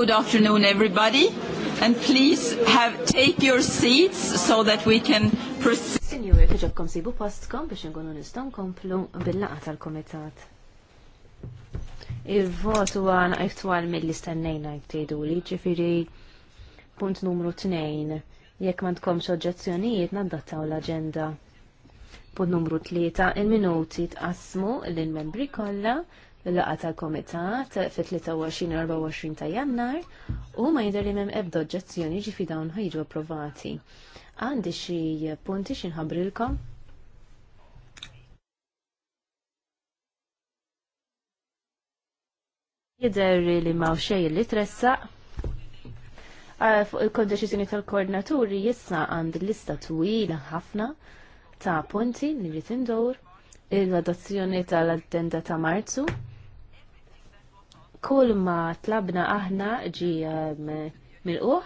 Good afternoon, everybody. And please have take your seats so that we can proceed. Signori, fiġabkom sibu postkom biex nkunu nistgħu nkomplu bil laqa tal-Kumitat. Il-vot huwa naqif twal mill-istennejna jtejdu li ġifieri punt numru 2 jekk ma tkomx oġġezzjonijiet naddattaw l-aġenda. Punt numru 3 il-minuti tqasmu lill membri kollha laqa tal-komitat fit-23-24 ta' jannar u ma jidher li m'hemm ebda oġġezzjoni ġifi dawn ħajġu approvati. Għandi xi punti xi nħabbrilkom? Jidher li ma' xejn li tressaq fuq il-kondeċizjoni tal-koordinaturi jissa għand lista twila ħafna ta' punti li rrit indur, il-adozzjoni tal-addenda ta' marzu, kull ma tlabna aħna ġi um, mil uħ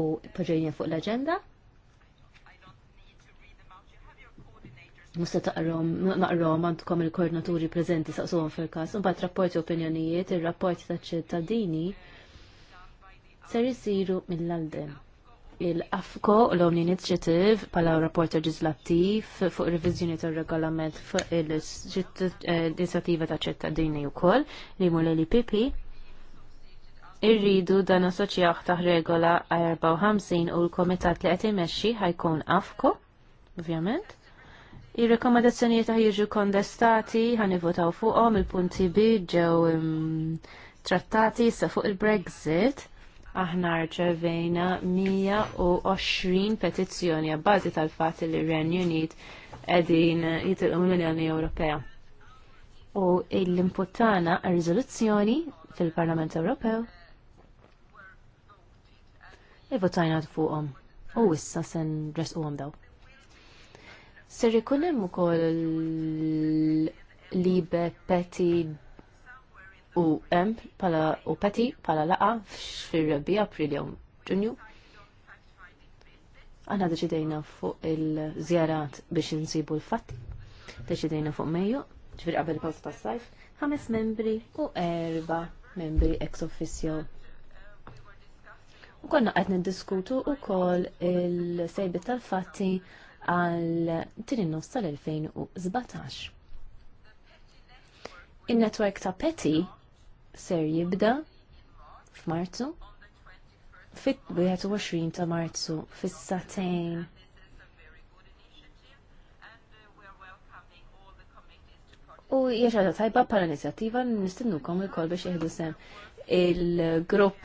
u poġejna fuq l-agenda. Musta taqrom, naqrom għandkom il-koordinaturi prezenti saqsuhom fil-kas, un bat rapporti opinjonijiet, il-rapporti ta' ċittadini ser jisiru mill-għaldem il-AFCO l omni Initiative pala rapport leġislattiv fuq revizjoni tar regolament fuq il-inizjattiva eh, ta' ċittadini wkoll li mu l-LPP irridu dan assoċjaħ ta' regola 54 u l-komitat li qed imexxi ħajkun afko, ovvjament. Ir-rekomandazzjonijiet ta' jiġu kondestati votaw fuqhom il-punti B ġew mm, trattati sa fuq il-Brexit aħna rċevejna 120 petizzjoni għabbażi tal-fat li Renju Unit edin jitilqu mill-Unjoni Ewropea. U l-imputtana rizoluzzjoni fil-Parlament Ewropew i-votajna fuqhom u issa sen resquhom daw. Ser ikun hemm ukoll libe peti u em pala u peti pala laqa fil rebbi april jew ġunju. Għanna deċidejna fuq il-żjarat biex nsibu l-fatti, deċidejna fuq Mejju, ġifir għabel pawza ta' sajf, ħames membri u erba membri ex officio. U konna qed niddiskutu wkoll il-sejbit tal-fatti għal tirin nofs tal-2017. Il-netwerk ta' Peti ser jibda f'Marzu fit-21 ta' Marzu fis-satejn. U jaxħada tajba pala inizjattiva nistinnukom il-kol biex jihdu sem il-grupp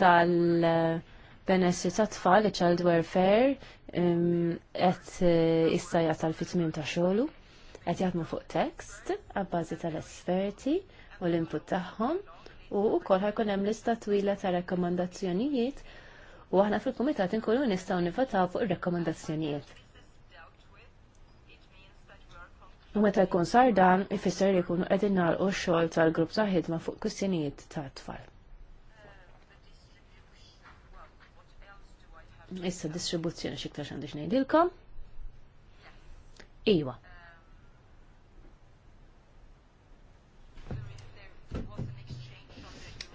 tal-benessi ta' tfal, child welfare, għet um, uh, istajja tal-fitmim ta' xolu, għet jgħatmu fuq tekst, għabbazi tal-esperti u l-input tagħhom u kol ħarkun hemm lista twila ta' rakkomandazzjonijiet u aħna fil-kumitat inkunu nistgħu nifataw fuq ir-rakkomandazzjonijiet. U meta jkun sar dan, ifisser li jkunu qegħdin nagħlqu x-xogħol tal-grupp ta' ħidma fuq kwistjonijiet ta' tfal. Issa distribuzzjoni xiktar xandix ngħidilkom. Iwa.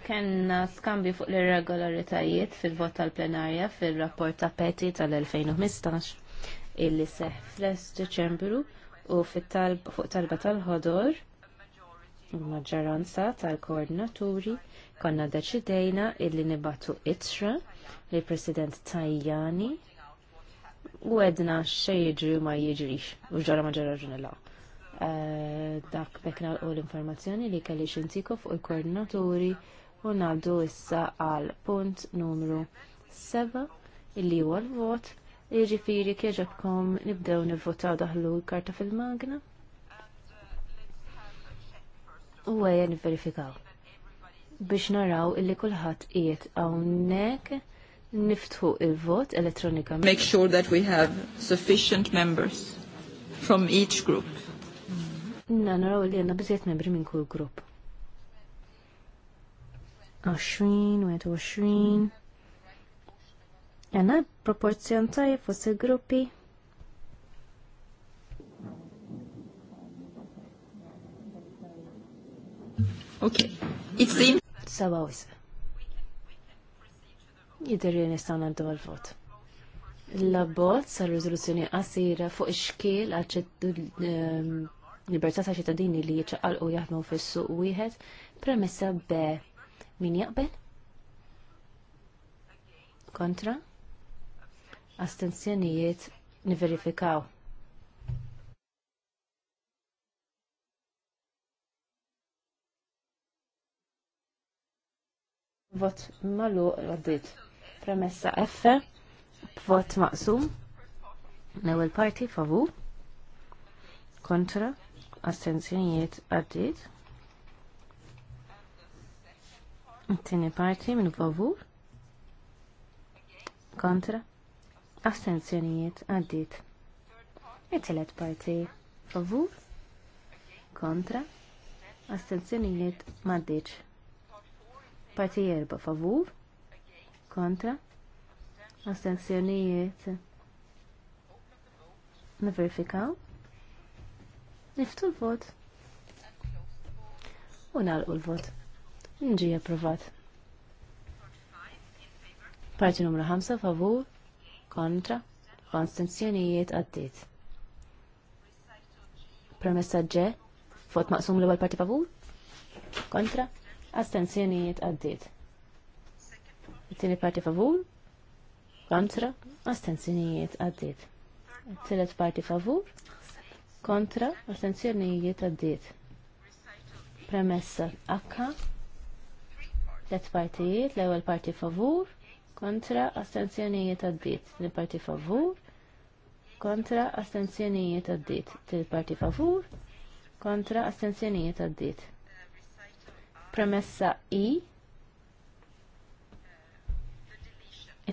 Kenna skambju fuq l-irregolaritajiet fil-vot tal-plenarja fil-rapport ta' Peti tal-2015 illi seħ fl-es ċembru u fuq talba tal-ħodor il-maġġoranza tal-koordinaturi konna deċidejna illi nibatu itra li president Tajjani u għedna xej jiġri ma jiġrix u ġara ma ġara eh, Dak bekna u l-informazzjoni li kelli xintiku fuq il-koordinaturi u ngħaddu issa għal punt numru 7 illi huwa l-vot jiġifieri kieġabkom nibdew nivvotaw daħlu l-karta fil-magna u għajja niverifikaw biex naraw illi kulħadd qiegħed hawnhekk niftħu il-vot elettronikament. Make sure that we have sufficient members from each group. Na naraw li għanna bżiet membri minn kull grupp. 20, 21. Għanna proporzjon tajja fost il-gruppi. Ok, it's in. Sawa wisa. Jidirri nistaw nandu għal-vot. L-abbozz għal riżoluzzjoni qasira fuq ix-xkiel għal ehm, libertà ta' ċittadini li jiċċaqalqu jaħdmu fis-suq wieħed premessa be Min jaqbel? Kontra? Astenzjonijiet niverifikaw. Vot malu għaddit. Premessa F. Vot maqsum. Newel parti favu. Kontra. Astenzjonijiet għaddit. Tieni parti minn favur. Kontra. Astenzjonijiet għaddit. It-tielet parti favur. Kontra. Astenzjonijiet maddiċ. Parti erba favur. Kontra. Astenzjonijiet. Nverifikaw? Niftu l-vot. U l-vot. Nġi approvat. Parti numru 5 favur kontra konstanzjonijiet għaddit. Premessa ġe, fot maqsum l għal parti favur? Kontra? Astenzjonijiet għaddit. Tini parti favur? Kontra? Astenzjonijiet għaddit. it parti favur? Kontra? Astenzjonijiet għaddit. Premessa akka Tlet partijiet, l-ewwel parti favur, kontra astenzjonijiet għaddit, li parti favur, kontra astenzjonijiet għaddit, li parti favur, kontra astenzjonijiet għaddit. Premessa I,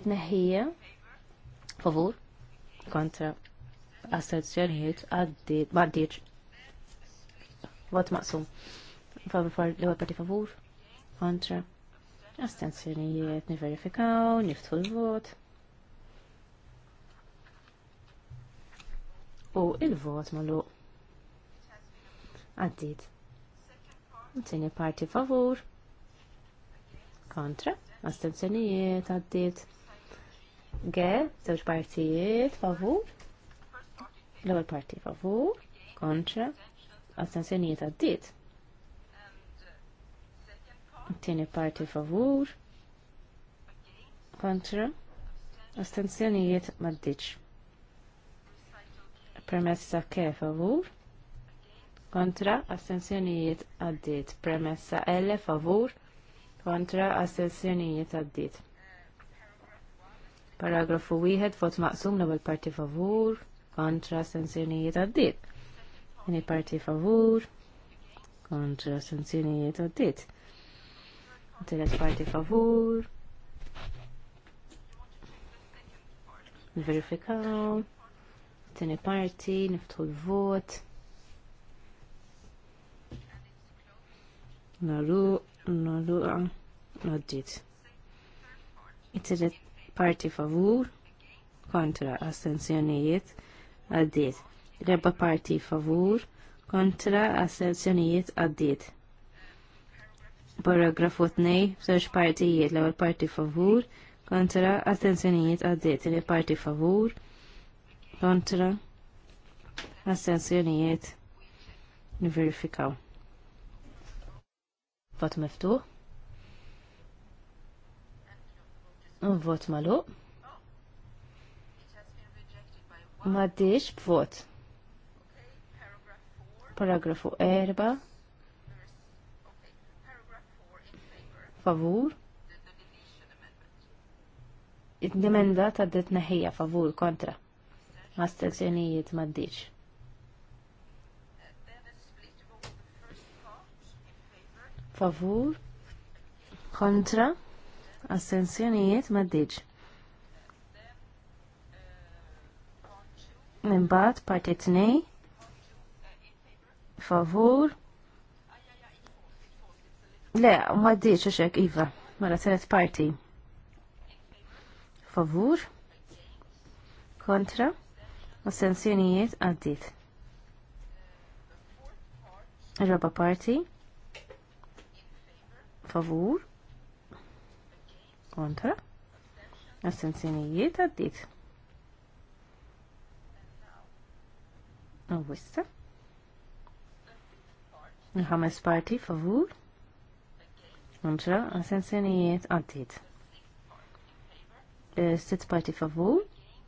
it-neħija, favur, kontra astenzjonijiet għaddit, maddiċ. Vot maqsum. Favor, l-ewwel parti favur, kontra astenzjonijiet niverifikaw, niftu l-vot. U il-vot malu għaddit. Tini parti favur, kontra, astenzjonijiet għaddit. G, zewġ partijiet favur, l-ewwel parti favur, kontra, astenzjonijiet għaddit Tieni parti favur. Kontra. Astenzjonijiet maddiċ. Premessa ke favur. Kontra. Astenzjonijiet għaddit. Premessa L favur. Kontra. Astenzjonijiet għaddit. Paragrafu wieħed vot maqsum l ewwel parti favur. Kontra. Astenzjonijiet għaddit. Ini parti favur. Kontra. Astenzjonijiet għaddit. Tiret parti favur. Verifikaw. Tini parti, niftħu l-vot. Naru, naru, naddit. Tiret parti favur. Kontra astenzjonijiet. Għaddit. Rebba parti favur. Kontra astenzjonijiet għaddit. Paragrafu 2, f'żewġ partijiet l parti favur kontra astensjonijiet għaddiet li parti favur kontra astensjonijiet niverifikaw. Vot miftuħ. U vot maluq. Maddiex b'vot. Paragrafu 4 favur id-demenda ta' d neħija favur kontra Ma' astrazzjonijiet maddiċ. Favur kontra astensjonijiet maddiċ. Minbat, partit nej favur Le, ma ddiċ xek, Iva, mela t-tenet parti. Favur, kontra, assenzjonijiet għaddit. Raba parti, favur, kontra, assenzjonijiet għaddit. Għawista. Nħames parti, favur, kontra assenzjonijiet għaddit. Eh, sitt parti favur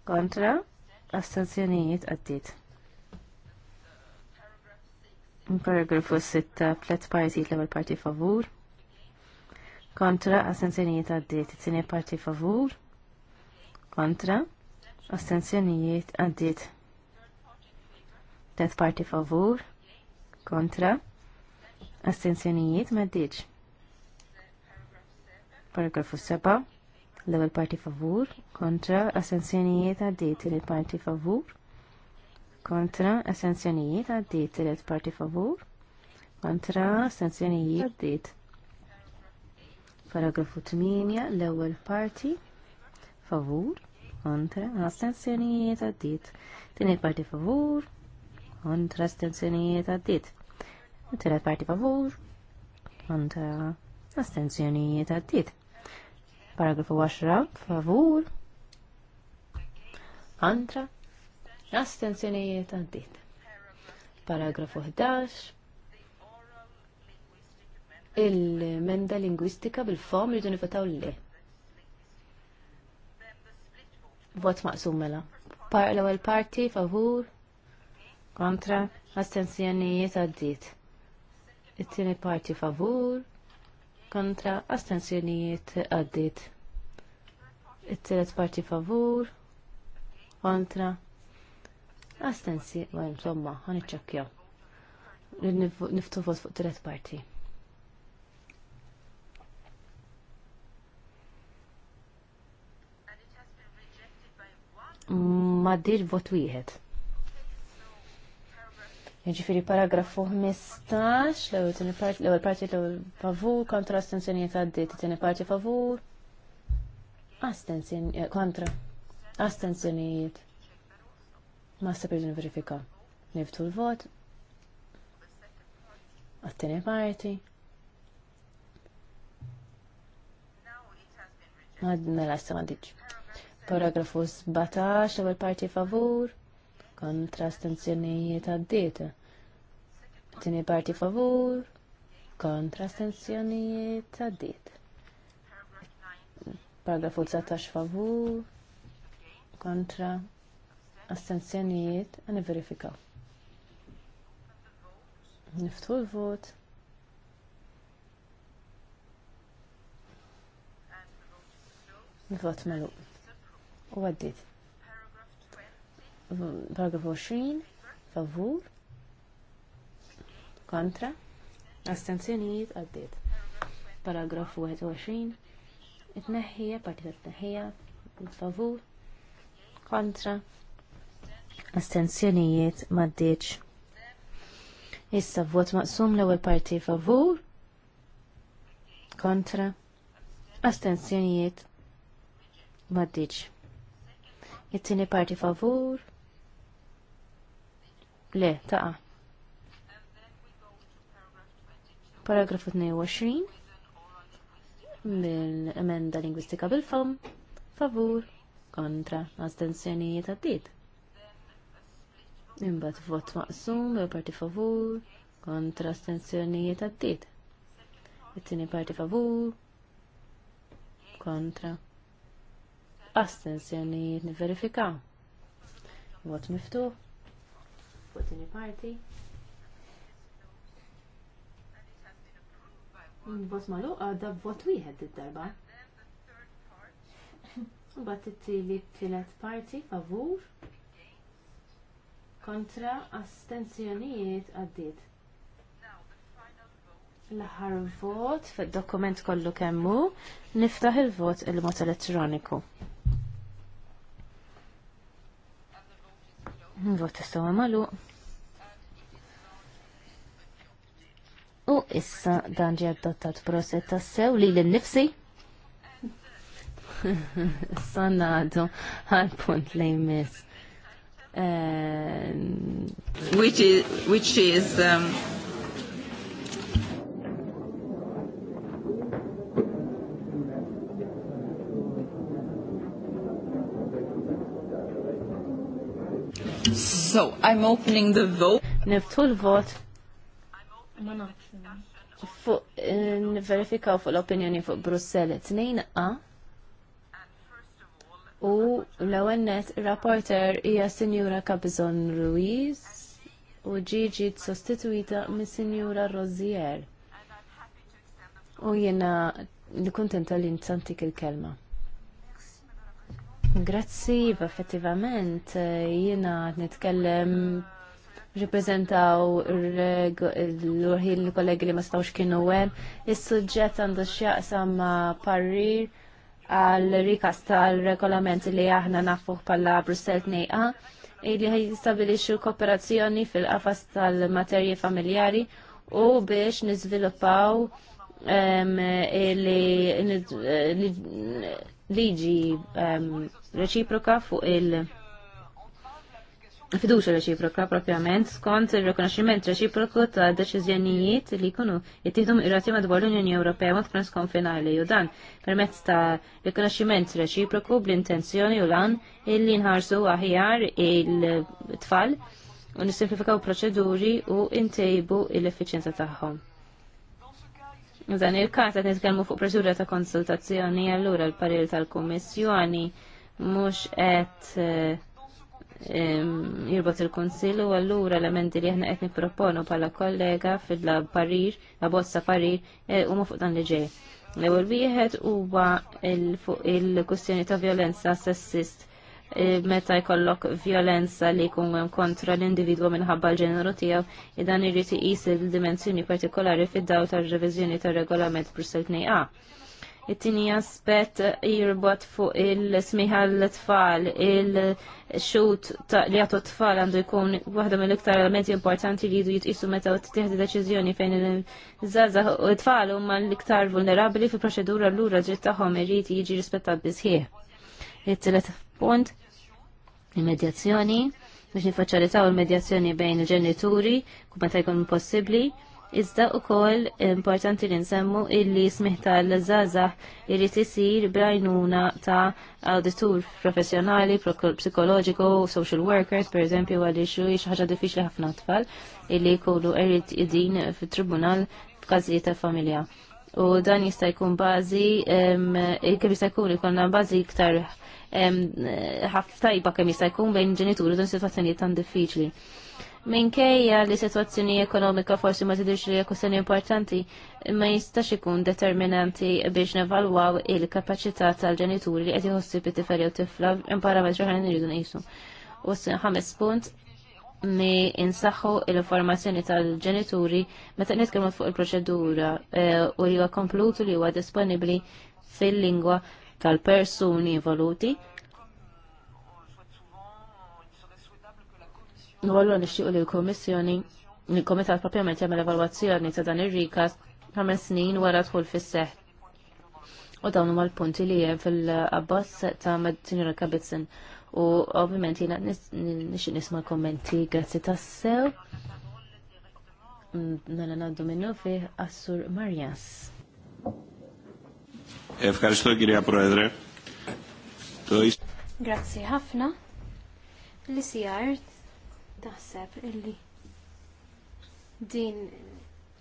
kontra assenzjonijiet għaddit. Paragrafu 6 plet parti level parti favur kontra assenzjonijiet għaddit. Tini parti favur kontra assenzjonijiet għaddit. Tet parti favur kontra astenzjonijiet għaddit. Paragrafu 7. L-ewwel parti favur kontra assenzjonijiet għaddiet il parti favur kontra assenzjonijiet għaddiet il parti favur kontra assenzjonijiet għaddiet. Paragrafu 8. L-ewwel parti favur kontra astensjonijiet Din il parti favur kontra astensjonijiet għaddiet. Tieni parti favur kontra astensjonijiet għaddiet. Paragrafu 10, favur, kontra, astenzjonijiet għaddit. Paragrafu 11, il-menda lingwistika bil-fom li nifataw li. Vot maqsum mela. l-ewwel parti favur kontra astenzjonijiet għaddit. It-tieni parti favur kontra astensjonijiet għaddit. it telet parti favur kontra astensjonijiet. Għan, somma, għan iċakja. Niftu vot fuq telet parti. Ma dir vot wieħed. Ġifiri paragrafu 15, l-ewel parti l favur, kontra astenzjonijiet għaddit, t-tini parti favur, astenzjonijiet, eh, kontra, astenzjonijiet. Ma sta' sabirġin verifika. Niftu l-vot, għattini parti. Għadna l-asta mela, Paragrafu 17, l-ewel parti favur, kontra astenzjonijiet għaddiet. Tini parti favur kontra astenzjonijiet għaddiet. Paragrafu 19 favur kontra astenzjonijiet għan verifikaw. Niftu l-vot. Vot malu. U għaddit paragrafu 20 favur kontra astenzjonijiet għaddiet paragrafu 21 it-neħħija partita t-neħħija favur kontra astenzjonijiet maddiċ issa vot maqsum l ewwel parti favur kontra astenzjonijiet maddiċ it-tini parti favur Le, taqa. Paragrafu 22 bil emenda lingwistika bil-fam favur kontra astensjonijiet għaddit. Imbat vot maqsum jew parti favur kontra astensjonijiet għaddit. It-tieni parti favur kontra astensjonijiet verifika. Vot miftuħ fuq tini parti. Vot malu, għadda vot wieħed id-darba. Bat it-tili t-tilet parti, favur, kontra astenzjonijiet għaddit. L-aħħar vot fid-dokument kollu kemmu, niftaħ il-vot il-mod elettroniku. Vot istaw għamalu. U issa dan ġi adottat proset tassew li l-nifsi. Sanadu għal-punt li jmiss. Which is, which is um, So, I'm opening the vote. Niftu l-vot. Fuq, eh, fuq l-opinjoni fuq Brussel. Tnejn a. U l net rapporter hija Sinjura Cabezon Ruiz u ġiġi sostituita minn Sinjura Rozier. U jena li kontenta li nsantik il-kelma. Grazzi, effettivament, jiena nitkellem reprezentaw l urħil l-kollegi li ma stawx kienu għem. Is-sujġet għandu xjaqsam ma' parrir għal rikas tal-regolament li aħna nafuħ palla Brussel nejqa a li jistabilixu kooperazzjoni fil-qafas tal-materji familjari u biex nizviluppaw li liġi ehm, reċiproka fuq il- fiduċa reċiproka propjament skont il-rekonoxximent reċiproku ta' deċiżjonijiet li jkunu ir irrati madwar l-Unjoni Ewropea mod transkonfinali u dan permezz ta' rekonoxximent reċiproku bl-intenzjoni u lan illi nħarsu aħjar il-tfal u nisimplifikaw proċeduri u ntejbu l-effiċjenza tagħhom. Dan il-kas qed nitkellmu fuq proċedura ta' konsultazzjoni allura l-parir tal-Kummissjoni mhux qed eh, jirbot il-Kunsill u allura elementi li aħna qed nipproponu bħala kollega fil-parir, la bozza parir, eh, huma fuq dan li ġej. L-ewwel wieħed huwa fuq il-kwestjoni ta' violenza sessist Eh, meta jkollok violenza li jkun hemm kontra l-individwu minħabba l-ġeneru tiegħu dan irid iqis il-dimensjoni partikolari fid-daw tar-reviżjoni tar-regolament Brussel 2A. It-tieni aspett jirbot fuq il-smiħa l-tfal, il-xut li għatu tfal għandu jkun waħda mill-iktar elementi importanti li jidu jitqisu meta t-tihdi deċiżjoni fejn il-żaza u t-tfal huma l-iktar vulnerabbli fi proċedura l ura ġiet tagħhom jiġi rispettat bisħieħ. It-tielet punt il-medjazzjoni biex nifaċilitaw il-medjazzjoni bejn il-ġenituri kumma ta' jkun possibbli Iżda u kol importanti li nsemmu illi smiħta l-żazah irrit isir brajnuna ta' auditur professjonali, psikologiku, social workers, per eżempju, għalli xu ħaġa diffiċli ħafna tfal illi kollu irrit id-din fit-tribunal f'każijiet ta' familja u dan jista' jkun bażi kemm jista' jkun ikollna bażi iktar ħaftajba kemm jista' jkun bejn ġenituri dan sitwazzjonijiet tan diffiċli. Minkejja li sitwazzjoni ekonomika forsi ma tidirx li kwestjoni importanti ma jistax ikun determinanti biex nevalwaw il-kapacità tal-ġenituri li qed jħossi bit-tifel jew tifla parametru ħanin iridu nqisu. U ħames punt mi insaħħu l-informazzjoni tal-ġenituri meta nitkellmu fuq il-proċedura eh, u li huwa komplutu li huwa disponibbli fil-lingwa tal-persuni involuti. Wallu nixtiequ li l-Kummissjoni l komitat propjament jagħmel evalwazzjoni ta' dan ir-rikas ħames snin wara dħul fis-seħħ u dawn huma l-punti li hemm fil-abbozz ta' Sinjora Kabitsen. U ovvjament jiena nixi nisma' kommenti grazzi tassew. Mm, mela ngħaddu minnu fih Assur Marjas. Grazzi ħafna. Li sijar taħseb illi din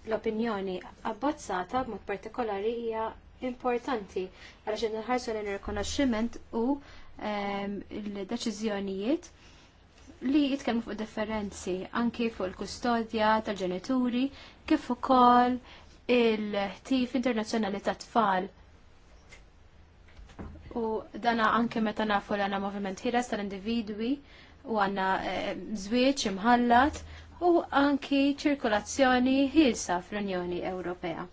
l-opinjoni abbozzata b'mod partikolari hija importanti għaliex inħarsu l-rikonoxximent u ehm, l-deċiżjonijiet li jitkellmu fuq differenzi anki fuq il-kustodja tal-ġenituri kif ukoll il-ħtif internazzjonali ta' tfal. U dana anke meta nafu l għandna moviment ħires tal-individwi u għandna ehm, żwieġ imħallat u anki ċirkolazzjoni ħilsa fl-Unjoni Ewropea.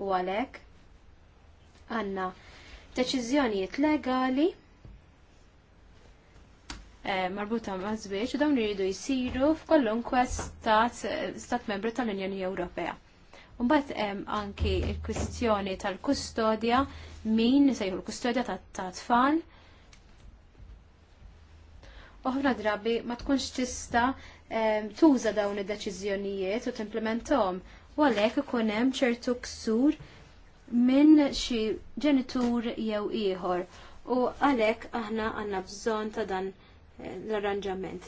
U għalhekk għanna deċiżjonijiet legali eh, marbuta ma' żwieġ u dawn iridu jsiru f'kollunkwe stat, stat membru tal-Unjoni Ewropea. Mbagħad hemm anki l-kwistjoni tal-kustodja min sejħu l-kustodja tat-tfal. U drabi ma tkunx tista' eh, tuża dawn id-deċiżjonijiet u timplementhom u għalhekk ikun hemm ċertu ksur minn xi ġenitur jew ieħor. U għalhekk aħna għandna bżonn ta' dan eh, l-arranġament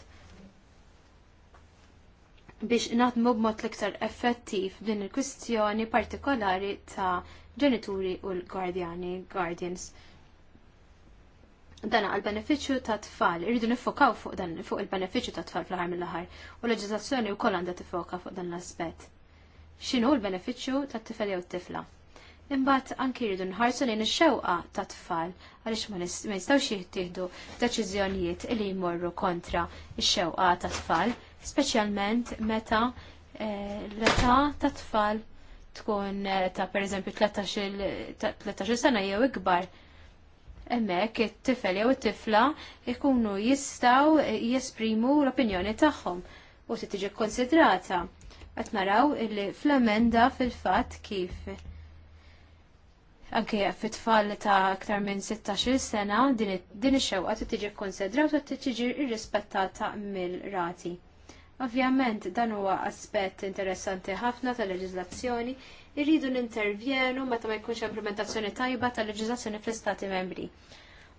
biex naħdmu b'mod l-iktar effettiv din il-kwistjoni partikolari ta' ġenituri u l gardjani guardians. Dana għal beneficju ta' tfal, irridu nifokaw fuq dan fuq il-beneficju ta' tfal fl-ħar mill-ħar u l-leġizazzjoni u koll għandha tifoka fuq dan l-aspett. X'inhu l-beneficju ta' tifel jew tifla? imbagħad anki jridu nħarsu lejn ix-xewqa ta' tfal għaliex ma nistgħux jittieħdu deċiżjonijiet li jmorru kontra x-xewqa ta' tfal, speċjalment meta eh, l-età ta' tfal tkun eh, ta' pereżempju 13 sena jew ikbar. Emmek it-tifel jew it-tifla jkunu jistgħu eh, jesprimu l-opinjoni tagħhom u se tiġi konsidrata. Qed naraw illi fl-emenda fil-fatt kif anke fit-tfal ta' aktar minn 16 sena din ix-xewqa tiġi kkonsidraw u tiġi rrispettata mill-rati. Ovvjament dan huwa aspett interessanti ħafna tal-leġiżlazzjoni irridu nintervjenu meta ma jkunx implementazzjoni tajba tal-leġiżlazzjoni fl-Istati membri.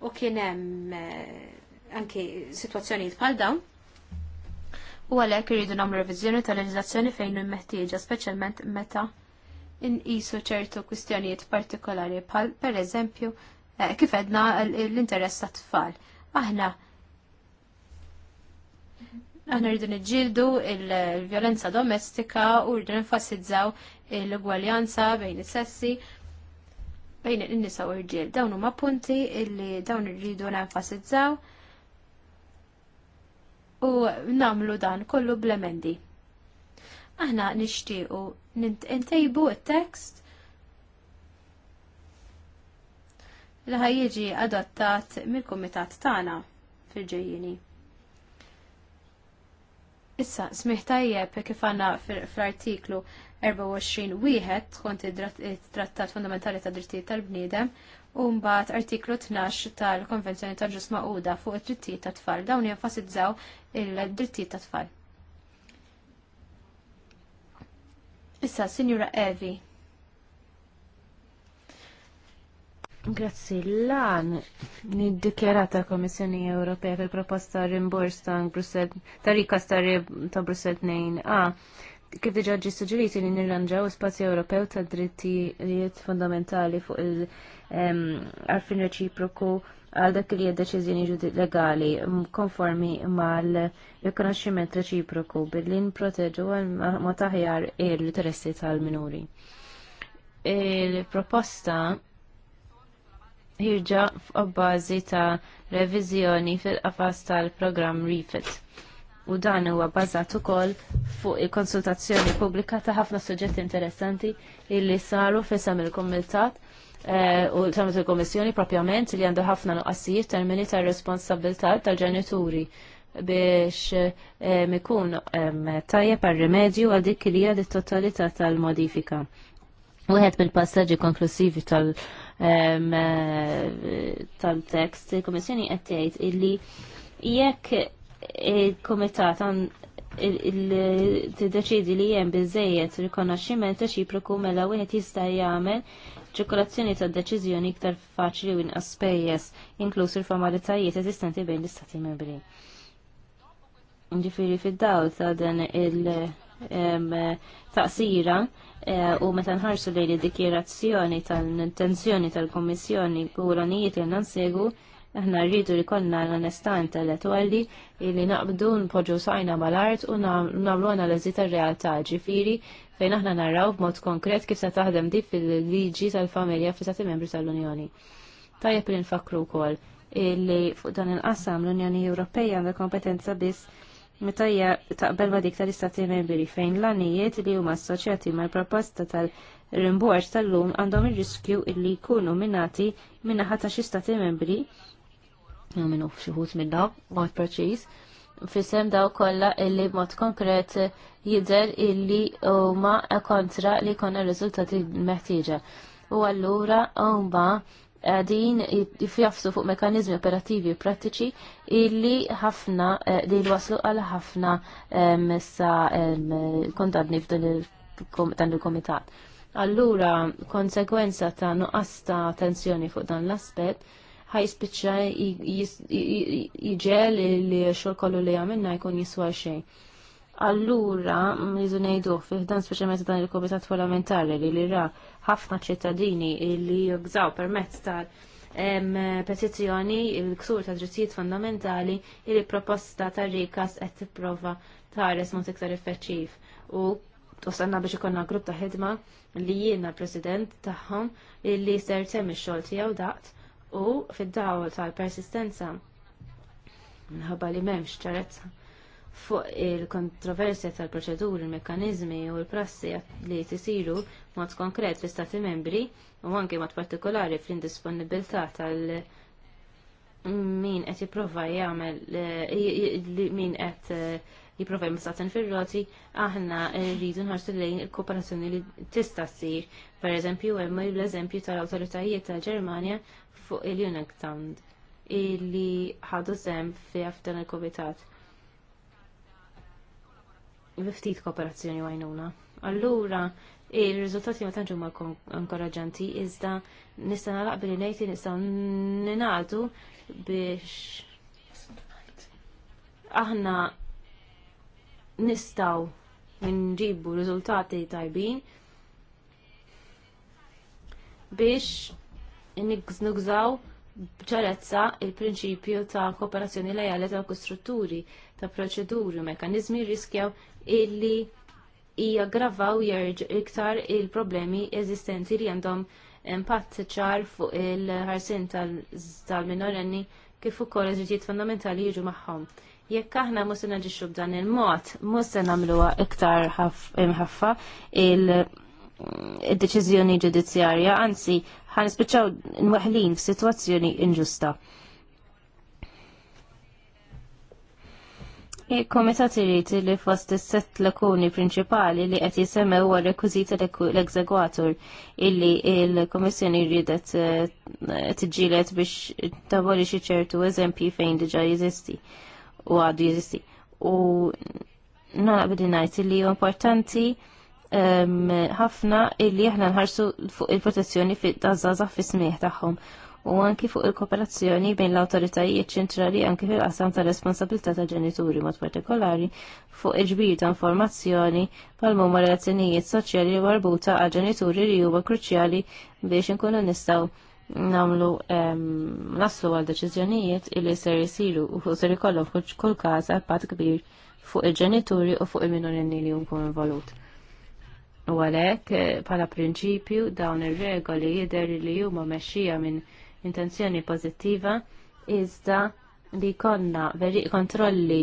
U kien hemm eh, anke sitwazzjonijiet bħal dawn. U għalhekk irridu nagħmlu reviżjoni tal-leġiżlazzjoni fejn hu speċjalment meta inqisu ċertu kwistjonijiet partikolari bħal pereżempju eh, kif edna l-interess tat-tfal. Aħna aħna rridu niġġieldu il-vjolenza domestika u rridu nfasizzaw l-ugwaljanza bejn is-sessi bejn in-nisa u r Dawn huma punti li dawn irridu nenfasizzaw u namlu dan kollu blemendi aħna nixtiequ ntejbu il tekst li ħaj jiġi adottat mill-kumitat Tana fil-ġejjini. Issa, smiħtajjeb kif għanna fl-artiklu 24 wieħed kont it-Trattat Fundamentali ta' Drittijiet tal-Bniedem u mbagħad artiklu 12 tal-Konvenzjoni tal-Ġus Maquda fuq it-drittijiet tat-tfal dawn jenfasizzaw il-drittijiet tat-tfal. Issa, Signora Evi. Grazzi, Lan ni niddikjarata Komissjoni Ewropea fil-proposta rimbors ta' Brussel, ta' rikas ta' ta' Brussel 2a, kif diġa ġi suġġeriti li nirranġaw spazju Ewropew ta' drittijiet fundamentali fuq il-arfin reċiproku għal dak li deċiżjoni legali konformi mal-rikonoxximent reċiproku billi nproteġu għal ma taħjar l-interessi tal-minuri. Il-proposta ħirġa f'abbażi ta' reviżjoni fil-qafas tal-programm REFIT u dan huwa bbażat ukoll fuq il-konsultazzjoni pubblika ta' ħafna suġġetti interessanti illi saru fisam il-Kumitat Eh, u tamet il-Komissjoni propjament li għandu ħafna nuqqassijiet termini ta' responsabilità tal-ġenituri biex eh, mikun tajjeb għal rimedju għal dik li għad totalità tal-modifika. Wieħed bil passaġġi konklusivi tal- eh, tal-tekst, il-Komissjoni qed tgħid illi jekk il-Komitat tiddeċidi li hemm biżejjed rikonoxximent reċiproku mela wieħed jista' jagħmel ċirkolazzjoni ta' deċiżjoni iktar faċli u inqas spejjeż, inkluż il-formalitajiet eżistenti bejn l-istati membri. Ġifieri fid-dawl ta' dan il-taqsira eh, u meta nħarsu lejn id-dikjerazzjoni tal-intenzjoni tal-Kommissjoni u l-anijiet li nansegu, Aħna rridu li konna l-onestà intellettuali li naqbdu npoġġu sajna mal-art u nagħmlu analiżi tar-realtà ġifieri fejn aħna narraw b'mod konkret kif se taħdem di fil-liġi tal-familja fi stati Membri tal-Unjoni. Tajjeb li nfakru wkoll li fuq dan il-qasam l-Unjoni Ewropeja għandha kompetenza biss mitajja taqbel ma dik tal-istati membri fejn l-għanijiet li huma assoċjati mal-proposta tal-rimborġ tal-lum għandhom ir-riskju illi jkunu minnati minnaħa ta' xi stati membri minu xieħut minna, mod preċiż, fissem daw kolla illi mod konkret jider illi huma kontra li konna r-riżultati meħtieġa. U allura huma din jifjafsu fuq mekanizmi operativi u pratiċi illi ħafna eh, li waslu għal ħafna eh, messa eh, kontadni f'dan il-komitat. Allura, konsekwenza ta' nuqqas ta' tensjoni fuq dan l-aspet, Ħaj ħajspiċċa jiġel li xogħol kollu li għamilna jkun jiswa xejn. Allura, nizu nejdu, fiħdan speċjalment dan il-Komitat Parlamentari li li ra ħafna ċittadini li jgżaw permezz tal petizzjoni il-ksur ta' drittijiet fundamentali li proposta ta' rikas qed tipprova tares mod iktar effettiv. U tostanna biex ikonna grupp ta' ħidma li jiena president tagħhom li ser temm ix-xogħol tiegħu daqt u fid-dawl tal-persistenza minħabba li m'hemmx ċarezza fuq il-kontroversja tal-proċeduri, il-mekkanizmi u l-prassi li tisiru mod konkret fl istati membri u anke mod partikolari fl-indisponibilità tal- min qed jipprova jagħmel eh, min qed eh, jiprofaj jmissatan fil-roti, aħna rridu nħarsu lejn il-kooperazzjoni li tista' ssir. Per eżempju, hemm l-eżempju tal-awtoritajiet ta' Ġermanja fuq il-Unactand illi ħadu sem fi dan il-komitat. Ftit kooperazzjoni għajnuna. Allura, il-rizultati ma tanġu ma inkoraġanti, iżda nista' nalaq billi ngħid nistgħu ninaħdu biex aħna nistaw nġibu riżultati tajbin biex nigżnużaw bċarezza il-prinċipju ta' kooperazzjoni lejali ta' strutturi ta' proċeduri u mekanizmi riskjaw illi jaggravaw jerġ iktar il-problemi eżistenti li għandhom impatt ċar fuq il-ħarsin tal-minorenni kif ukoll eżiġijiet fondamentali jiġu magħhom. Jekk aħna mhux se naġixxu b'dan il-mod, mhux se nagħmluha iktar imħaffa il-deċiżjoni ġudizzjarja, anzi spiċċaw nwaħlin f'sitwazzjoni inġusta. Il-Komitat irid li fost is-sett lakuni prinċipali li qed jisemmew huwa rekwiżit l eżegwatur illi il-Komissjoni riedet eh, tiġġieled biex xi ċertu eżempji fejn diġà jeżisti u għadu jizisti. U non bidi najt li importanti ħafna illi aħna nħarsu fuq il-protezzjoni fit żgħażagħ fi smieħ tagħhom u anki fuq il-kooperazzjoni bejn l-awtoritajiet ċentrali anki fil-qasam ta' responsabilità ta' ġenituri mod partikolari fuq il-ġbir ta' informazzjoni pal mumma relazzjonijiet soċjali warbuta għal ġenituri li huwa kruċjali biex inkunu nistgħu namlu naslu għal deċiżjonijiet illi ser jisiru u ser jikollu fuq kull każ pat kbir fuq il-ġenituri u fuq il-minorenni li jkun involut. U għalhekk eh, bħala prinċipju dawn ir-regoli jider li huma meċxija minn intenzjoni pożittiva iżda li konna veri kontrolli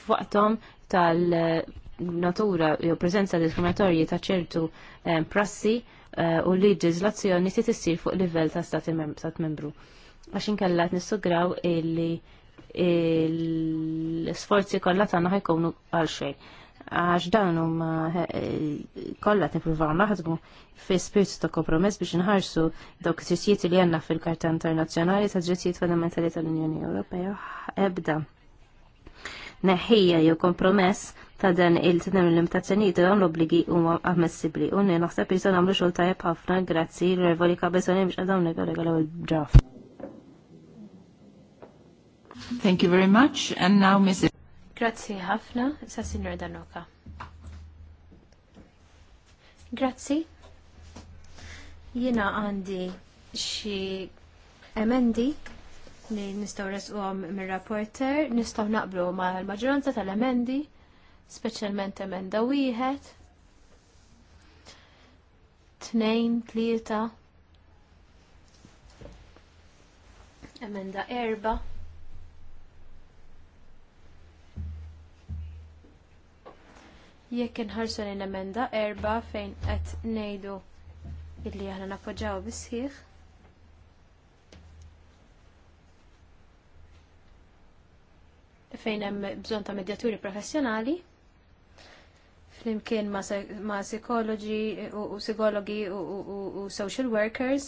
fuqtom tal-natura eh, jew preżenza diskriminatorji ta' ċertu eh, prassi Eh, u l-leġizlazzjoni ti tissir fuq livell ta' stati membru. Għax inkella qed nissugraw illi l-sforzi kollha tagħna kownu għal xej. Għax dawn kolla eh, kollha nippruvaw naħdmu fi spiritu ta' kompromess biex nħarsu dawk it-trittijiet li għandna fil-Karta Internazzjonali ta' Drittijiet Fundamentali tal-Unjoni Ewropea ebda Neħija jew kompromess ta' dan il-tnem l-limitazzjonijiet dan l obligi huma ammissibbli. Unni naħseb li għamlu nagħmlu xogħol tajjeb ħafna grazzi l-revoli kabezoni biex għadaw li il-ġraf. Thank you very much. And now Mrs. Grazzi ħafna, sa' Signor Danoka. Grazzi. Jina għandi xi emendi li nistaw resqom mir-rapporter, nistaw naqblu ma' l-maġġoranza tal-emendi speċjalment emenda wieħed, tnejn, tlieta, emenda erba. Jekk inħarsu lejn emenda erba fejn qed ngħidu illi aħna nappoġġaw bisħiħ. Fejn hemm bżonn ta' medjaturi professjonali flimkien ma' psikologi u psikologi u social workers.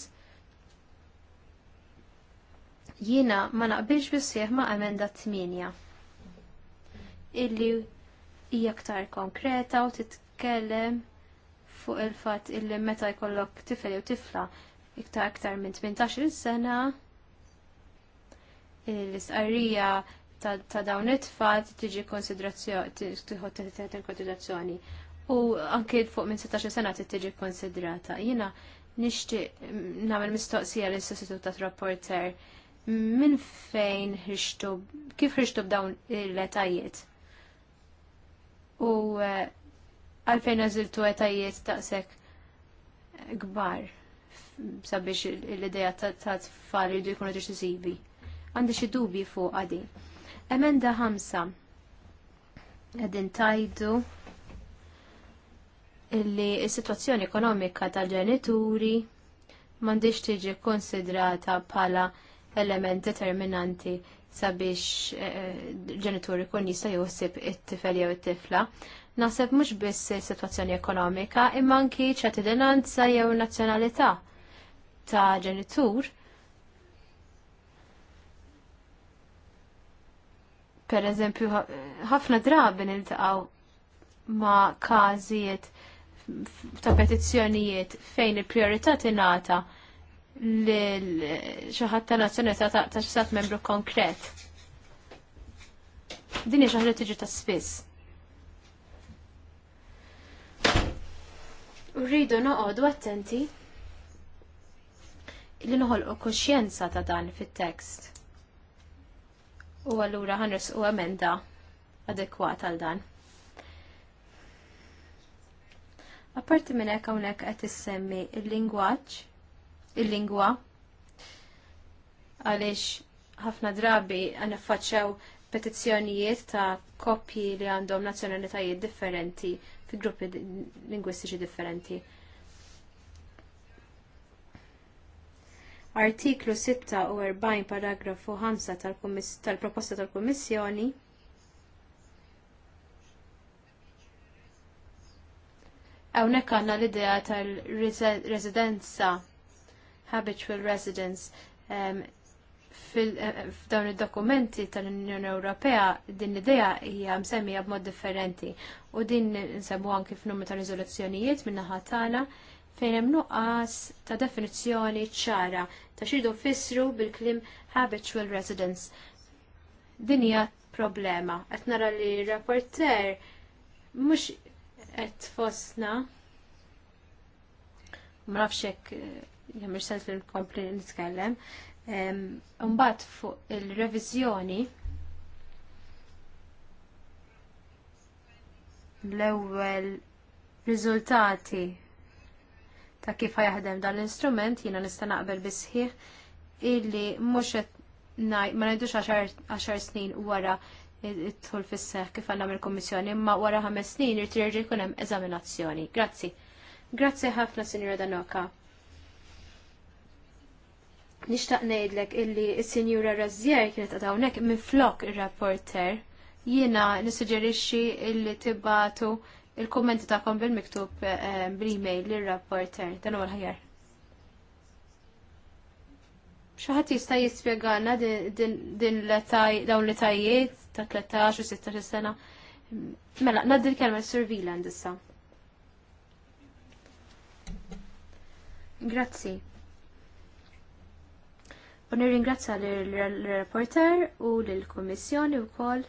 Jiena ma naqbilx bissieħ ma' emenda 8 illi hija aktar konkreta u titkellem fuq il-fatt illi meta jkollok tifel u tifla iktar aktar minn 18 sena l-isqarrija ta' dawn it-tfal tiġi konsiderazzjoni u anke fuq minn 16 sena tiġi konsidrata. Jiena nixtieq mm, nagħmel mistoqsija l istitut ta' rapporter minn fejn ħriġtu, kif ħriġtu b'dawn il-letajiet? U eh, għalfejn għaziltu etajiet taqsek gbar sabiex l-ideja ta' tfal jridu jkunu deċiżivi. Għandi xi dubji fuq għadin. Emenda ħamsa. Edin tajdu illi s-situazzjoni ekonomika tal-ġenituri mandiġ tiġi konsidrata bħala element determinanti sabiex eh, ġenituri kun jista' juħsib it-tifel jew it-tifla. Naħseb mhux biss is-sitwazzjoni ekonomika imma anki denanza jew nazzjonalità ta' ġenitur Per eżempju, ħafna drabi niltaqgħu ma' każijiet ta' petizzjonijiet fejn il-priorità tingħata lil xi ħadd ta' nazzjonalità ta' xi stat membru konkret. Din hija xi ħaġa tiġi ta' spiss. rridu noqogħdu attenti li noħolqu kuxjenza ta' dan fit-tekst u għallura ħanres u emenda adekwata għal dan. Apparti minn hekk hawnhekk qed issemmi il-lingwaġġ, il-lingwa għaliex ħafna drabi għanaffaċċew petizzjonijiet ta' koppji li għandhom nazzjonalitajiet differenti fi gruppi lingwistiċi differenti. Artiklu 46 paragrafu 5 tal-proposta tal tal-Kummissjoni Hawnhekk għandna l-idea tal-residenza habitual residence eh, eh, f'dawn id-dokumenti tal-Unjoni Ewropea din l-idea hija msemmija b'mod differenti u din nsemmu anki f'numru ta' riżoluzzjonijiet min-naħa tagħna fejn hemm nuqqas ta' definizzjoni ċara ta' xirdu fissru bil-klim habitual residence. Din hija problema. Qed nara li rapporter mhux qed fosna ma nafx hekk eh, jemmer sens li nkompli nitkellem. Mbagħad fuq il-reviżjoni l-ewwel riżultati ta' kif ħajaħdem dan l-instrument jiena nista' naqbel bisħiħ illi mhux qed ma ngħidux 10 snin wara id-dħul fis seħħ kif għandna mill-Kummissjoni, imma wara ħames snin irtrid jkun hemm eżaminazzjoni. Grazzi. Grazzi ħafna Sinjura Danoka. Nixtaq ngħidlek illi s-Sinjura Razzier kienet qed hawnhekk minn flok ir-rapporter. Jiena nissuġġerixxi illi tibatu il-kommenti ta'kom bil-miktub eh, bil-email l-rapporter, dan u l-ħajar. Xaħat jista jispiegħana din dawn l tajiet ta' 13 u 16 sena. Mela, naddi l-kelma surveillance issa. Grazzi. U nirringrazzja l-reporter u l-Komissjoni u koll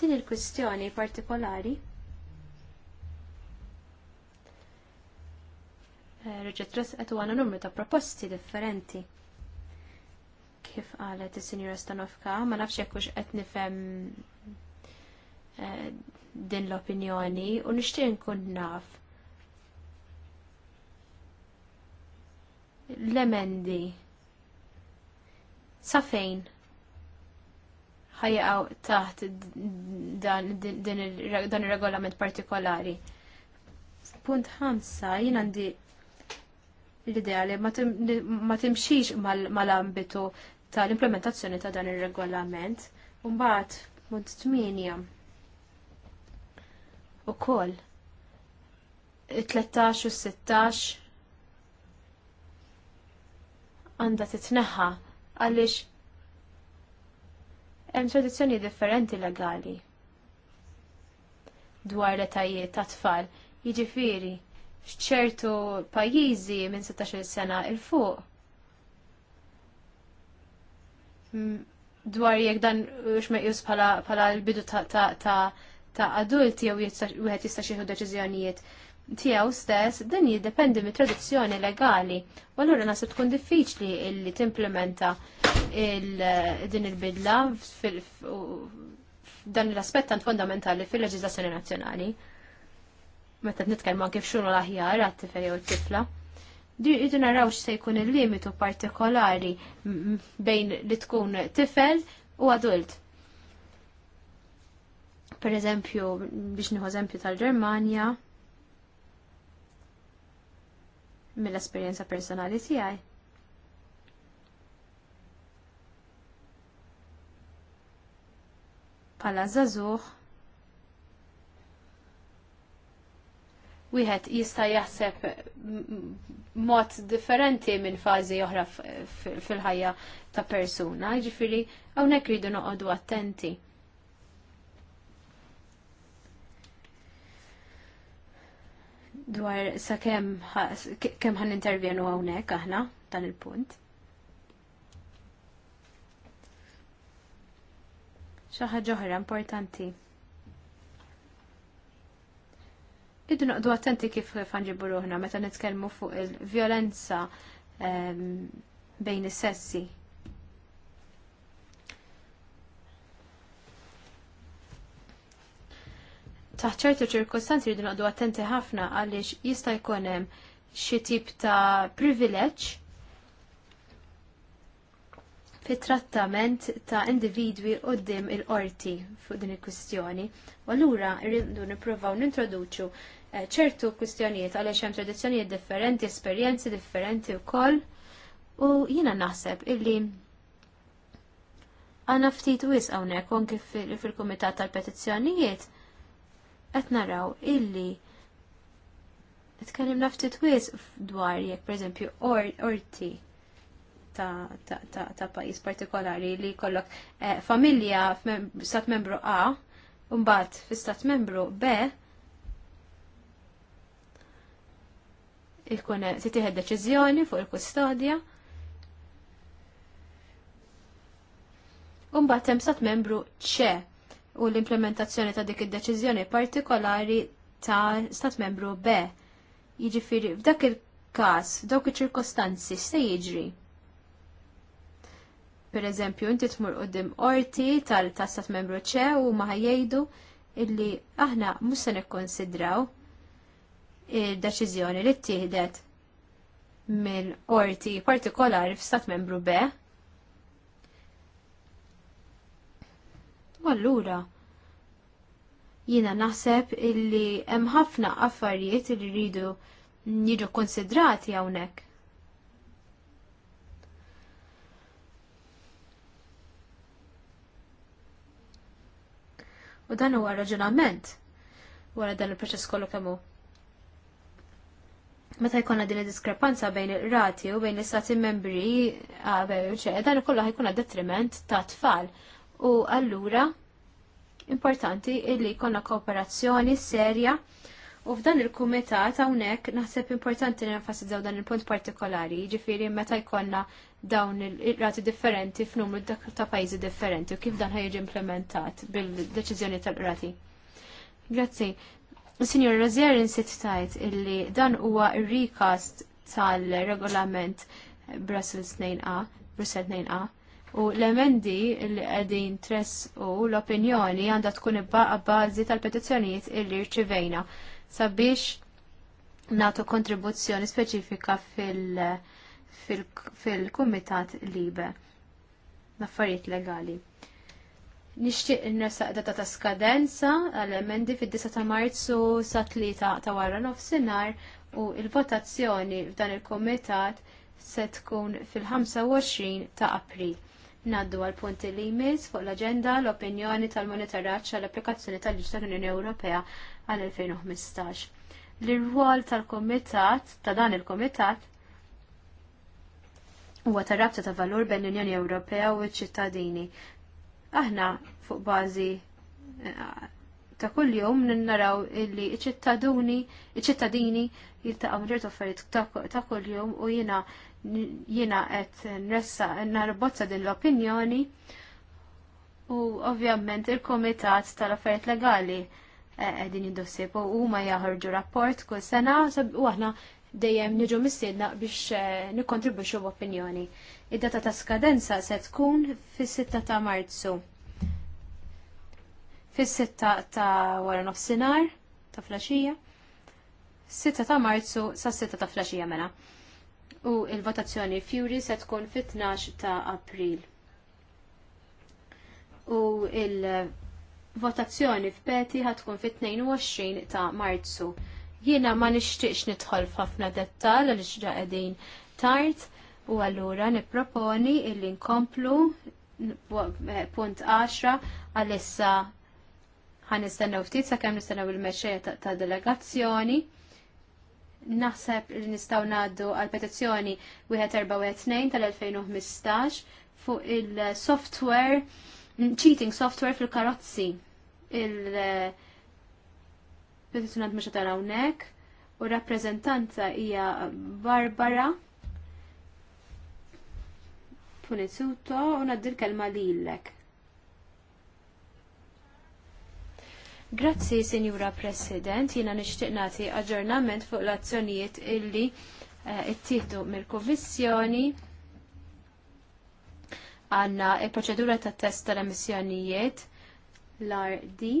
din il-kwistjoni partikolari eh, Reġet għetu għana numru ta' proposti differenti. Kif qalet il-Sinjura Stanovka, ma nafx jekkux qed nifhem eh, din l-opinjoni u nixtieq nkun naf l-emendi sa fejn ħajqaw taħt dan ir-regolament partikolari. Punt ħamsa jien għandi l-idea li ma timxix mal-ambitu tal-implementazzjoni ta' dan ir-regolament. Mbagħad punt 8 ukoll 13 u 16 għandha titneħħa għaliex Hemm tradizzjoni differenti legali dwar l-etajiet ta' tfal. Jiġifieri, f'ċertu pajjiżi minn 16 sena il fuq. Mm, dwar jekk dan x'meqjus bħala l-bidu ta' adulti jew wieħed jista' xieħu deċiżjonijiet tiegħu stess din jiddependi mit tradizzjoni legali. U allura nasib tkun diffiċli illi timplementa din il-bidla dan l-aspett fondamentali fil-leġiżlazzjoni nazzjonali. Meta nitkellmu anke f'xunu l-aħjar għat-tifel jew t-tifla. Idu naraw se jkun il-limitu partikolari bejn li tkun tifel u adult. Per eżempju, biex nieħu eżempju tal-Ġermanja, mill-esperjenza personali tiegħi. Pala zazuħ, wieħed jista' jaħseb mod differenti minn fażi oħra fil-ħajja ta' persuna, jiġifieri hawnhekk ridu noqogħdu attenti. dwar sa kem, kem ħan intervjenu għawnek aħna dan il-punt. ħaġa ġoħra importanti. Iddu noqdu attenti kif ħanġibu ruħna meta nitkellmu fuq il-violenza ehm, bejn is-sessi. taħt ċertu ċirkostanzi rridu noqdu attenti ħafna għaliex jista' jkun hemm xi tip ta' privileġġ fit-trattament ta' individwi qudiem il-qorti fuq din il-kwistjoni. U allura rridu nippruvaw nintroduċu eh, ċertu kwistjonijiet għaliex hemm tradizzjonijiet differenti, esperjenzi differenti wkoll. U jiena naħseb illi għandna ftit wisq hawnhekk anke fil-kumitat tal-petizzjonijiet qed naraw illi Itkellimna ftit wies dwar jekk pereżempju orti ta', ta, ta, ta pajjiż partikolari li jkollok eh, familja f'stat membru A u mbagħad fis-stat membru B ikun se tieħed deċiżjoni fuq il-kustodja. U mbagħad hemm stat membru C u l-implementazzjoni ta' dik id-deċiżjoni partikolari ta' stat membru B. Jiġifieri f'dak il-każ, f'dawk iċ-ċirkostanzi se jiġri. Per eżempju, inti tmur qudiem orti tal-stat membru C u ma ħajjejdu illi aħna mhux se nikkonsidraw id deċiżjoni li ttieħdet mill-orti partikolari f'stat membru B U allura jina naħseb illi hemm ħafna affarijiet li rridu jiġu konsidrati hawnhekk. U dan huwa raġunament wara dan il-proċess kollu kemm hu. Meta jkollna din id-diskrepanza bejn ir-rati u bejn l-istati membri, dan ikollu ħajkun detriment ta' tfal U allura importanti illi konna kooperazzjoni serja u f'dan il-kumitat hawnhekk naħseb importanti li nenfasizzaw dan il-punt partikolari, jiġifieri meta jkollna dawn il-rati differenti f'numru ta' pajjiżi differenti u kif dan ħajġi implementat bil-deċiżjoni tal-rati. Grazzi. Signor Rozier insit tajt illi dan huwa recast tal-regolament Brussels 2A, Brussels 2A, U l-emendi li għedin tress u l-opinjoni għandha tkun ibbaqa bażi tal-petizzjonijiet illi rċivejna sabiex natu kontribuzzjoni speċifika fil-kumitat fil, fil libe naffariet legali. Nixtieq nersaq data ta' skadenza għal-emendi fid 10 ta' Marzu sa' 3 ta' wara nofsinar u il-votazzjoni f'dan il-kumitat se tkun fil-25 ta' April. Naddu għal punti li jmiss fuq l aġenda l-opinjoni tal-monitoraċ għall-applikazzjoni tal-ġista l-Unjoni Ewropea għal 2015. L-rwol tal kumitat ta' dan il kumitat huwa tar rabta ta' valur bejn l-Unjoni Ewropea u ċ-ċittadini. Aħna fuq bażi eh, ta' kull jum naraw illi iċ-ċittadini jiltaqgħu ġert affarijiet ta' kull jum u jiena jiena qed nressa narbozza din l-opinjoni u ovvjament il-Komitat tal affariet Legali qegħdin eh, jindossib u huma jaħorġu rapport kull sena u aħna dejjem niġu mistiedna biex eh, nikkontribwixxu b'opinjoni. Id-data ta' skadenza se tkun fis-6 ta' Marzu. Fis-6 ta' wara nofsinhar ta' flaxija. 6 ta' Marzu sa' 6 ta' flaxija mela u il-votazzjoni Fury se tkun fit-12 ta' April. U il-votazzjoni f'Peti tkun fit-22 ta' Marzu. Jiena ma nixtieqx nidħol f'ħafna dettal għal ġra qegħdin tard u allura nipproponi illi nkomplu punt 10 għalissa ħanistennew ftit sakemm nistennew il-mexxej ta' delegazzjoni. Naħseb li nistaw naddu għal petizzjoni 142 tal-2015 fuq il-software, cheating software fil-karozzi. Il-petizjonant eh, mux tarawnek u rappresentanta hija Barbara Punizuto u naddir kelma lilek. Grazzi, Sinjura President, jina nixtieq nagħti aġġornament fuq l-azzjonijiet illi eh, ittieħdu mill kommissjoni għanna il-proċedura ta' test tal-emissjonijiet l-RD.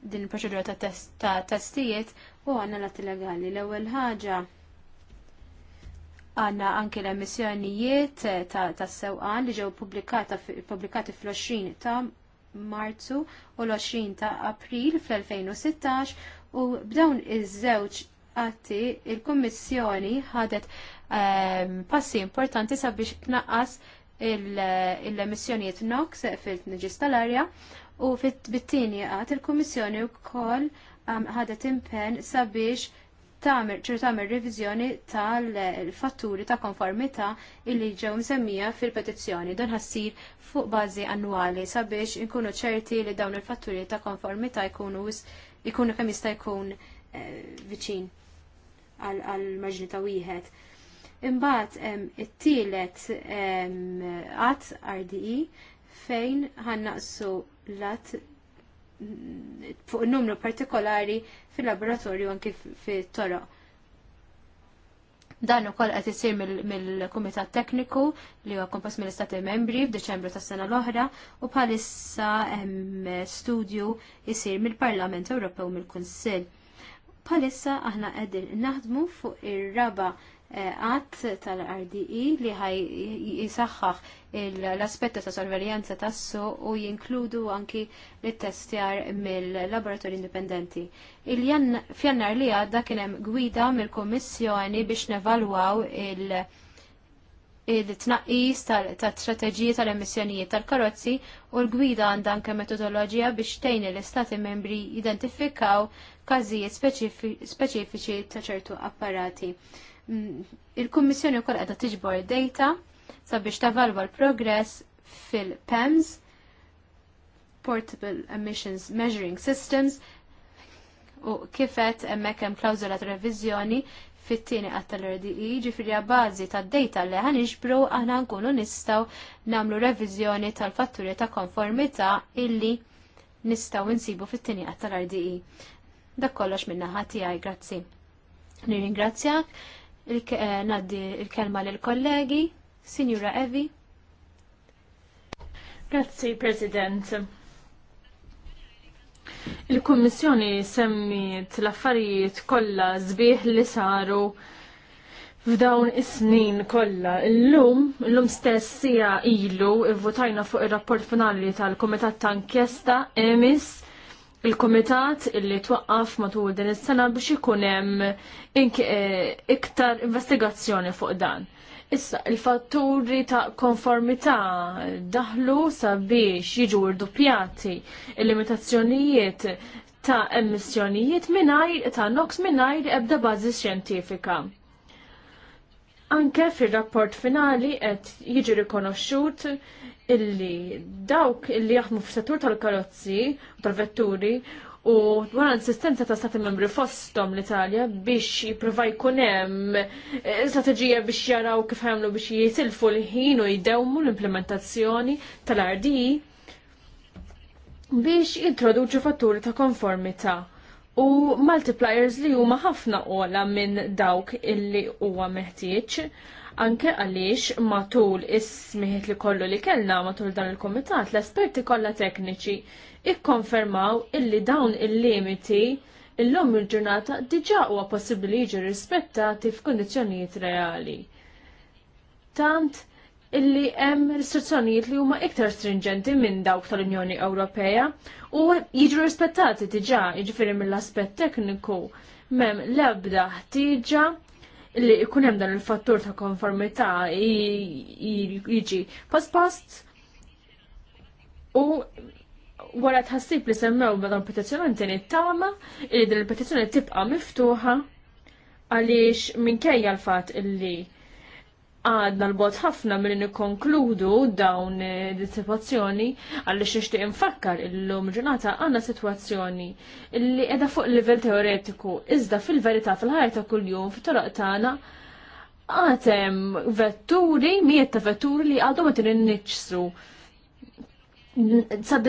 Din il-proċedura ta' test ta' testijiet u għanna l-atti legali. L-ewwel ħaġa għanna anki l-emissjonijiet eh, ta' sewqan li ġew pubblikati fl-20 ta' Marzu u l-20 ta' April fl-2016 u b'dawn iż-żewġ għatti il-Kommissjoni ħadet um, passi importanti sabiex tnaqqas il-emissjonijiet NOx fil-tniġis tal-arja u fit-bittini għat il-Kommissjoni u koll ehm, ħadet um, impen sabiex tamer ċer tamer revizjoni tal-fatturi ta' konformità illi ġew msemmija fil-petizzjoni dan ħassir fuq bażi annwali sabiex inkunu ċerti li dawn il-fatturi ta' konformità jkunu jkunu kemm jista' jkun eh, viċin għal marġni ta' wieħed. Imbagħad it-tielet qatt RDI fejn ħannaqsu lat fuq numru partikolari fil-laboratorju anki fit-toroq. Dan ukoll qed isir mill-Kumitat Tekniku li huwa kompass mill-Istati Membri f'Diċembru tas-sena l-oħra u bħalissa hemm studju jsir mill-Parlament Ewropew mill-Kunsill. Bħalissa aħna qegħdin naħdmu fuq ir-raba' għat tal-RDI e li ħaj jisaxħax l-aspetta ta' sorveljanza tassu u jinkludu anki l-testjar mill-laboratori indipendenti. Fjannar li għadda kienem gwida mill-Komissjoni biex nevalwaw il- il-tnaqqis tal-strategji tal-emissjonijiet tal-karozzi u l-gwida għandha anke metodoloġija biex tejn l-istati membri identifikaw każijiet speċifiċi ta' ċertu apparati. Mm, il-Kummissjoni wkoll qiegħda tiġbor data sabiex tavalwa l-progress fil-PEMS Portable Emissions Measuring Systems u kifet hemmhekk hemm klawżola ta' reviżjoni fit-tieni qatt tal-RDI, e, ġifieri bażi tad-dejta li ħan iġbru aħna nkunu nistgħu nagħmlu reviżjoni tal-fatturi ta' konformità illi nistgħu insibu fit-tieni qatt tal-RDI. E. Dak kollox minna ħati għaj, grazzi. Nirringrazzjak Eh, naddi il-kelma l-kollegi, Signora Evi. Grazzi, President. Il-Kummissjoni semmiet l-affarijiet kollha żbieħ li saru f'dawn is-snin kollha. Illum, illum stess sija ilu votajna fuq ir-rapport finali tal-Kumitat ta' Inkjesta EMIS il-komitat illi twaqqaf matul din is-sena biex ikun hemm eh, iktar investigazzjoni fuq dan. Issa, il-fatturi ta' konformità daħlu sabiex jiġu irdupjati il-limitazzjonijiet ta' emissjonijiet mingħajr ta' NOx mingħajr ebda bażi xjentifika. Anke fir-rapport finali qed jiġi rikonoxxut illi dawk illi jaħdmu f'settur tal-karozzi u tal-vetturi u wara l-insistenza ta' stati membri fosthom l-Italja biex jipprova jkun hemm eh, strateġija biex jaraw kif għamlu biex jitilfu l-ħin u jdewmu l-implementazzjoni tal-RDI biex jintroduċu fatturi ta' konformità u multipliers li huma ħafna ola minn dawk illi huwa meħtieġ anke għaliex matul is-smiħet li kollu li kellna matul dan il-komitat l-esperti kollha tekniċi ikkonfermaw illi dawn il-limiti illum il-ġurnata diġà huwa possibbli jiġu rispettati f'kundizzjonijiet reali. Tant illi hemm restrizzjonijiet li huma iktar stringenti minn dawk tal-Unjoni Ewropea u jiġu rispettati diġà jiġifieri mill-aspett tekniku m'hemm l-ebda ħtieġa li jkun hemm dan il-fattur ta' konformità jiġi pass past u wara tħassib li semmew madan petizzjonanti nittama li din il-petizzjoni tibqa' miftuħa għaliex minkejja l-fatt illi għadna l-bot ħafna mill nikkonkludu dawn l-situazzjoni eh, għalli xiexti infakkar il-lum ġunata għanna situazzjoni illi edha fuq il-level teoretiku iżda fil-verità fil-ħajja ta' kuljum fil toroq tana għatem vetturi, miet ta' vetturi li għadhom qed inniċsu sa'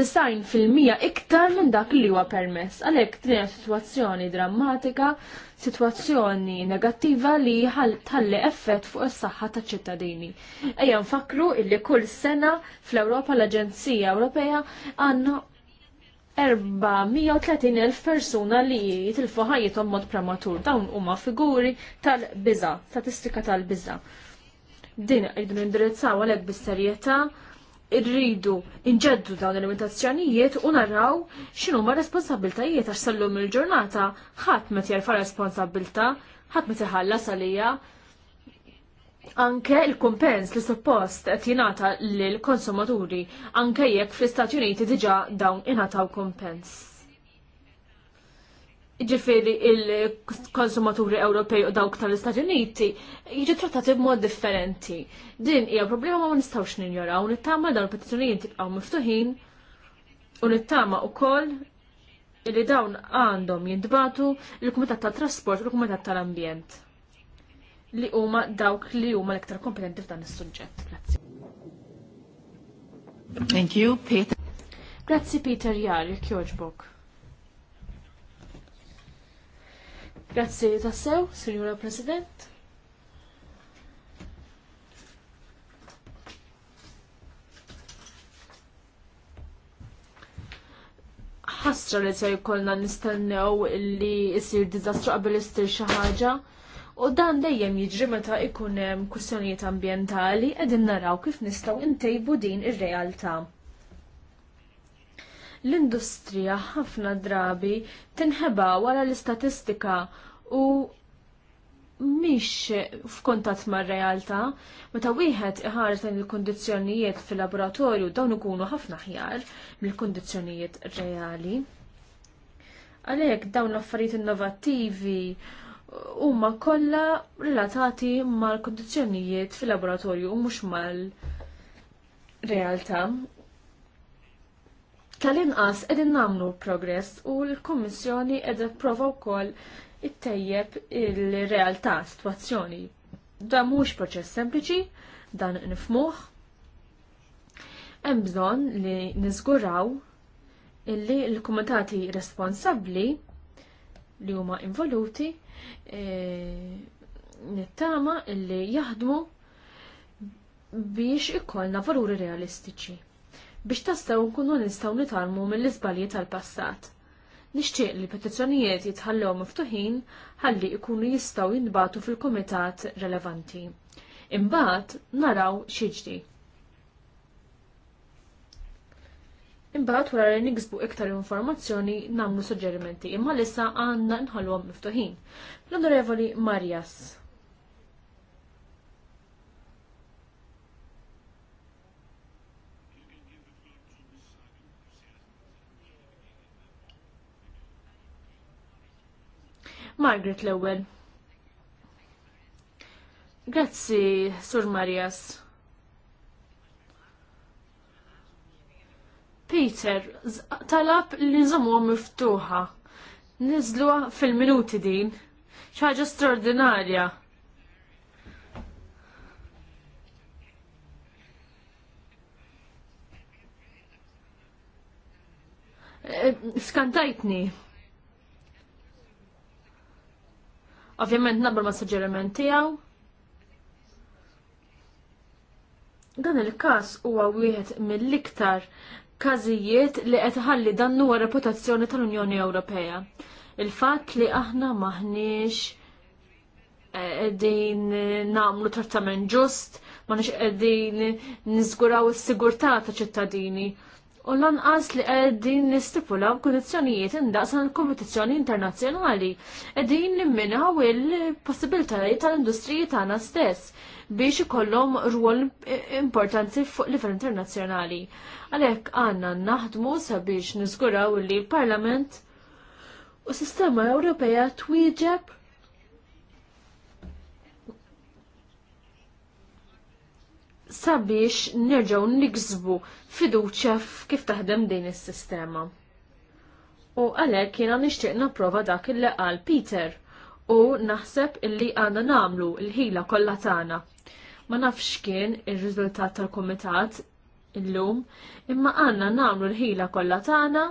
fil-mija iktar minn dak li huwa permess. Għalhekk tnejn sitwazzjoni drammatika, sitwazzjoni negattiva li tħalli effett fuq is-saħħa taċ-ċittadini. Ejja nfakru illi kull sena fl-Ewropa l-Aġenzija Ewropea għandna 430.000 persuna li jitilfu ħajjithom mod prematur. Dawn huma figuri tal-biża, statistika tal-biża. Din qegħdu nindirizzaw għalhekk bis-serjetà irridu inġeddu dawn il-limitazzjonijiet u naraw xinu ma responsabiltajiet għax sallum il-ġurnata ħadd meta jerfa' responsabilta, ħadd met ħallas għalija. Anke il-kumpens li suppost qed jingħata lill konsumaturi anke jekk fl-Istati Uniti diġà dawn ingħataw kumpens ġifiri il-konsumaturi Ewropej u dawk tal-Istati Uniti jiġu trattati b'mod differenti. Din hija problema ma nistgħux ninjoraw, nittama dawn il-petizzjonijiet jibqgħu miftuħin u nittama wkoll li dawn għandhom jintbatu il-Kumitat tal-Trasport u l-Kumitat tal-Ambjent li huma dawk li huma l-iktar kompetenti f'dan is-suġġett. Grazzi. Thank you, Peter. Grazzi Peter Jar, Kjoġbok. Grazzi tassew, Signora President. ħasra li se jkollna nistennew li jsir diżastru qabel istir xi ħaġa. U dan dejjem jiġri meta ikun hemm kwistjonijiet ambjentali qegħdin naraw kif nistgħu ntejbu din ir-realtà. L-industrija ħafna drabi tinħeba wara l-istatistika u mhix f'kuntatt mar-realtà, meta wieħed iħares lejn il-kundizzjonijiet fil-laboratorju dawn ikunu ħafna ħjar mill-kundizzjonijiet reali. Għalhekk dawn l-affarijiet innovattivi huma kollha relatati mal-kundizzjonijiet fil-laboratorju u mhux mal-realtà tal-inqas qegħdin nagħmlu progress u l-Kummissjoni qed prova wkoll ittejjeb il-realtà situazzjoni. Dan mhux proċess sempliċi, dan nifmuħ. Hemm bżonn li niżguraw illi l-kumitati responsabbli li huma involuti e, nittama illi jaħdmu biex ikollna valuri realistiċi biex tastaw nkunu nistgħu nitalmu mill-iżbalji tal-passat. Nixtieq li petizzjonijiet jitħallew miftuħin ħalli jkunu jistgħu jinbatu fil-kumitat relevanti. Imbagħad naraw xiġri. Imbagħad wara li niksbu iktar informazzjoni nagħmlu suġġerimenti imma lissa għandna nħallhom miftuħin. L-Onorevoli Marjas. Margaret l Grazzi, Sur Marias. Peter, talab li nżomu miftuħa. Nizlu fil-minuti din. ċaġa straordinarja. Eh, skantajtni. Ovvjament naqbel ma' suġġeriment tiegħu. Dan il-każ huwa wieħed mill-iktar każijiet li qed ħalli dannu huwa reputazzjoni tal-Unjoni Ewropea. Il-fatt li aħna maħniex eh, qegħdin nagħmlu trattament ġust, maħniex qegħdin niżguraw is-sigurtà ta' ċittadini u lanqas li għeddin nistipulaw kundizzjonijiet indaqsan l-kompetizzjoni internazzjonali qegħdin nimminaw il-possibilitajiet tal-industriji tagħna stess biex ikollhom rwol importanti fuq livell internazzjonali. Għalhekk għandna naħdmu sabiex niżguraw li l-Parlament u s sistema Ewropea twieġeb sabiex nerġgħu niksbu fiduċa kif taħdem din is-sistema. U għalhekk jiena nixtieq napprova dak il qal Peter u naħseb illi għandna nagħmlu l-ħila kollha tagħna. Ma nafx kien ir-riżultat tal-kumitat illum, imma għanna namlu l-ħila kollha tagħna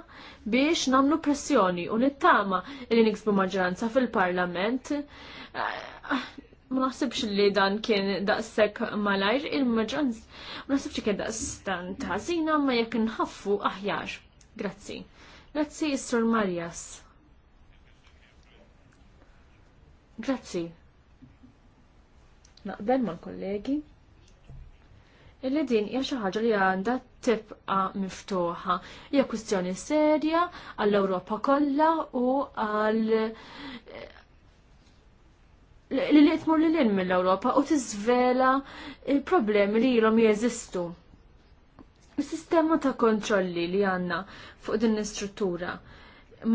biex namlu pressjoni u nittama li niksbu maġġoranza fil-Parlament ma naħsibx li dan kien daqshekk malajr il-maġġoranz ma naħsibx kien ta' zina ma jekk nħaffu aħjar. Grazzi. Grazzi Sur Marjas. Grazzi. Naqbel mal kollegi Illi din hija xi ħaġa li għandha tibqa' miftuħa. Hija kwistjoni serja għall-Ewropa kollha u għall li li jitmur li l-in mill-Europa u tiżvela il-problemi li jilom jeżistu. Il-sistema ta' kontrolli li għanna fuq din l-istruttura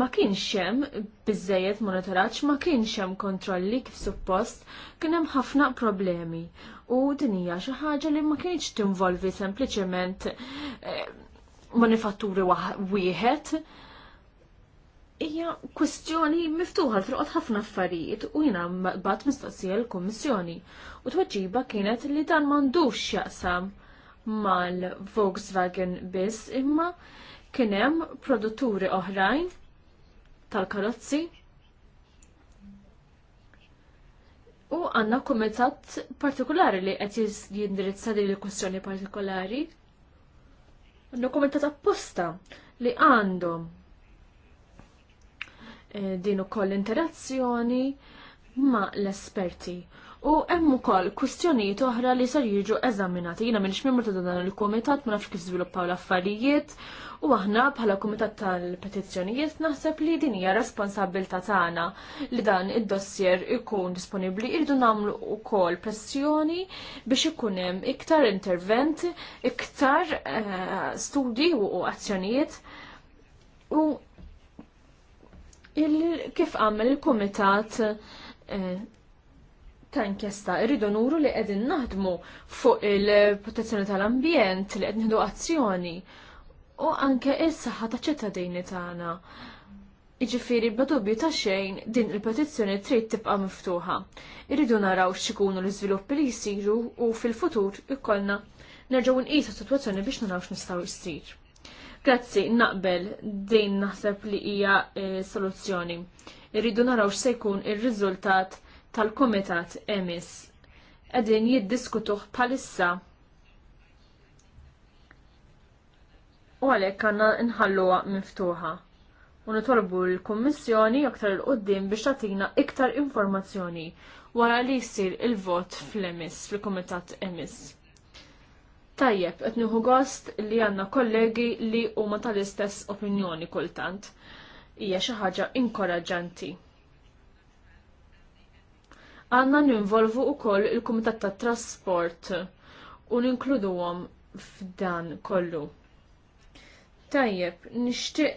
ma kienx hemm biżejjed monitoraġġ, ma kienx hemm kontrolli kif suppost, kien hemm ħafna problemi. U din hija xi ħaġa li ma kienx tinvolvi sempliċement eh, manifatturi wieħed, hija kwestjoni miftuħa l-fruqot ħafna affarijiet u jina bat mistoqsija l-Kommissjoni u tweġiba kienet li dan mandux jaqsam mal-Volkswagen biss imma kienem produtturi oħrajn tal-karozzi u għanna kumitat partikolari li qed jindirizza din il-kwestjoni partikolari. Għanna kumitat apposta li għandhom Eh, din ukoll interazzjoni ma l-esperti. U hemm ukoll kwistjonijiet oħra li ser jiġu eżaminati. Jiena m'iniex membru ta' dan il-kumitat, ma nafx kif żviluppaw l-affarijiet, u aħna bħala kumitat tal-petizzjonijiet naħseb li din hija responsabilità tagħna li dan id-dossier ikun disponibbli. Irdu nagħmlu wkoll pressjoni biex ikun hemm iktar intervent, iktar eh, studi studji u azzjonijiet. U kif għamel il-Kumitat eh, ta' inkjesta irridu nuru li qegħdin naħdmu fuq il-protezzjoni tal-ambjent li qed nieħdu azzjoni u anke is-saħħa ta' ċittadini tagħna. Iġifiri b'dubju ta' xejn din il-petizzjoni trid tibqa' miftuħa. Irridu naraw x'ikunu l-iżviluppi li jsiru u fil-futur ikollna nerġgħu nqisu situazzjoni biex naraw x'nistgħu jsir. Grazzi, naqbel din naħseb li hija eh, soluzzjoni. Irridu naraw x'se jkun ir-riżultat tal-Kumitat emis. Qegħdin jiddiskutuh bħalissa. U għalhekk għandna nħalluha miftuħa u nitolbu l-Kummissjoni aktar il qudiem biex tagħtina iktar informazzjoni wara li jsir il-vot fl-emis, fil-Kumitat emis. Tajjeb, qed nieħu gost li għandna kollegi li huma tal-istess opinjoni kultant. Hija xi ħaġa inkoraġġanti. ninvolvu ninvolvu wkoll il-Kumitat tat Trasport u għom f'dan kollu. Tajjeb, nixtieq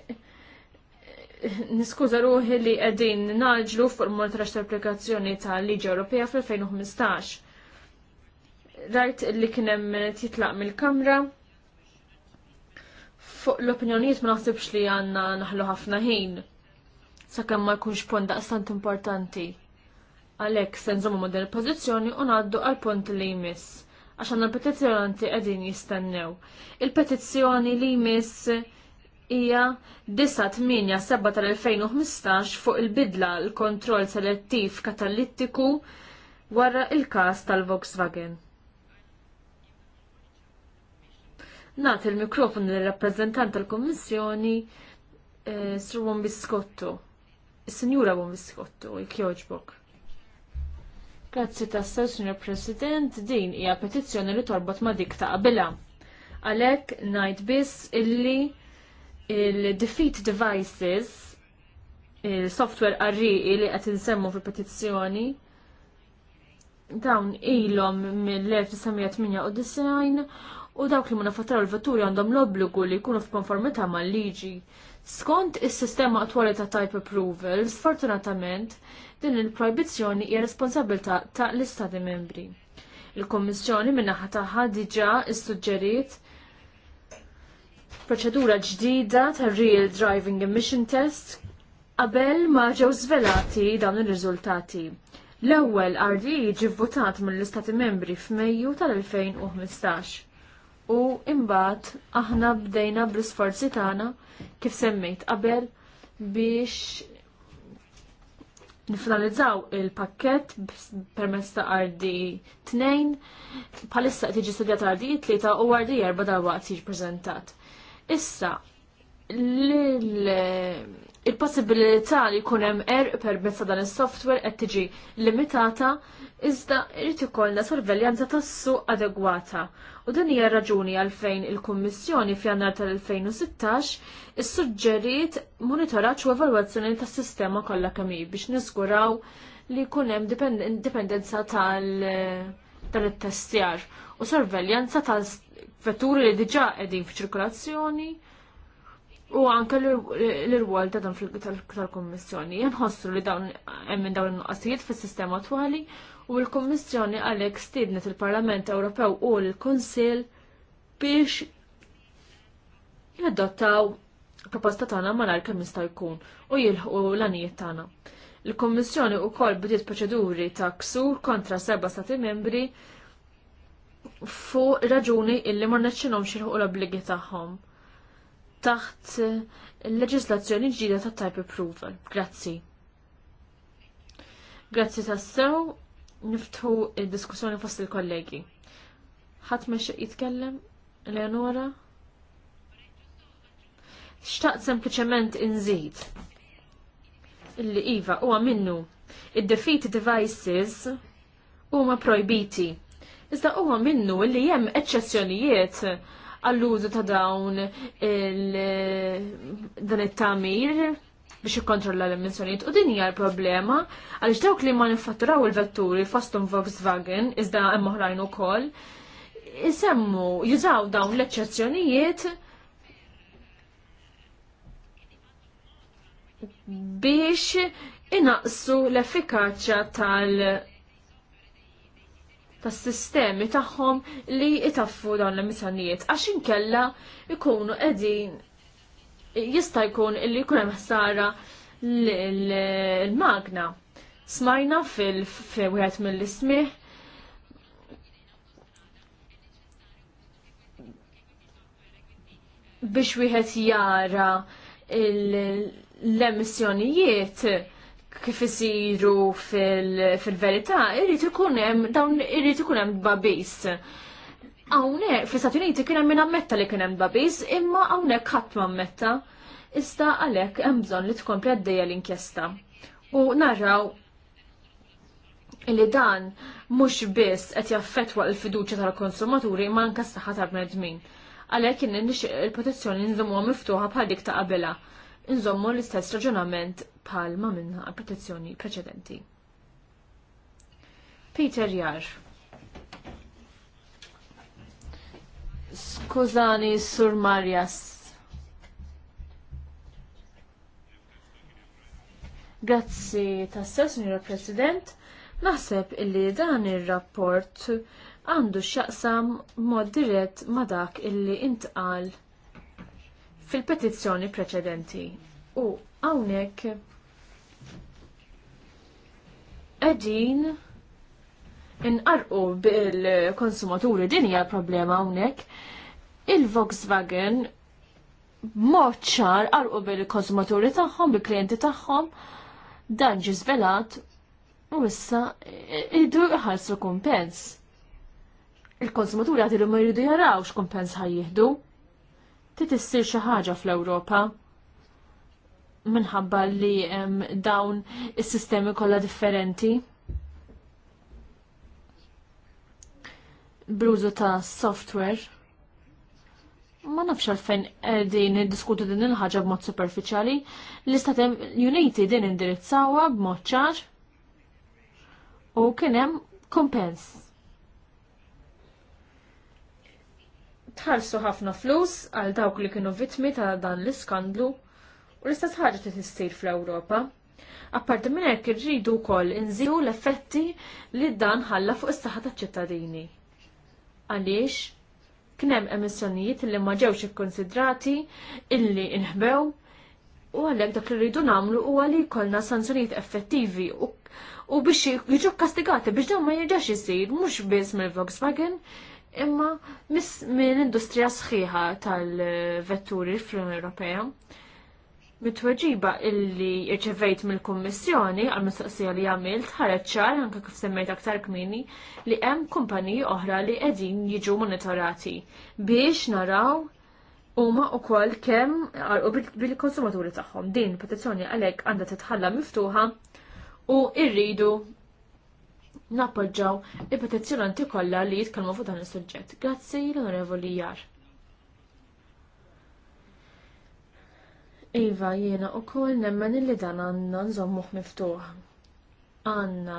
niskuża ruħi li qegħdin naġlu f'formol l applikazzjoni tal-Liġi Ewropea fil 2015 rajt li kienem titlaq mill-kamra. Fuq l-opinjonijiet ma naħsibx li għanna naħlu ħafna ħin. Sakemm ma jkunx pont daqstant importanti. Għalhekk se nżommu model pożizzjoni u ngħaddu għal pont li jmiss għax għandna l-petizzjonanti qegħdin jistennew. Il-petizzjoni li jmiss hija 9 8 tal-2015 fuq il-bidla l-kontroll selettiv katalittiku wara il-każ tal-Volkswagen. Nat il-mikrofon l-rappresentant tal-Kommissjoni eh, Sir Wombiskotto. Signora Wombiskotto, il Grazzi Grazie tassa, Signor President, din hija petizzjoni li torbot ma' dik ta' qabila. Għalhekk ngħid biss illi il-defeat devices il-software arriqi li qed insemmu fil-petizzjoni dawn ilom mill-1998 u dawk li munafattaru il-vetturi għandhom l-obbligu li jkunu f'konformità mal-liġi. Skont is-sistema attwali ta' type approval, sfortunatament din il-proibizzjoni hija responsabilità ta' l-Istati membri. Il-Kommissjoni naħa tagħha diġà issuġġeriet proċedura ġdida ta' Real Driving Emission Test qabel ma ġew żvelati dawn ir-riżultati. L-ewwel RDI ġie vvutat mill-Istati Membri f'Mejju tal-2015 U imbagħad aħna bdejna bl-isforzi tagħna kif semmejt qabel biex nifinalizzaw il-pakket permezz ta' RD 2 bħalissa tiġi studjat RD 3 u RD 4 waqt jiġi prezentat. Issa il-possibilità li jkun hemm erq permezz ta' dan is-software qed tiġi limitata iżda irrid ikollna sorveljanza tas-suq adegwata. U din hija raġuni għalfejn il-Kummissjoni f'Jannar tal-2016 issuġġeriet monitoraġġ u evalwazzjoni tas-sistema kollha kemm biex niżguraw li jkun hemm indipendenza tal-testjar u sorveljanza tal vetturi li diġà qegħdin f'ċirkolazzjoni U anke l-irwol ta' dan tal-Kommissjoni. Jenħossu li dawn hemm minn dawn il-nuqqasijiet fis-sistema attwali u l-Kummissjoni għalhekk stiednet il-Parlament Ewropew u l-Kunsill biex jadottaw proposta tagħna malar kemm jista' jkun u jilħqu l-għanijiet tagħna. Il-Kummissjoni wkoll bdiet proċeduri ta' ksur kontra seba' stati membri fuq raġuni illi ma rnexxinhomx jilħqu l-obbligi tagħhom taħt il-leġislazzjoni ġdida ta' type approval. Grazzi. Grazzi tassew niftħu il diskussjoni fost il-kollegi. Ħadd mexxi jitkellem, Leonora? Xtaqt sempliċement inżid illi iva huwa minnu id-defeat devices huma projbiti. Iżda huwa minnu illi hemm eċċezzjonijiet għall-użu ta' dawn dan it-tamir biex ikkontrolla l-emissjonijiet u din hija l-problema għaliex dawk li manifatturaw il-vetturi fostum Volkswagen iżda hemm oħrajn ukoll isemmu jużaw dawn l-eċċezzjonijiet biex inaqsu l-effikaċja tal- tas-sistemi tagħhom li itaffu dawn l-emissjonijiet għax inkella ikunu qegħdin jista' jkun illi jkun hemm ħsara l-magna. Smajna fil-wieħed mill-ismih biex wieħed jara l-emissjonijiet kif isiru fil-verità, irrid ikun hemm dawn irrid ikun hemm babis Hawnhekk fl-Istati Uniti kien hemm min ammetta li kien hemm babiż, imma hawnhekk ħadd ammetta. Iżda għalhekk hemm bżonn li tkompli għaddejja l-inkjesta. U naraw li dan mhux biss qed jaffettwa l-fiduċja tal-konsumaturi ma anke s-saħħa tal-bnedmin. Għalhekk kien il-protezzjoni nżommuha miftuħa bħal dik ta' qabilha. Nżommu l-istess raġunament bħal ma minna protezzjoni preċedenti. Peter Jar. Skużani, Sur Marjas. Grazzi tassas, Signora President. Naħseb illi dan ir-rapport għandu x'jaqsam mod dirett ma' dak illi intqal fil-petizzjoni preċedenti. U hawnhekk qegħdin inqarqu bil-konsumaturi din hija problema hawnhekk. Il-Volkswagen mod ċar qarqu bil-konsumaturi tagħhom, bil-klijenti tagħhom, dan ġi żvelat u issa idu jħallsu kumpens. Il-konsumaturi għad ma jridu jaraw x'kumpens ħajjieħdu. Titissir xi ħaġa fl-Ewropa minħabba li dawn is-sistemi kollha differenti. bluzu ta' software. Ma nafx għalfejn din id-diskutu din il-ħaġa b'mod superficiali. L-istatem Uniti din indirizzawa b'mod ċar u kien hemm kompens. Tħallsu ħafna flus għal dawk li kienu vittmi ta' dan l-iskandlu u l-istess ħagġa t-istir fl-Ewropa. Apparti minn hekk irridu wkoll inżidu l-effetti li dan ħalla fuq is-saħħa taċ-ċittadini għaliex kien hemm emissjonijiet li ma ġewx ikkonsidrati illi inħbew u għalhekk dak li rridu nagħmlu huwa li jkollna sanzjonijiet effettivi u biex jiġu kastigati biex dawn ma jirġax jisir, mux biss mill Volkswagen, imma mill-industrija sħiħa tal-vetturi fl-Unjoni Ewropea. Mitweġiba illi irċevejt mill-Kummissjoni għal mistoqsija li għamilt ħareġ ċar anke kif semmejt aktar kmini li hemm kumpaniji oħra li qegħdin jiġu monitorati biex naraw huma wkoll kemm għalqu bil-konsumaturi tagħhom. Din petizzjoni għalhekk għandha titħalla miftuħa u rridu nappoġġaw il-petizzjonanti kollha li jitkellmu fuq dan is-suġġett. Grazzi l-Onorevoli Jar. Iva jiena u kol nemmen illi dan għanna nżommuħ miftuħ. Għanna.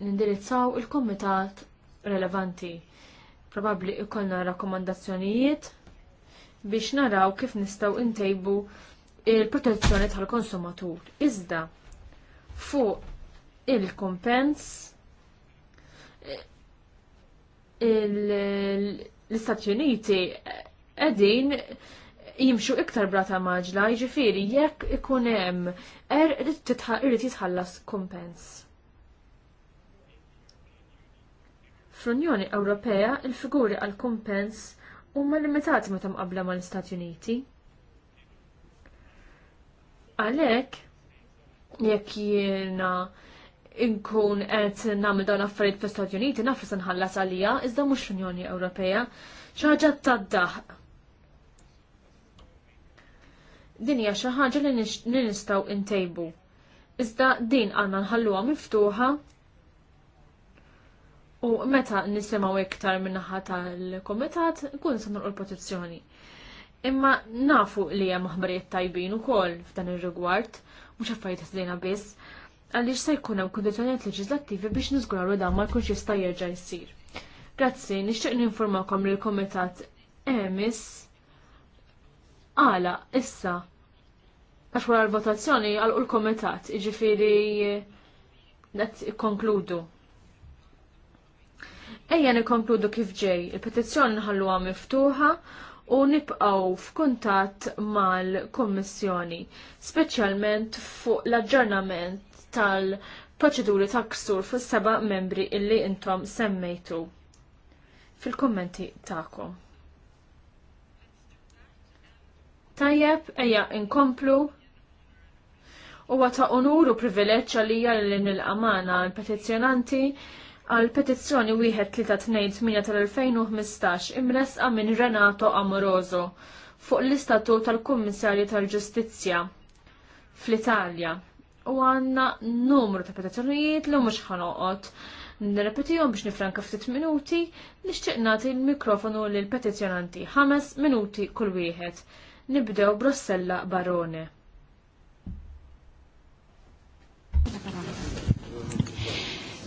Nindirizzaw il-komitat relevanti. Probabli ikollna rakkomandazzjonijiet biex naraw kif nistaw intejbu il-protezzjoni tal-konsumatur. Iżda, fuq il-kompens il l-Istati Uniti qegħdin eh, jimxu iktar brata maġla, jiġifieri jekk ikun hemm er irid jitħallas kumpens. Fl-Unjoni Ewropea il-figuri għal kumpens huma limitati meta mqabbla mal-Istati Uniti. Għalhekk jekk jiena inkun qed nagħmel dawn affarijiet fl-Istati Uniti naf se nħallas għalija iżda mhux l-Unjoni Ewropea xi ħaġa tad-daħq. Din hija xi ħaġa li nistgħu intejbu. Iżda din għandna nħalluha miftuħa u meta nisimgħu iktar min-naħa tal-Kumitat nkun se nilqu l pozizzjoni Imma nafu li hemm ħbarijiet tajbin ukoll f'dan ir-rigward, mhux affarijiet ħdejna biss għaliex se jkun hemm kundizzjonijiet leġislattivi biex niżguraw li dan ma jkunx jista' jerġa' jsir. Grazzi, nixtieq ninformakom li l-Komitat emis għala issa għax wara l-votazzjoni għal l-Komitat, iġifieri qed ikkonkludu. Ejja nikkonkludu kif ġej, il-petizzjoni nħalluha miftuħa u nibqgħu f'kuntatt mal-Kommissjoni, speċjalment fuq l-aġġornament tal-proċeduri ta' ksur fis seba membri illi intom semmejtu fil-kommenti ta'kom. Tajjeb, eja inkomplu u għata onuru privileċ għalija li nil-amana għal petizjonanti għal petizzjoni 1328 tal-2015 imresqa minn Renato Amoroso fuq l-istatu tal-Kummissarju tal-Ġustizzja fl-Italja u għanna numru ta' petizzjonijiet li mhux ħanoqgħod. Nirrepetihom biex nifranka ftit minuti, nixtieq nagħti l-mikrofonu lil petizzjonanti ħames minuti kull wieħed. Nibdew Brossella Barone.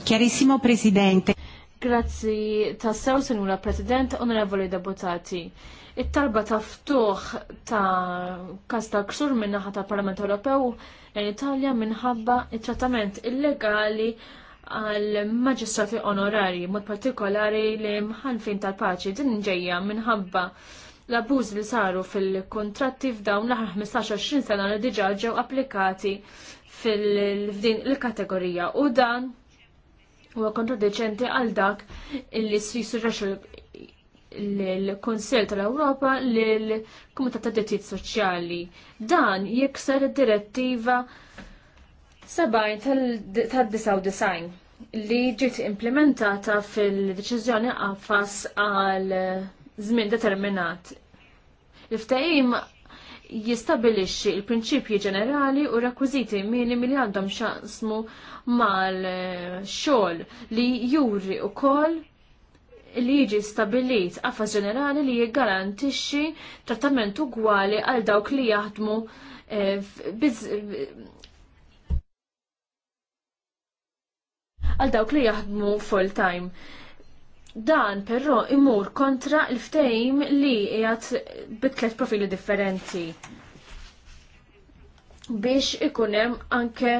Chiarissimo Presidente. Grazzi tassew, Senura President, onorevoli deputati it-talba ta' ftuħ ta' kasta ksur ksur min-naħa ta' Parlament Ewropew l-Italja minħabba it-trattament illegali għal maġistrati onorari, mod partikolari li mħalfin tal-paċi din ġejja minħabba l-abuż li saru fil-kontratti f'dawn l-aħħar 15-20 sena li diġà ġew applikati fil-din il-kategorija u dan huwa kontradiċenti għal dak illi jisirrex l-Konsell tal-Ewropa l-Kumitat ta' Drittijiet Soċjali. Dan jekser id-direttiva 70 tal 99 li ġiet implementata fil-deċiżjoni għafas għal żmien determinat. L-ftehim jistabilixxi il-prinċipji ġenerali u rekwiżiti minimi li għandhom xaqsmu mal-xogħol li juri wkoll li jiġi stabilit qafas ġenerali li jiggarantixxi trattament ugwali għal dawk li jaħdmu eh, għal dawk li jaħdmu full time. Dan però imur kontra l-ftejm li jgħat bitlet profili differenti biex ikunem anke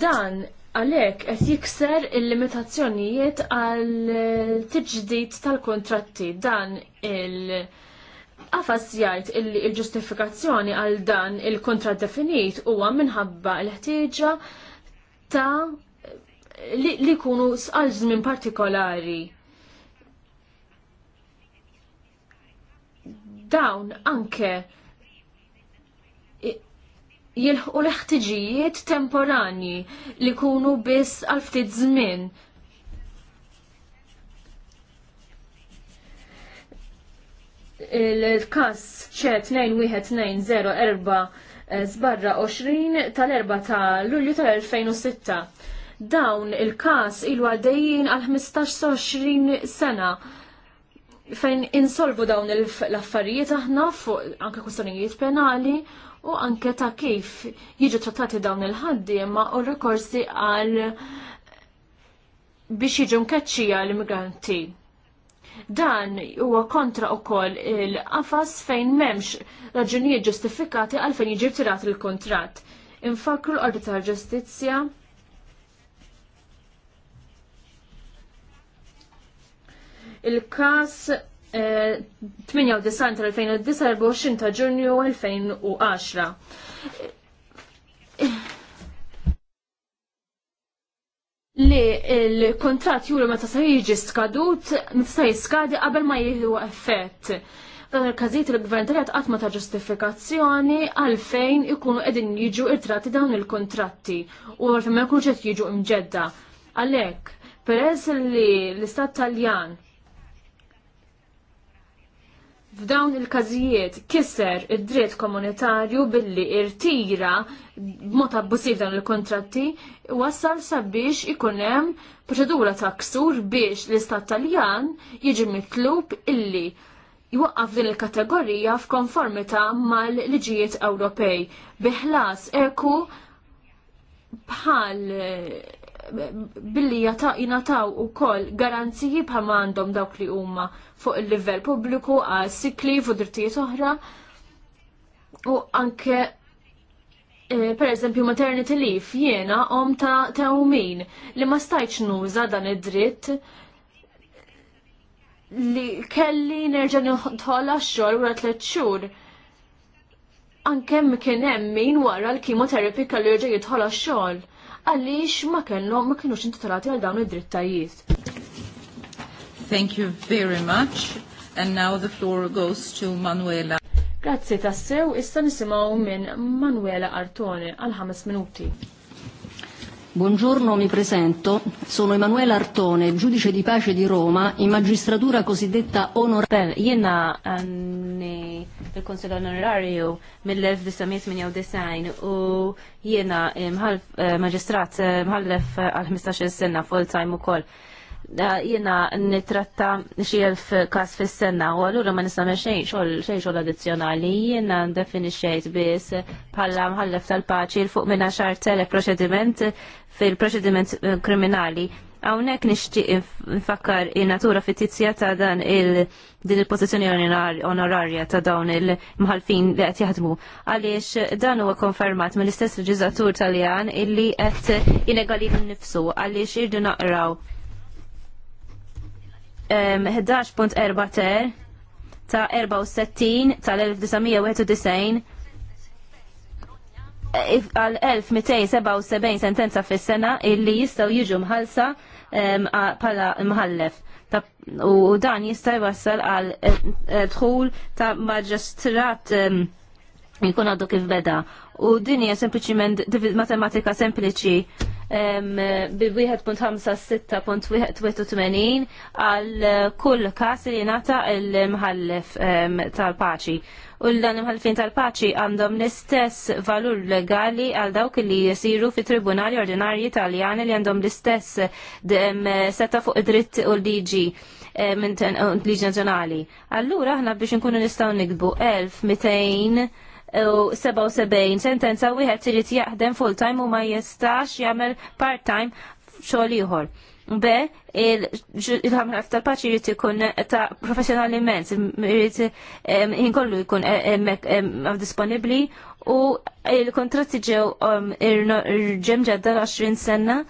dan għalhekk qed jikser il-limitazzjonijiet għal tiġdid tal-kontratti dan il- Għafas jgħid il-ġustifikazzjoni għal dan il-kontrat definit huwa minħabba l-ħtieġa ta' li jkunu sqal żmien partikolari. Dawn anke jilħqu l-ħtiġijiet temporanji li kunu biss għal ftit żmien. Il-kas ċet 21204 sbarra 20 tal-4 ta' Lulju tal-2006. Dawn il-kas ilu għaddejjin għal 15-20 sena fejn insolvu dawn l-affarijiet aħna fuq anke kustonijiet penali u anke ta' kif jiġu trattati dawn il-ħaddiema u rikorsi għal biex jiġu mkeċċija l-immigranti. Dan huwa kontra koll il-qafas fejn memx raġunijiet ġustifikati għal fejn jiġi tirat il kontrat Infakru l-Qorti tal-Ġustizzja il-kas 98 eh, tal-2009 ta' ġunju 2010. li il-kontrat juru ma tista' jiġi skadut, ma tista' skadi qabel ma jieħu effett. Dan il-każijiet il-gvern tal qatt ma ta' ġustifikazzjoni għalfejn ikunu qegħdin jiġu irtrati dawn il-kontratti u għalfejn ma jkunux qed jiġu imġedda. Għalhekk, peress li l-Istat Taljan f'dawn il-każijiet kisser id-dritt komunitarju billi irtira b'mod abbużiv dawn il-kontratti wassal sabiex ikun hemm proċedura ta' ksur biex l-Istat Taljan jiġi mitlub illi jwaqqaf din il-kategorija f'konformità mal-liġijiet Ewropej biħlas eku bħal billi jinataw u koll garanziji bħalma għandhom dawk li huma fuq il-livell pubbliku għal sikli fuq drittijiet oħra u anke eh, per eżempju maternity leave jiena om ta' ta' umin li ma stajċ nuża dan id-dritt li kelli nerġa' nħolla x-xogħol wara tliet xhur anke kien hemm min wara l kimoterapi kellu jerġa' jidħol għax-xogħol għalix ma kellhom ma kienux intitolati għal dawn id-drittajiet. Thank you very much. And now the floor goes to Manuela. Grazzi tassew, issa nisimgħu minn Manuela Artone għal ħames minuti. Buongiorno, mi presento. Sono Emanuela Artone, giudice di pace di Roma, in magistratura cosiddetta onoraria. Jena anni il-Konsil Onorarju mill design, u jena eh, eh, eh, mħallef maġistrat mħallef għal 15 sena full-time u koll jina nitratta xie elf kas fis-sena u għallura ma nisame xejn xogħol addizzjonali jiena definixxejt biss bħala mħallef tal-paċi l fuq minna xar tele proċediment fil-proċediment eh, kriminali għawnek nishtiq nfakkar il-natura fittizja ta' dan il-din il-pozizjoni onorarja ta' dawn il-mħalfin li għet jaħdmu. Għaliex dan huwa konfermat mill-istess reġizatur taljan illi għet inegali nifsu għaliex irdu naqraw 11.4 ter ta' 64 tal-1991 e, għal 1277 sentenza fis sena illi jistaw jiġu mħalsa pala mħallef. U dan jista' jwassal għal e, e, dħul ta' maġistrat jkun għaddu kif beda. U din hija sempliċiment matematika sempliċi bil-1.5 1.56.81 għal eh, kull kas li nata il-mħallef tal-paċi. U l-dan imħalfin tal-paċi għandhom l-istess valur legali għal dawk li jisiru fi tribunali ordinarji italjani li għandhom l-istess seta fuq dritt u liġi minn liġi nazjonali. Allura ħna biex nkunu nistaw nikbu 1200 u 77 sentenza wieħed irid jaħdem full-time u ma jistax jagħmel part-time xogħol ieħor. B, il-ħamra tal-paċi jrid ikun ta' professional immens, jrid jinkollu jkun disponibli u il-kontratti ġew ġem ġadda 20 sena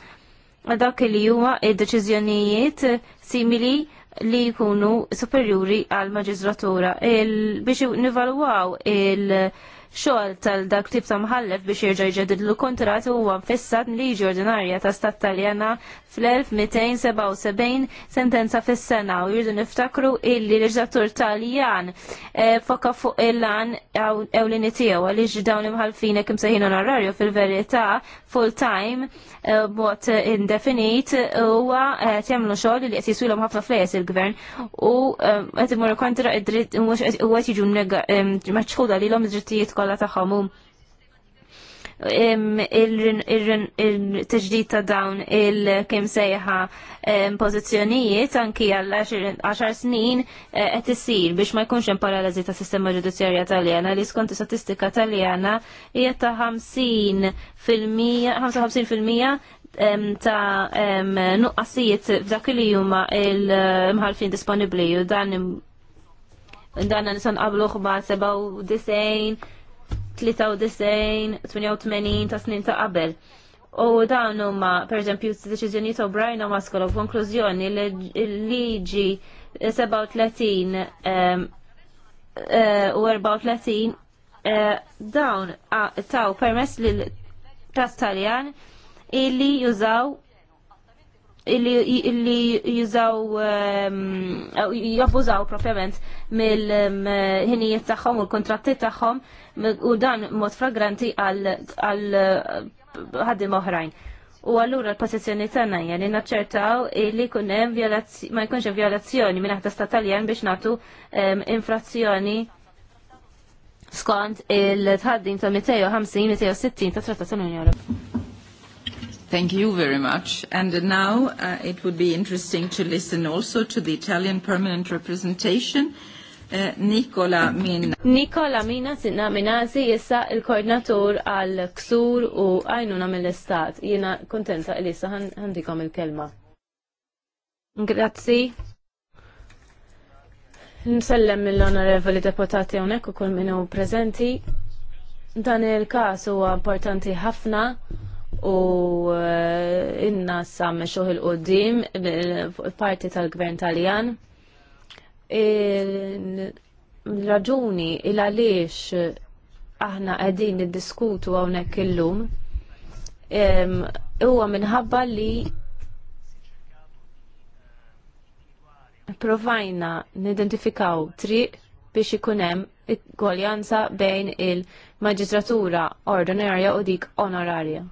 dak li huma id-deċiżjonijiet simili li jkunu superjuri għal maġistratura biex nivalwaw il-xogħol tal-dak tip ta' mħallef biex jerġa' jġedid l-kontrat huwa mfissat liġi ordinarja ta' stat Taljana fl-1277 sentenza fis-sena u jridu niftakru illi l-ġdatur Taljan eh, foka fuq il-lan ewlini tiegħu għaliex dawn imħalfina kim seħin onorario fil-verità full time eh, bot indefinit huwa qed jagħmlu xogħol li qed jisulhom ħafna flejes il-gvern u eh, qed imorru kontra id-dritt u qed jiġu maċħuda lilhom id-drittijiet kollha tagħhom il-teġdid ta' dawn il-kim sejħa pozizjonijiet anki għal 10 snin eh, qed isir biex ma jkunx hemm paralizi ta' sistema ġudizzjarja Taljana li skont statistika Taljana hija ta' 50 fil-mija 55 fil-mija ta' nuqqasijiet f'dak li huma l-mħalfin disponibbli u dan dan nisan qabluħ ma' 97 93-88 ta' snin ta' qabel. U dawn huma pereżempju deċiżjoni ta' Brian u Maskolo konklużjoni l-liġi 37 e, u 34 e, dawn taw permess lil tas Taljan illi jużaw illi jużaw jabbużaw propjament mill-ħinijiet tagħhom u l-kontratti tagħhom u dan mod fragranti għal ħaddim oħrajn. U allura l-pozizjoni tagħna hija li naċċertaw li kunem ma jkunx violazzjoni minn aħda stataljan biex nagħtu ehm, infrazzjoni skont il-tħaddim ta' 250-260 ta' Trattat tal-Unjoni Thank you very much. And now uh, it would be interesting to listen also to the Italian permanent representation Eh, Nikola Minna. Nikola Minna sinna minnazi jissa il-koordinatur għal ksur u għajnuna mill-istat. Jena kontenta il-issa għandikom il-kelma. Grazzi. Nsellem mill-onorevoli deputati unek u kull minnu prezenti. Dan il-kas huwa importanti ħafna u eh, inna samme xoħ il-qoddim eh, parti tal-gvern taljan il-raġuni il-għaliex aħna għedin niddiskutu għawnek illum huwa minħabba li provajna nidentifikaw triq biex ikunem gwaljanza bejn il-maġistratura ordinarja u dik onorarja.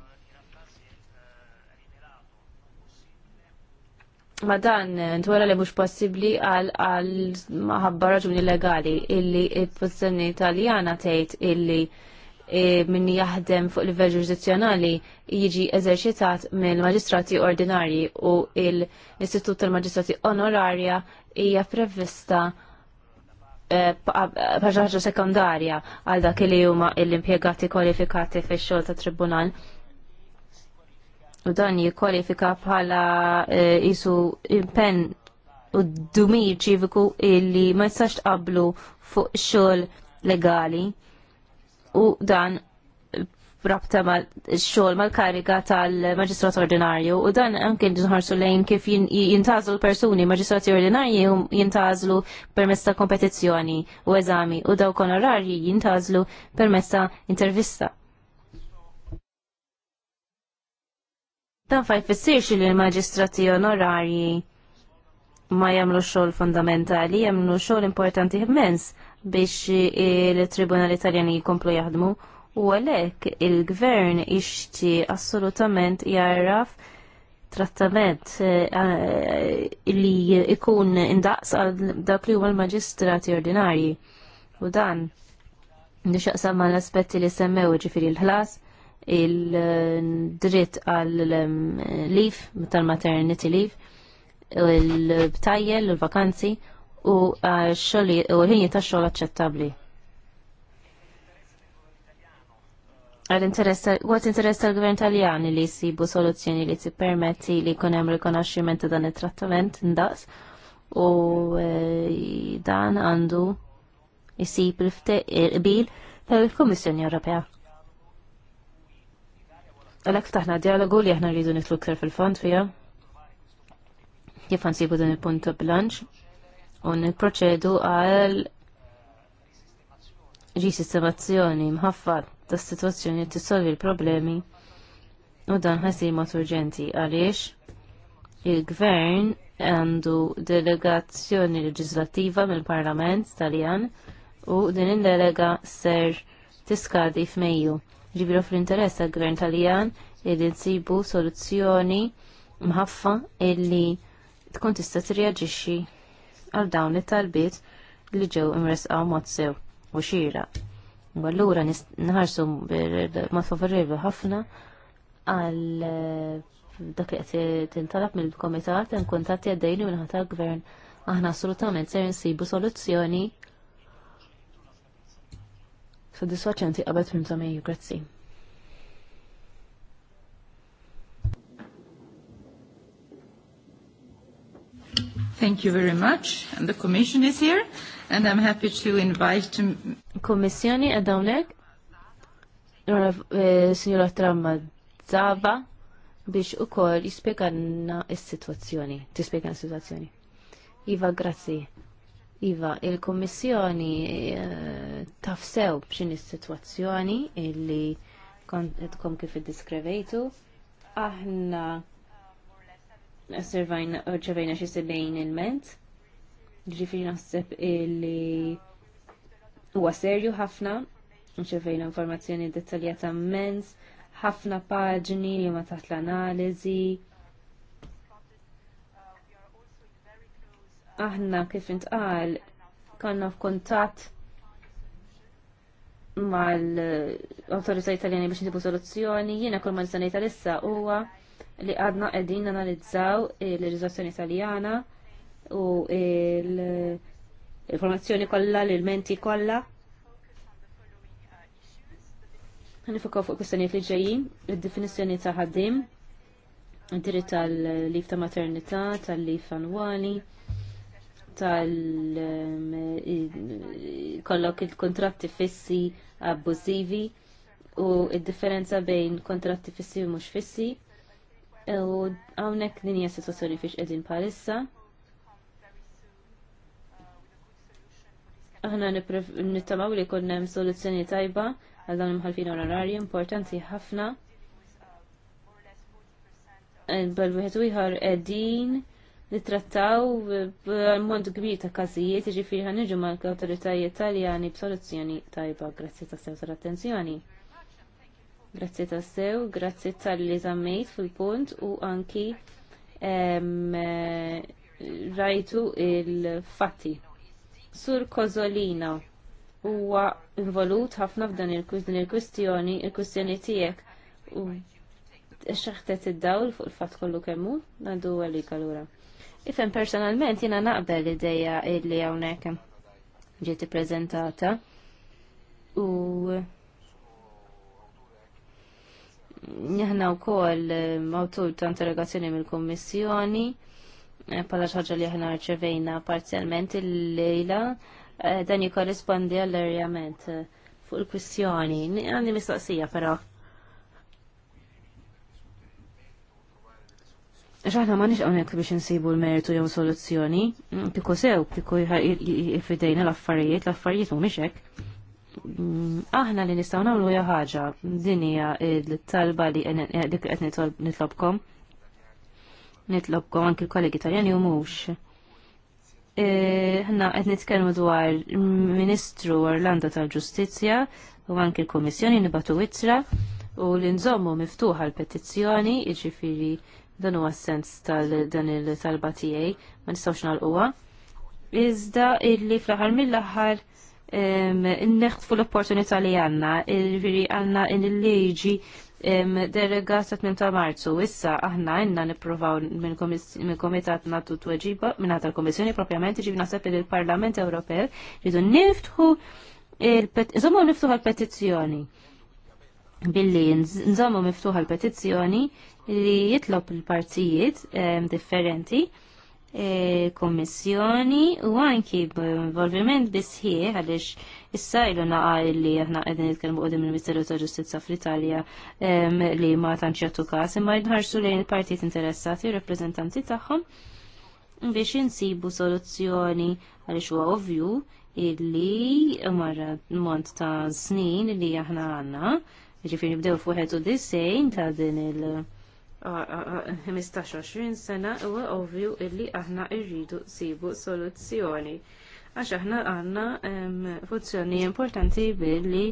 ma dan ntwara li mhux possibbli għal maħabba raġuni legali illi il-pozzjoni Taljana tgħid illi e, min jaħdem fuq livell ġurisdizzjonali jiġi eżerċitat mill maġistrati ordinarji u l-Istitut tal-Maġistrati Onorarja hija prevista e, paġaġa sekundarja għal dak li huma l-impjegati kwalifikati fix-xogħol tat tribunal u dan jikwalifika bħala jisu e, impenn u d-dumir ċiviku illi ma jistax tqablu fuq xogħol legali u dan rabta mal xogħol mal-kariga tal-maġistrat ordinarju u dan anke nħarsu lejn kif jintażlu l-persuni maġistrati ordinarji jintażlu permezz ta' kompetizzjoni u eżami u daw konorari jintażlu permezz ta' intervista. Dan faj fissirx li l-maġistrati onorari ma jamlu xol fundamentali, jamlu xol importanti immens biex il-Tribunal Italjani jikomplu jaħdmu u għalek il-gvern ixti assolutament jarraf trattament eh, li ikun indaqs għal dak li huma l-maġistrati ordinarji. U dan nixaqsam mal aspetti li semmew ġifiri l-ħlas, il-dritt għal-leaf, um, tal-maternity leaf, tal maternity leave, il il-vakanzi u u l-ħinji ta' xogħol aċċettabbli. Għat interess tal-gvern taljani li jisibu soluzzjoni li tippermetti li jkun hemm rikonoxximent ta' dan it-trattament ndaqs u eh, dan għandu jisib il-bil tal-Kummissjoni Ewropea. Għalek taħna dialogu li aħna rridu nitlu ktar fil-fond fija. Kif nsibu din il-punt bilanċ u niproċedu għal ġisistemazzjoni mħaffat ta' situazzjoni t l-problemi u dan ħasimot urġenti għaliex il-gvern għandu delegazzjoni legislativa mill-Parlament Taljan u din il-delega ser tiskadi f'Mejju ġibiru fl-interess tal-gvern taljan li nsibu soluzzjoni mħaffa illi tkun tista' tirreġixxi għal dawn it-talbiet li ġew imresqaw mod sew u xira. U allura nħarsu mod favorevoli ħafna għal eh, dak li qed tintalab mill-komitat hemm kuntatti għaddejni minħata gvern aħna assolutament ser nsibu soluzzjoni soddisfaċenti qabel minn ta' Mejju. Grazzi. Thank you very much. And the Commission is here, and I'm happy to invite... Kommissjoni għadawnek, eh, signora Tramma Zaba, biex u kol jispieganna il-situazzjoni, tispieganna il-situazzjoni. Iva, grazzi. Iva, il-Kommissjoni eh, tafsew b'xin is-sitwazzjoni illi kom kif iddiskrivejtu. Aħna servajna ġevejna xi sebejn il-ment. Ġifieri naħseb illi huwa serju ħafna, ġevejna informazzjoni dettaljata ment, ħafna paġni li ma taħt l-analiżi aħna kif intqal konna f'kuntatt mal autorità italjani biex nsibu soluzzjoni, jiena kull ma nistanaj issa huwa li għadna qegħdin analizzaw il-leġiżlazzjoni italjana u l-informazzjoni kollha, l-menti kollha. Nifukaw fuq kwistjonijiet li ġejjin, id-definizzjoni ta' ħaddim, id-diritt tal-lif ta' maternità, tal-lif annwali, tal- kollok il-kontratti fissi abbużivi u id-differenza bejn kontratti fissi u mhux fissi u hawnhekk din hija sitwazzjoni fiex qegħdin bħalissa. Aħna nittamaw li konnem hemm soluzzjoni tajba għal dawn imħalfin onorari importanti ħafna. Eh, Bel wieħed ieħor nitrattaw b'mod kbir ta' każijiet, jiġifieri niġu mal-awtoritajiet Taljani b'soluzzjoni tajba grazzi ta' sew tal-attenzjoni. Grazzi ta' sew, grazzi tal-li żammejt fil-punt u anki rajtu il-fatti. Sur Kozolina huwa involut ħafna f'dan il-kwistjoni, il-kwistjoni tiegħek u xaħtet id-dawl fuq il fatt kollu kemmu, għandu għalik għallura. Ifem personalment jina naqbel l-ideja illi għawnek ġieti prezentata u njahna u kol mawtur ehm, ta' interrogazzjoni mill-kommissjoni pala eh, xaġa li ħna rċevejna parzialment il-lejla eh, dan jikorrispondi għall-erjament eh, fuq il-kwistjoni. Għandi mistoqsija però ċaħna ma nixqonek biex nsibu l-meritu jew soluzzjoni, kiko mm, sew, kiko jifidejna l-affarijiet, l-affarijiet u miexek. Mm, aħna li nistaw namlu jaħħaġa, dinija l-talba li dik għet nitlobkom, nitlobkom anki l-kollegi taljani u mux. E, ħna għet nitkellmu dwar Ministru Orlando tal-Ġustizja u anki l-Komissjoni nibatu witra u l-inżommu miftuħa l-petizzjoni, iġifiri dan huwa sens tal-dan il-talba tiegħi ma nistgħux nagħlquha. Iżda illi fl-aħħar mill-aħħar nneħtfu l-opportunità li għandna, jiġifieri għandna il-liġi derega sa' 8 ta' marzu. Issa aħna għandna nippruvaw minn komitat natu tweġiba minn ħadd l-Komissjoni propjament ġib jiġifieri naħseb li l-Parlament Ewropew ridu niftħu il-petizzjoni billi nżommu miftuħa l-petizzjoni li jitlob il-partijiet ehm, differenti e, kommissjoni u anki involviment bisħie għalix issa sajlu naqa li aħna qegħdin nitkellmu għodim il-Ministeru ta' Ġustizza fl-Italja ehm, li ma tantx kas każ, imma jnħarsu lejn il-partit interessati u rappreżentanti tagħhom biex insibu soluzzjoni għaliex huwa ovvju illi marra mont ta' snin li aħna għandna Ġifiri nibdew fuħet u disejn ta' din il- 15-20 sena u ovvju illi aħna irridu sibu soluzzjoni. Għax aħna għanna funzjoni importanti billi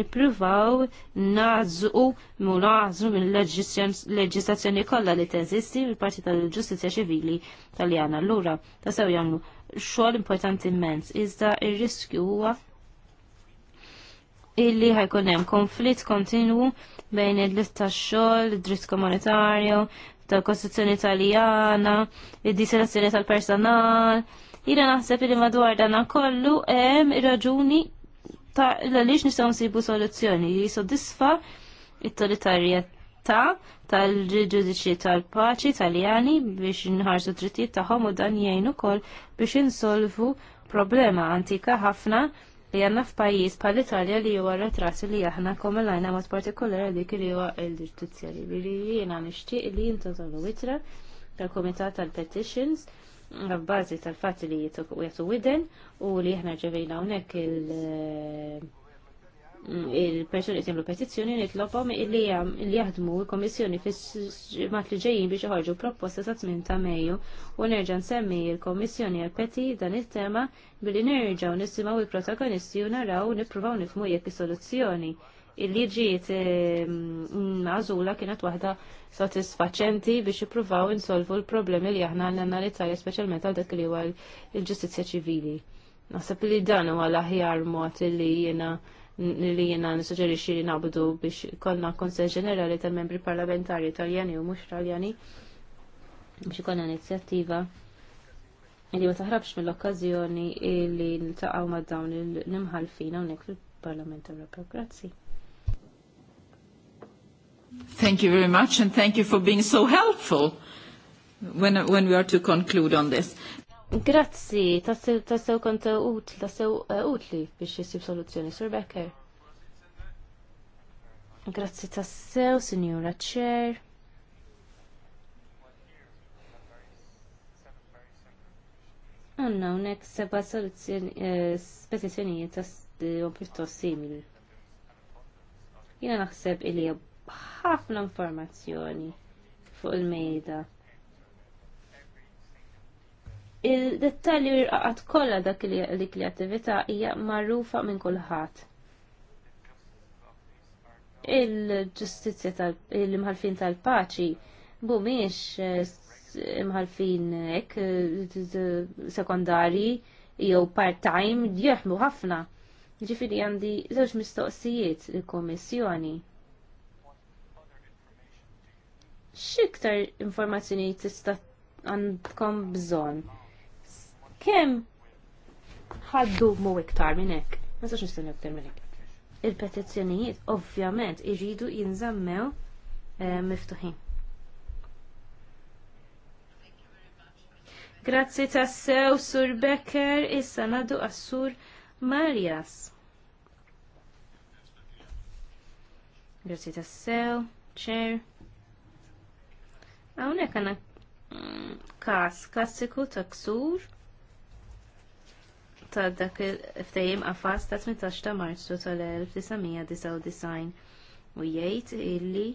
nipruvaw nażu mu nazzu minn leġislazzjoni kollha li teżisti mill-Parti tal-Ġustizja Ċivili Taljana. Allura ta' sew jagħmlu xogħol importanti immens iżda ir-riskju huwa illi ħajkun hemm konflitt kontinwu bejn id-dritt tax-xogħol, id-dritt komunitarju, tal-Kostituzzjoni Italjana, id-diselazzjoni tal-personal. Jiena naħseb li madwar dan kollu hemm raġuni ta' għaliex nistgħu nsibu soluzzjoni li jisodisfa it tolitarjetà tal-ġudiċi tal-paċi Italjani biex nħarsu drittijiet tagħhom u dan jgħin ukoll biex insolvu problema antika ħafna li għanna f'pajjiż bħal italja li huwa retrassi li aħna komelajna mod partikolari dik li huwa il-ġustizja li jiena nixtieq li jintu witra tal-Kumitat tal-Petitions b'bażi tal fatti li jitu widen u li aħna ġevejna hawnhekk il- il-persuni jsemlu petizzjoni nitlobhom li jaħdmu l-Komissjoni fis-mat li ġejjin biex joħorġu proposta sa' tmien ta' Mejju u nerġa' nsemmi l-Komissjoni għal-Peti dan it-tema billi nerġgħu nisimgħu il-protagonisti u naraw nippruvaw nifhmu jekk is-soluzzjoni. il ġiet ehm, mażula kienet waħda satisfaċenti biex ippruvaw insolvu l-problemi li aħna għandna l-Italja speċjalment għal dak li huwa l-ġustizzja ċivili. Naħseb li dan huwa l-aħjar mod li jiena li jena nisuġerixi li nabdu biex konna konsel ġenerali tal membri parlamentari italjani u mux italjani biex konna inizjattiva li ma taħrabx mill-okkazjoni li ntaqaw ma' dawn il-nimħalfin hawnhekk fil-Parlament Ewropew. Grazzi. Thank you very much and thank you for being so helpful when, when we are to conclude on this. Grazzi, tassew konta utli, tassew eh, utli biex jessib soluzzjoni, Sir Becker. Grazzi tassew, Signora Chair. Għanna unek seba soluzzjoni, eh, tas eh, piuttost simili. Jina naħseb ilija ħafna informazzjoni fuq il-mejda Il-dettalju jirqaqat kollha dak dik li attività hija magħrufa minn kulħadd. Il-ġustizzja tal-imħalfin tal-paċi mhumiex eh, imħalfin hekk eh, sekondarji jew part-time jeħmu ħafna. Ġifiri għandi żewġ mistoqsijiet il kummissjoni X'iktar informazzjoni tista' għandkom bżonn kemm ħaddu mu iktar minn hekk. Ma sax nistennew iktar minn hekk. Il-petizzjonijiet ovvjament iridu jinżammew eh, miftuħin. Grazzi tassew Sur Becker issa nadu għas-Sur Marjas. Grazzi tassew, ċer. Għawnek għana mm, kas klassiku ta' ksur ta' dak il-ftajim għafas ta' 18 ta' marzu tal-1999 u jgħid illi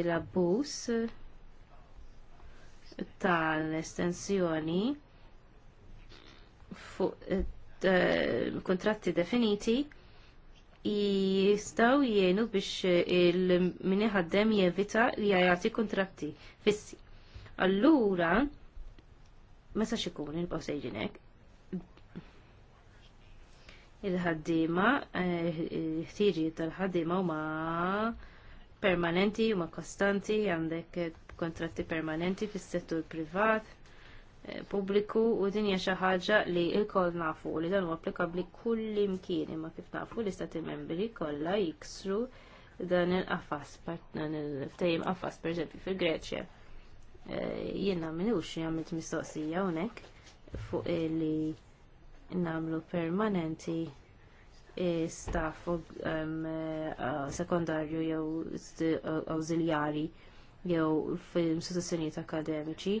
l-abbus tal-estensjoni fuq eh, eh, kontratti definiti jistaw jgħinu biex il mini ħaddem jevita li jgħati kontratti fissi. Allura, ma sa xikun il-bawsejġinek, il-ħaddima, il ħtiġi tal-ħaddima huma permanenti, huma kostanti, għandek kontratti permanenti fis-settur privat, eh, pubbliku u din hija xi ħaġa li lkoll nafu li dan huwa applikabbli kull mkien imma kif nafu li stati membri kollha jiksru dan il-qafas dan il ftajim qafas eżempju fil-Greċja. Eh, jiena minux jagħmel mistoqsija hawnhekk fuq li nagħmlu permanenti staff um, uh, sekondarju jew uh, awżiljari jew fil-istituzzjonijiet akademiċi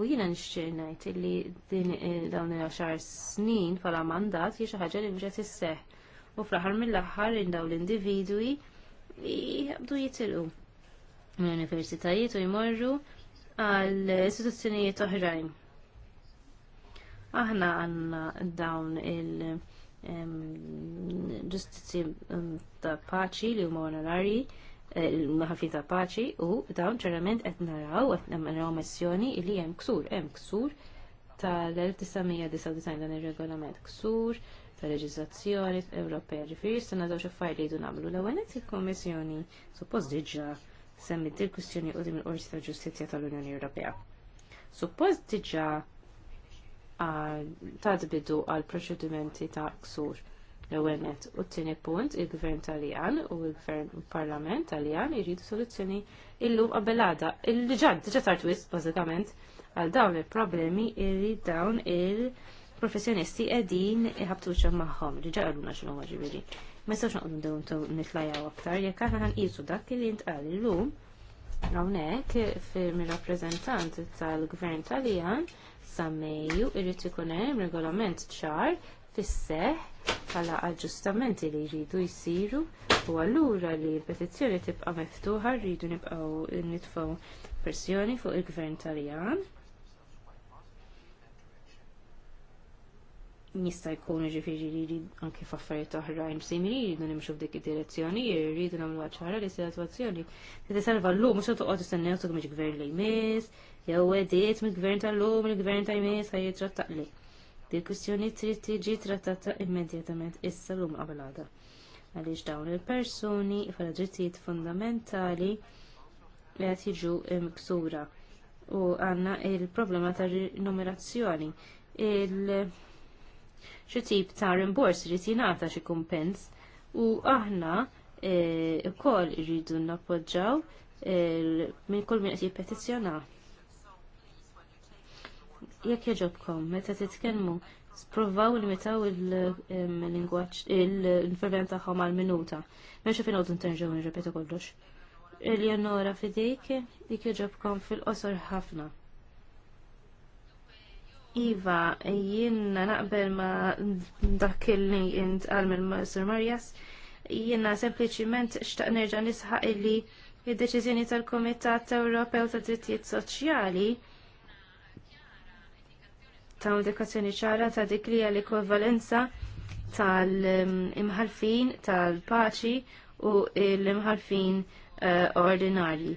u jiena nixtieq ngħid li eh, dawn il-10 snin bħala mandat hi xi ħaġa li mġet isseħħ u fl-aħħar mill-aħħar dawn l-individwi jibdu jitilqu mill-universitajiet u jmorru għal istituzzjonijiet oħrajn Aħna għanna dawn il ġustizzi ta' paċi li huma onorari, eh, il maħafi ta' paċi u dawn ċerament qed naraw qed naraw missjoni li hemm ksur, hemm ksur tal-1999 dan ir-regolament ksur tal-leġizzazzjoni Ewropea ġifieri se nagħżaw xi affarijiet li jdu nagħmlu. L-ewwel il-Kummissjoni suppost diġà semmit il-kwistjoni qudiem il-Qorti tal-Ġustizzja tal-Unjoni Ewropea. Suppost diġà ta' tbidu għal proċedimenti ta' ksur l-ewwel nett. U t-tieni punt, il-Gvern Taljan u l-Gvern Parlament Taljan jridu soluzzjoni illum qabelada. Il-ġad diġà tard wisq bażikament għal dawn il-problemi li dawn il-professjonisti qegħdin iħabtuċa magħhom. Diġà qaluna x'inhu ma ġifieri. Ma jistgħux noqgħdu dewhom nitlajaw aktar jekk aħna ħanqisu dak li ntqal illum hawnhekk mir rappresentant tal-Gvern tal-Jan, tal-Gvern Taljan sa Mejju irrid ikun hemm regolament ċar fis-seħ bħala aġġustamenti li jridu jsiru u allura li l-petizzjoni tibqa' miftuħa rridu nibqgħu nitfgħu pressjoni fuq il-Gvern Taljan. jista' jkun ġifieri li anke f'affarijiet oħrajn simili jridu nimxu f'dik id-direzzjoni, jridu nagħmlu ċara li situazzjoni se tisalva llum mhux toqgħod tistennew tuk mhix gvern li jmiss, jew għediet mill-gvern tal-lum, il gvern tal-jmiss ħajjitrattaq li. Di kwistjoni trid tiġi trattata immedjatament issa lum qabel Għaliex dawn il-persuni bħala drittijiet fundamentali li qed jiġu miksura u għandna il-problema ta' numerazzjoni. Il tip ta' rimbors li jingħata xi kumpens u aħna eh, ukoll irridu nappoġġaw eh, minn kull min qed jippetizzjonaw jekk jaġobkom, meta titkellmu, spruvaw limitaw il-lingwaċ, il-fervent tagħhom għal-minuta. Mhemmx fejn għodu nterġgħu nirrepetu kollox. Eleonora fidejk, dik jaġobkom fil-qosor ħafna. Iva, jienna naqbel ma dak li int għal mill-Sir Marjas, jienna sempliciment xtaq nerġa' nisħaq illi id-deċiżjoni tal-Komitat Ewropew tad Drittijiet Soċjali ta' indikazzjoni ċara ta' dik li l-ekwivalenza tal-imħalfin tal-paċi u l-imħalfin eh, ordinarji.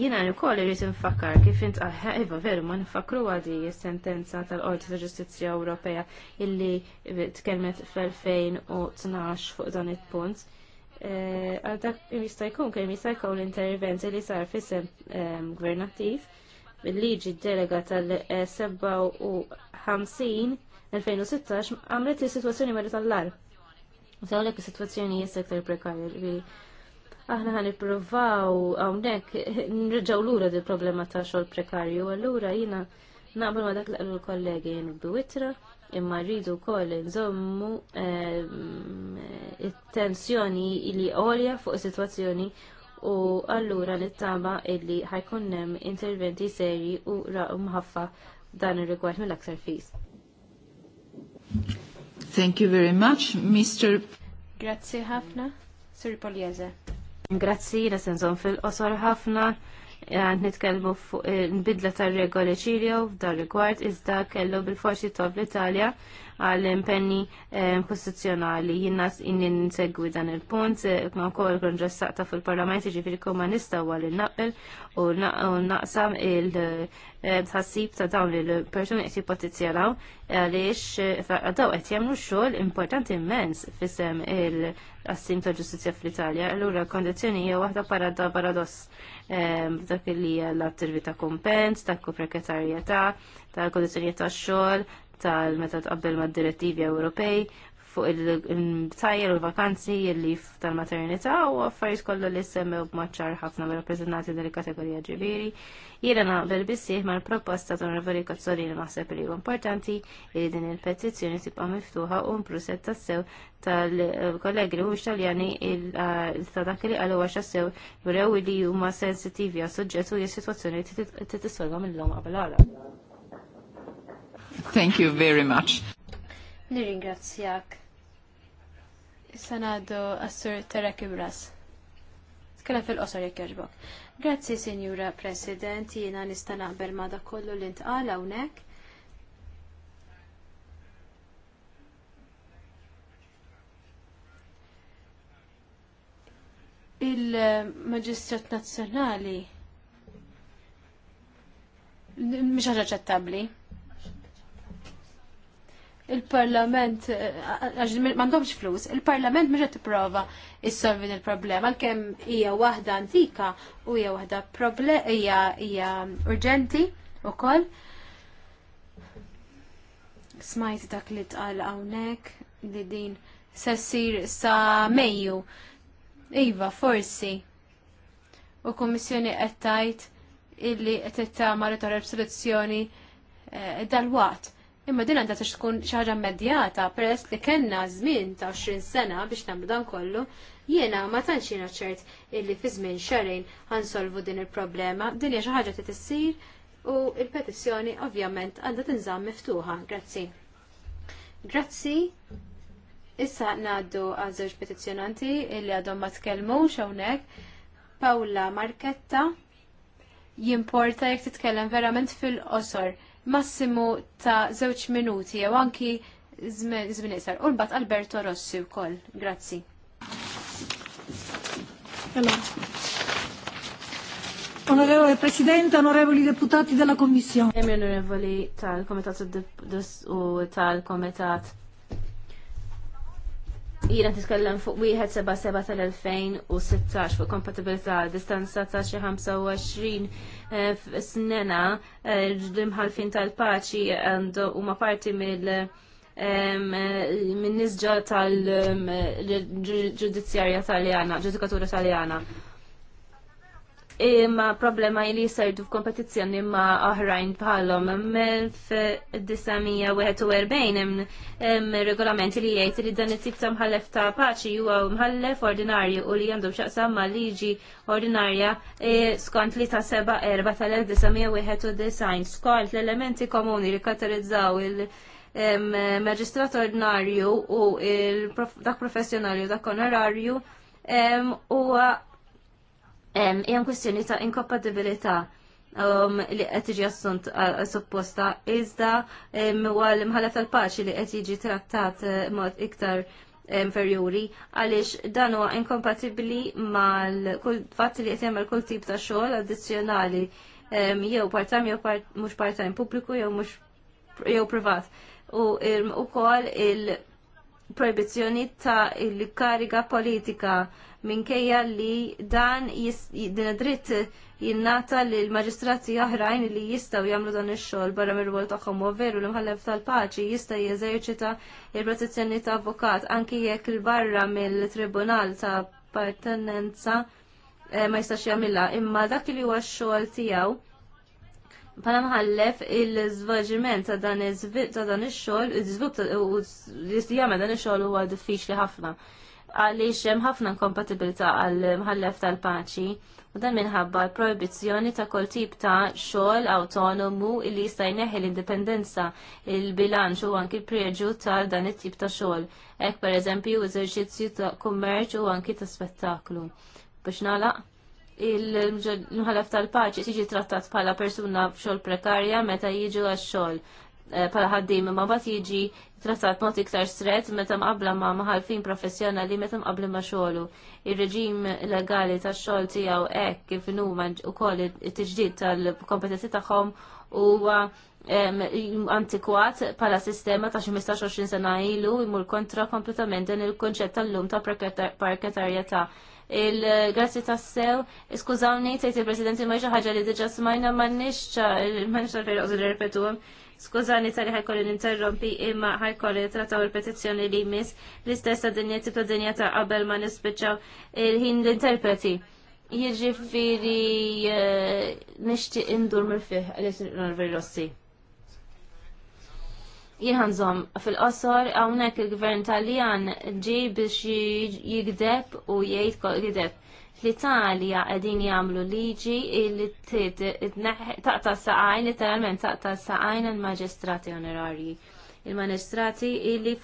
Jina nkoll irrid infakkar kif int ah, iva veru ma nfakru għadi s-sentenza tal-Qorti ta' Ġustizzja Ewropea illi tkellmet fl-2012 fuq dan il-punt. Eh, għal dak jista' jkun kemm jista' jkun l-intervent li sar fis-gvernattiv mill-liġi delega tal-57 2016 għamlet il-situazzjoni marri mela tal-lar. Għawlek il-situazzjoni jessek tal-prekarju. Aħna għan iprovaw għawnek nirġaw l-ura di problema ta' xol prekarju. Għallura jina naqbel ma dak l kollegi jenibdu witra imma rridu koll nżommu ehm, t tensjoni li għolja fuq situazzjoni u allura nittama illi ħajkunnem hemm interventi serji u raqum ħaffa dan ir-rigward mill-aktar fis. Thank you very much, Mr. Grazzi ħafna, Sir Poliese. Grazzi, nasenżon fil-qosor ħafna għand nitkellmu fuq il-bidla tar regoli ċirjo f'dan rigward iżda kellu bil-forsi tov l-Italja għall impenni eh, kostituzzjonali. Jinnas inni segwi dan il-punt, eh, ma wkoll kon ġessaqta fil-Parlament ġifieri nista' nistgħu għal naqbel u naqsam il-tħassib eh, ta' dawn il-persuni qed jippotizzjalaw għaliex daw qed jagħmlu xogħol importanti immens fissem il-qassim ta' ġustizzja fl-Italja. Allura kondizjoni hija waħda parada paradoss dak li l ta' kompens, ta' kuprekatarjetà, ta' kondizzjonijiet ta' xogħol, tal-meta tqabbel mad-direttivi Ewropej fuq il-tajjer u l-vakanzi li tal-maternità u affarijiet kollha li semmew b'maċċar ħafna mill din il kategorija ġibiri. Jiena naqbel ma' mal proposta ta' Onorevoli Kazzolini naħseb li huwa importanti li din il-petizzjoni tibqa' miftuħa u mprusett tassew tal-kollegi li hux taljani ta' dak li qalu għaxa sew brew li huma sensitivi għas suġġett u hija sitwazzjoni li titissolva minnhom qabel għala. Thank you very much. Nirringrazzjak. Issa ngħaddu Tarek Ibras. Tkellem fil-qosor jekk jogħġbok. Grazzi, Sinjura President, jiena nista' naqbel ma' dak kollu li ntqal hawnhekk. il-Maġistrat Nazzjonali mhix ħaġa ċettabbli il-parlament, eh, għax mandomx flus, il-parlament mħiġa t-prova jissolvi il-problema, għal-kem hija wahda antika u hija wahda hija urġenti u koll. Smajt dak li tqal hawnhekk li din se ssir sa Mejju. Iva, forsi. U kummissjoni qed tgħid illi qed tagħmel absoluzzjoni eh, dal-waqt Imma din għandha tix tkun xi ħaġa immedjata peress li kellna żmien ta' 20 sena biex nagħmlu dan kollu, jiena ma tantx jiena ċert illi fi żmien xarejn ħansolvu din il-problema, din hija xi ħaġa trid issir u l-petizzjoni ovvjament għandha tinżamm miftuħa. Grazzi. Grazzi. Issa ngħaddu għal żewġ petizzjonanti illi għadhom ma tkellmux hawnhekk. Paula Marketta jimporta jekk titkellem verament fil-qosor massimu ta' żewġ minuti jew anki żmien iqsar. U Alberto Rossi wkoll. Grazzi. Onorevole Presidente, onorevoli deputati della Commissione. Onorevoli tal-Komitat tal-Komitat Jiena tiskellem fuq wieħed seba' seba' tal-2016 fuq kompatibilità distanza ta' xi 25 eh, snena eh, l-imħalfin tal-paċi huma parti mill eh, minn nisġa tal-ġudizzjarja taljana, ġudikatura taljana imma problema li jisardu f'kompetizzjoni ma oħrajn bħalhom. Mill-1941 hemm regolamenti li jgħid li dan it-tip ta' mħallef ta' paċi huwa mħallef ordinarju u li għandhom x'aqsam ma' liġi ordinarja e, skont li ta' seba' erba' tal-1991 skont l-elementi komuni li katerizzaw il- Magistrat ordinarju u dak professjonarju dak onorarju u Jan kwestjoni ta' inkompatibilità um, li qed tiġi assunt supposta iżda huwa l tal-paċi li qed jiġi trattat eh, mod iktar inferiori għaliex dan huwa inkompatibbli mal-kull fatt li qed jagħmel kull tip ta' xogħol addizzjonali jew part-time jew mhux part-time pubbliku jew mhux jew privat. U wkoll il-proibizzjoni ta' il-kariga politika minkejja li dan din dritt jinnata li l-maġistrati oħrajn li jistaw jagħmlu dan ix-xogħol barra mir-rwol tagħhom u veru l-imħallef tal-paċi jista' jeżerċita l-protezzjoni ta' avukat anki jekk il-barra mill-tribunal ta' partenenza eh, ma jistax jagħmilha imma dak li huwa x-xogħol tiegħu bħala mħallef il-żvolġiment ta' dan iż ta' dan ix-xogħol, iż-żvilupp u jagħmel dan ix-xogħol huwa diffiċli ħafna għaliex hemm ħafna inkompatibilità għall-mħallef tal-paċi u dan minħabba l-proibizzjoni ta' kol tip ta' xogħol awtonomu li jista' jneħħi l-indipendenza, il-bilanċ u anki preġu ta' dan it-tip ta' xogħol. Hekk pereżempju eżerċizzju ta' kummerċ u anki ta' spettaklu. Biex nagħlaq il-mħallef tal-paċi tiġi trattat bħala persuna f'xogħol prekarja meta jiġu għax-xogħol eh, bħala ħaddim ma bat jiġi trattat mod iktar stret meta mqabla ma' maħalfin professjonali meta mqabli ma' xogħlu. Ir-reġim legali tax-xogħol tiegħu hekk kif huma wkoll it-tiġdid tal-kompetenzi tagħhom huwa antikwat pala sistema ta' xi 15-20 sena ilu jmur kontra kompletament din il-konċett tal-lum ta' prekarjetà. Il-grazzi ta' sew, iskużawni tgħid il-Presidenti ma' xi ħaġa li diġà smajna ma' nix ma' nix ripetu. Skużani tali ħajkolli ninterrompi imma ħajkolli trattaw il-petizzjoni li jmiss l-istess ta' dinja tip ta' dinja ta' qabel ma nispiċċaw il-ħin l-interpreti. Jiġifieri eh, nixtieq indur mill-fih għal Rossi. Jihanżom, fil-qosor hawnhekk il-gvern Taljan ġi biex jigdeb u jgħid gideb L-Italja qegħdin jagħmlu liġi li taqta' saqajn, literalment taqta' saqajn il-maġistrati onorarji. Il-maġistrati illi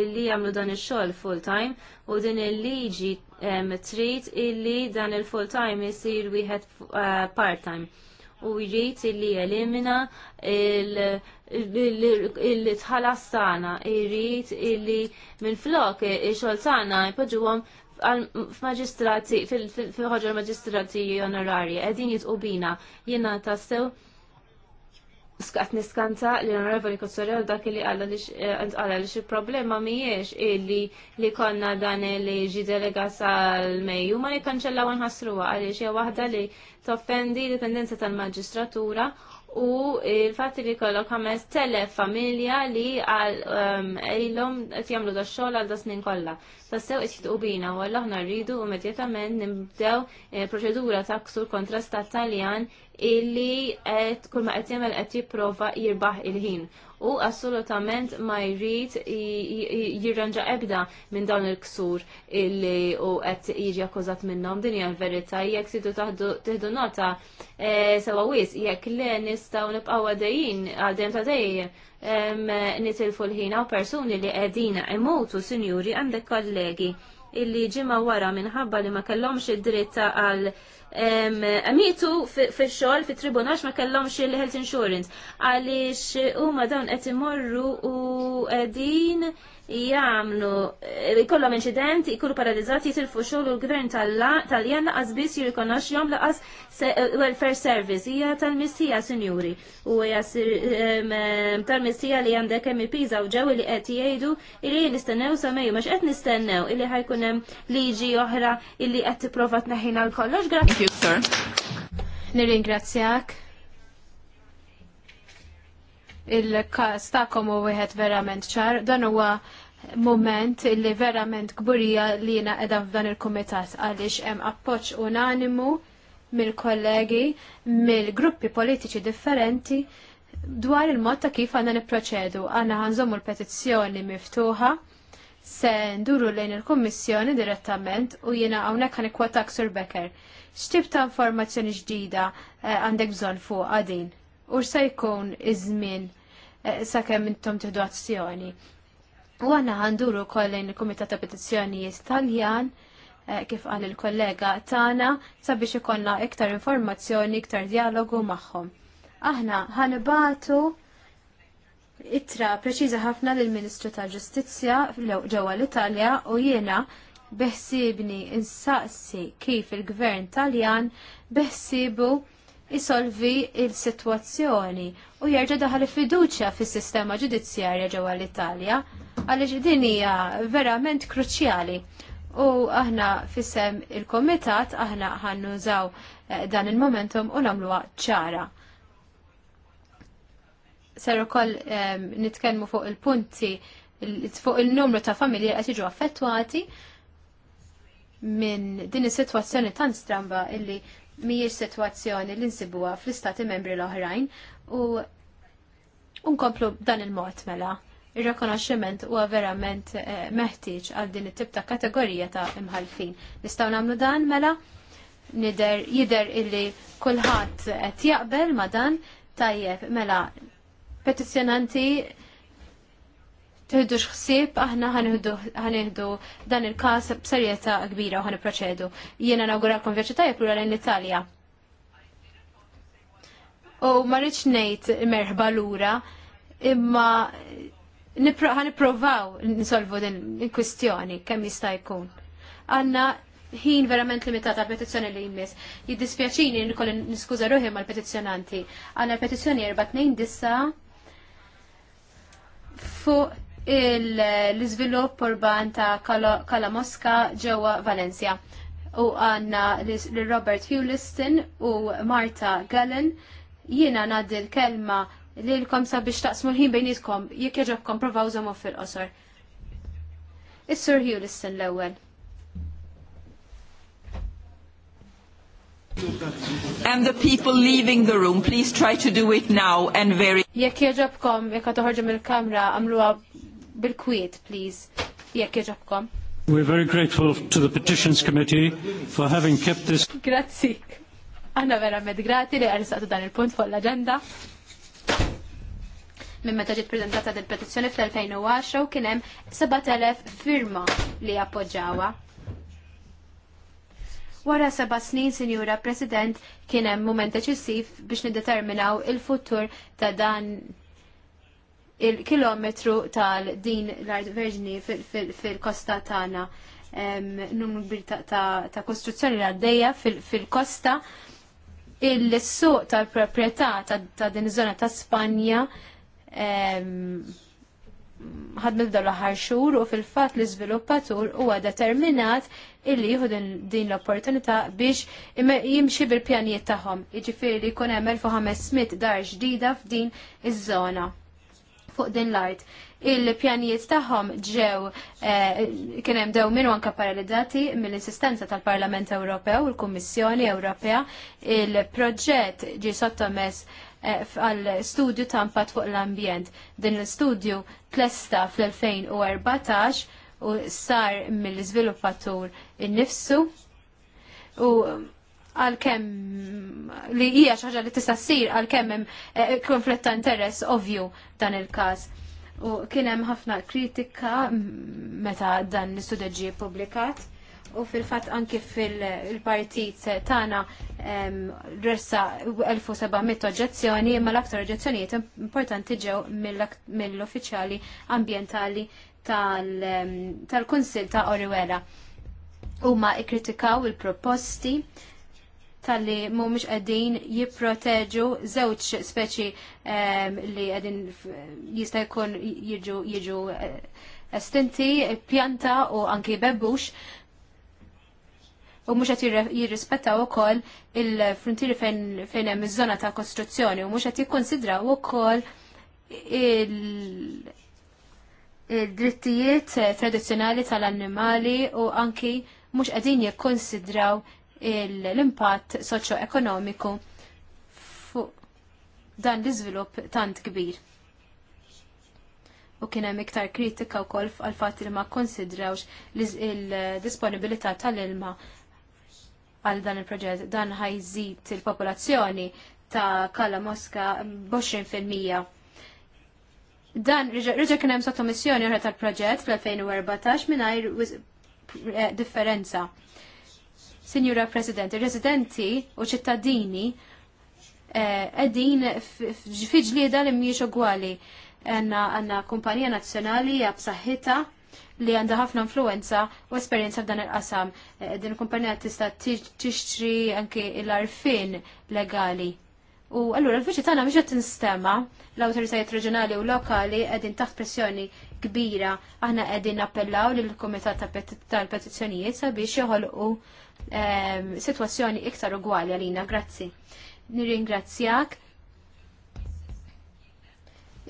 illi jagħmlu dan ix-xogħol full time u din il-liġi trid illi dan il-full time isir wieħed eh, part time u jrid illi jelimina il-tħalas il, jrid illi minflok ix-xogħol tagħna jpoġġuhom f'maġistrati, fil-ħoġor maġistrati onorari, għedin jitqubina, jena tassew skat niskanta li l-onorevoli Kozzorel dak li għalla li eh, xie problema miex illi li konna dan li ġi delega sal-meju ma li kanċella għan ħasruwa għalli xie wahda li toffendi dipendenza tal-magistratura u il-fat li kollok ħames tele familja li għal ejlom um, jamlu da xol għal da snin kolla. Tassew iċit u bina u għallu ħna rridu u medjetament nibdew eh, proċedura ta' ksur kontrast stat taljan illi qed kull ma qed jagħmel qed jipprova jirbaħ il-ħin u assolutament ma jrid jirranġa ebda minn dawn il-ksur illi u qed jiġi akkużat minnhom din hija l-verità jekk sidu tieħdu nota e, sewa wis jekk le nistgħu nibqgħu għadejjin għadejn ta' dejjem nitilfu l-ħin għaw persuni li qegħdin imutu sinjuri għandek kollegi illi ġimgħa wara minħabba li ma kellhomx id-dritt għal għamitu fil-xol, fil-tribunax ma kellhomx il-health insurance għalix u ma dawn imorru u għedin jgħamlu, jkollhom eh, inċident, jkunu paralizzati, jitilfu xogħol u l-gvern tal-Jan laqas biss jirrikonoxxhom laqas eh, welfare service. Hija tal-mistija, sinjuri, u hija tal-mistija li għandek ipiża u ġew li qed jgħidu li nistennew mejju mhux qed nistennew illi ħajkun hemm liġi oħra illi qed tipprova tneħħina l-kollox. Grazzi. Nirringrazzjak il-kas ta' komu wieħed verament ċar, dan huwa moment li verament kburija li jina edha f'dan il-komitat għaliex hemm appoġġ unanimu mill-kollegi, mill-gruppi politiċi differenti dwar il-mod ta' kif għanna niproċedu. Għanna għanżommu l-petizzjoni miftuħa, se nduru lejn il-Kommissjoni direttament u jina għawnek għan ikwatak sur beker. ċtib ta' informazzjoni ġdida eh, għandek bżon fuq għadin? U se jkun iż-żmien Eh, sakemm intom tieħdu azzjoni. U għanna għanduru kollin il-Komitat ta' Petizzjonijiet Taljan eh, kif għal il-kollega tana sabiex ikonna iktar informazzjoni, iktar dialogu magħhom. Aħna ħanibatu itra preċiża ħafna lill ministru ta' Ġustizzja ġewwa l-Italja u jiena beħsibni insaqsi kif il-Gvern Taljan beħsibu isolvi il-situazzjoni u jerġa' daħal fiduċja fis-sistema ġudizzjarja ġewwa l-Italja għaliex din hija verament kruċjali. U aħna fissem il-komitat aħna ħannużaw eh, dan il-momentum u namluwa ċara. Ser ukoll ehm, nitkellmu fuq il-punti fuq il-numru ta' familji qed jiġu affettwati minn din is-sitwazzjoni tan stramba illi mhijiex sitwazzjoni li nsibuha fl-istati membri l-oħrajn u nkomplu dan il-mod mela. Ir-rekonoxximent huwa verament eh, meħtieġ għal din it-tip ta' kategorija ta' imħalfin. Nistgħu nagħmlu dan mela nider jider illi kulħadd qed jaqbel ma' dan tajjeb mela petizzjonanti tiħdu xħsib, aħna ħanihdu dan il-kas b'serjetà kbira u ħaniproċedu. Jiena nawguralkom vjaċċi tajjeb lura lejn l-Italja. U ma rridx ngħid merħba lura, imma ħaniprovaw nisolvu din il-kwistjoni kemm jista' jkun. Għandna ħin verament limitat għal petizzjoni li jmiss. Jiddispjaċini nkolli niskuża ruħi mal-petizzjonanti. Għandna l-petizzjoni disa fuq l-izvilupp urban ta' Kala Moska ġewwa Valencia. U għanna l-Robert Hewliston u Marta Gallen jiena ngħaddi l-kelma lilkom sabiex taqsmu l-ħin bejnietkom jekk jaġobkom provaw żomu fil-qosor. Is-Sur Hewliston l-ewwel. And the people leaving the room, please try to do it now and very... Jekk jieġabkom, jekk toħorġu mill-kamra, għamluha bil-kwiet, please, jekk jġobkom. We're very grateful to the Petitions Committee for having kept this. Grazzi. Għanna vera grati li għarisatu dan il-punt fuq l-agenda. Minn meta ġiet prezentata del petizzjoni fl-2010 kien hemm 7000 firma li appoġġawa. Wara seba' snin, Sinjura President, kien hemm mument biex nideterminaw il-futur ta' dan il-kilometru tal-din l-art verġni fil-kosta tagħna numru kbir ta' kostruzzjoni għaddejja fil-kosta il-suq tal-proprjetà ta' din iż-żona ta' Spanja ħadmu l ħar xhur u fil-fatt l iżviluppatur huwa determinat illi jieħu din l-opportunità biex jimxi bil-pjanijiet tagħhom. Jiġifieri jkun hemm 1500 dar ġdida f'din iż-żona fuq din l-art. Il-pjanijiet tagħhom ġew eh, kien hemm dew minnu anke paralizzati mill-insistenza tal-Parlament Ewropew u l-Kummissjoni Ewropea. Il-proġett ġie sottomess eh, għal studju ta' impatt fuq l-ambjent. Din l-studju tlesta fl-2014 u sar mill-iżviluppatur innifsu u għal-kem li hija xi ħaġa li tista' ssir għal-kemm hemm eh, konflitt ta' interess ovvju dan il-każ. U kien hemm ħafna kritika meta dan l istudeġġi ġie publikat u fil-fatt anki fil-partit tagħna ressa 1700 oġġezzjoni imma l-aktar oġġezzjonijiet importanti ġew mill-uffiċjali ambjentali tal-Kunsil ta' Oriwela. Huma kkritikaw il proposti tal-li mumiex qegħdin jipproteġu żewġ speċi ehm, li qegħdin jista' jkun jiġu jiġu eh, estinti, pjanta u anki bebbux u mhux qed jirrispettaw ukoll il frontiri fejn hemm iż-żona ta' kostruzzjoni u mhux qed jikkonsidraw ukoll il-drittijiet tradizzjonali tal-annimali u anki mhux qegħdin jikkonsidraw l-impatt soċjo-ekonomiku fuq dan l-iżvilupp tant kbir. U kien hemm iktar kritika wkoll għal fatt li ma konsidrawx l disponibilità tal-ilma għal dan il-proġett. Dan ħajżid il-popolazzjoni ta' Kalla Mosca mija Dan reġa' kien hemm sottomissjoni oħra tal-proġett fl-2014 mingħajr eh, differenza. Signora President, residenti u ċittadini għedin eh, fiġlieda li miex ugwali. Għanna kumpanija nazzjonali b'saħħitha li għandha ħafna influenza u esperjenza f'dan il-qasam. Eh, din kumpanija tista' tixtri anke l-arfin legali. U allura l-fiċi tagħna miex qed tinstema l-awtoritajiet reġjonali u lokali qegħdin taħt pressjoni kbira aħna qegħdin nappellaw lill kumitat tal-petizzjonijiet sabiex joħolqu situazzjoni iktar ugwali għalina. Grazzi. Nirringrazzjak.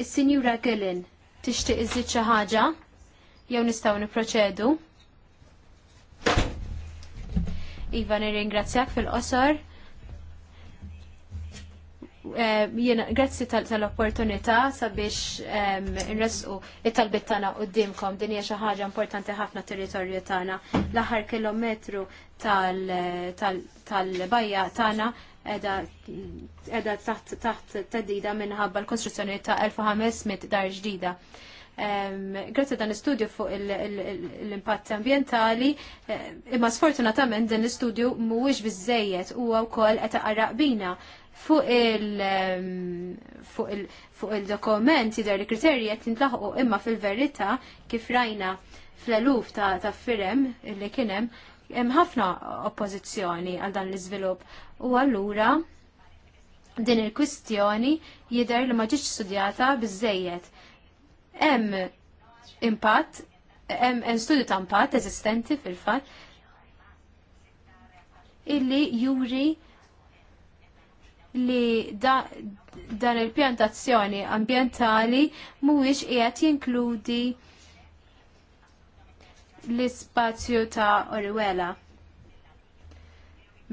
Is-Sinjura Gillin tixtieq iżid xi ħaġa jew nistgħu niproċedu. Iva nirringrazzjak fil-qosor Eh, grazzi tal-opportunità sabiex nresqu it-talbit tagħna qudiemkom din hija xi ħaġa importanti ħafna territorju tagħna. L-aħħar kilometru tal-bajja tagħna edha taħt tedida minħabba l-kostruzzjoni ta' 1500 dar ġdida. Grazzi dan l istudju fuq l-impatt ambientali, eh, imma sfortunatament dan istudju mhuwiex biżejjed huwa wkoll qed aqraq bina fuq il- fuq il- fuq il-dokument jidher li kriterji qed jintlaħqu imma fil-verità kif rajna fl-eluf ta', ta firem li kien hemm ħafna oppożizzjoni għal dan l-iżvilupp u allura din il-kwistjoni jidher li ma ġietx studjata biżejjed. Hemm impatt, hemm studju ta' impatt eżistenti fil-fatt illi juri li da, dan il-pjantazzjoni ambientali mhuwiex qiegħed jinkludi l-ispazju ta' Oriwela.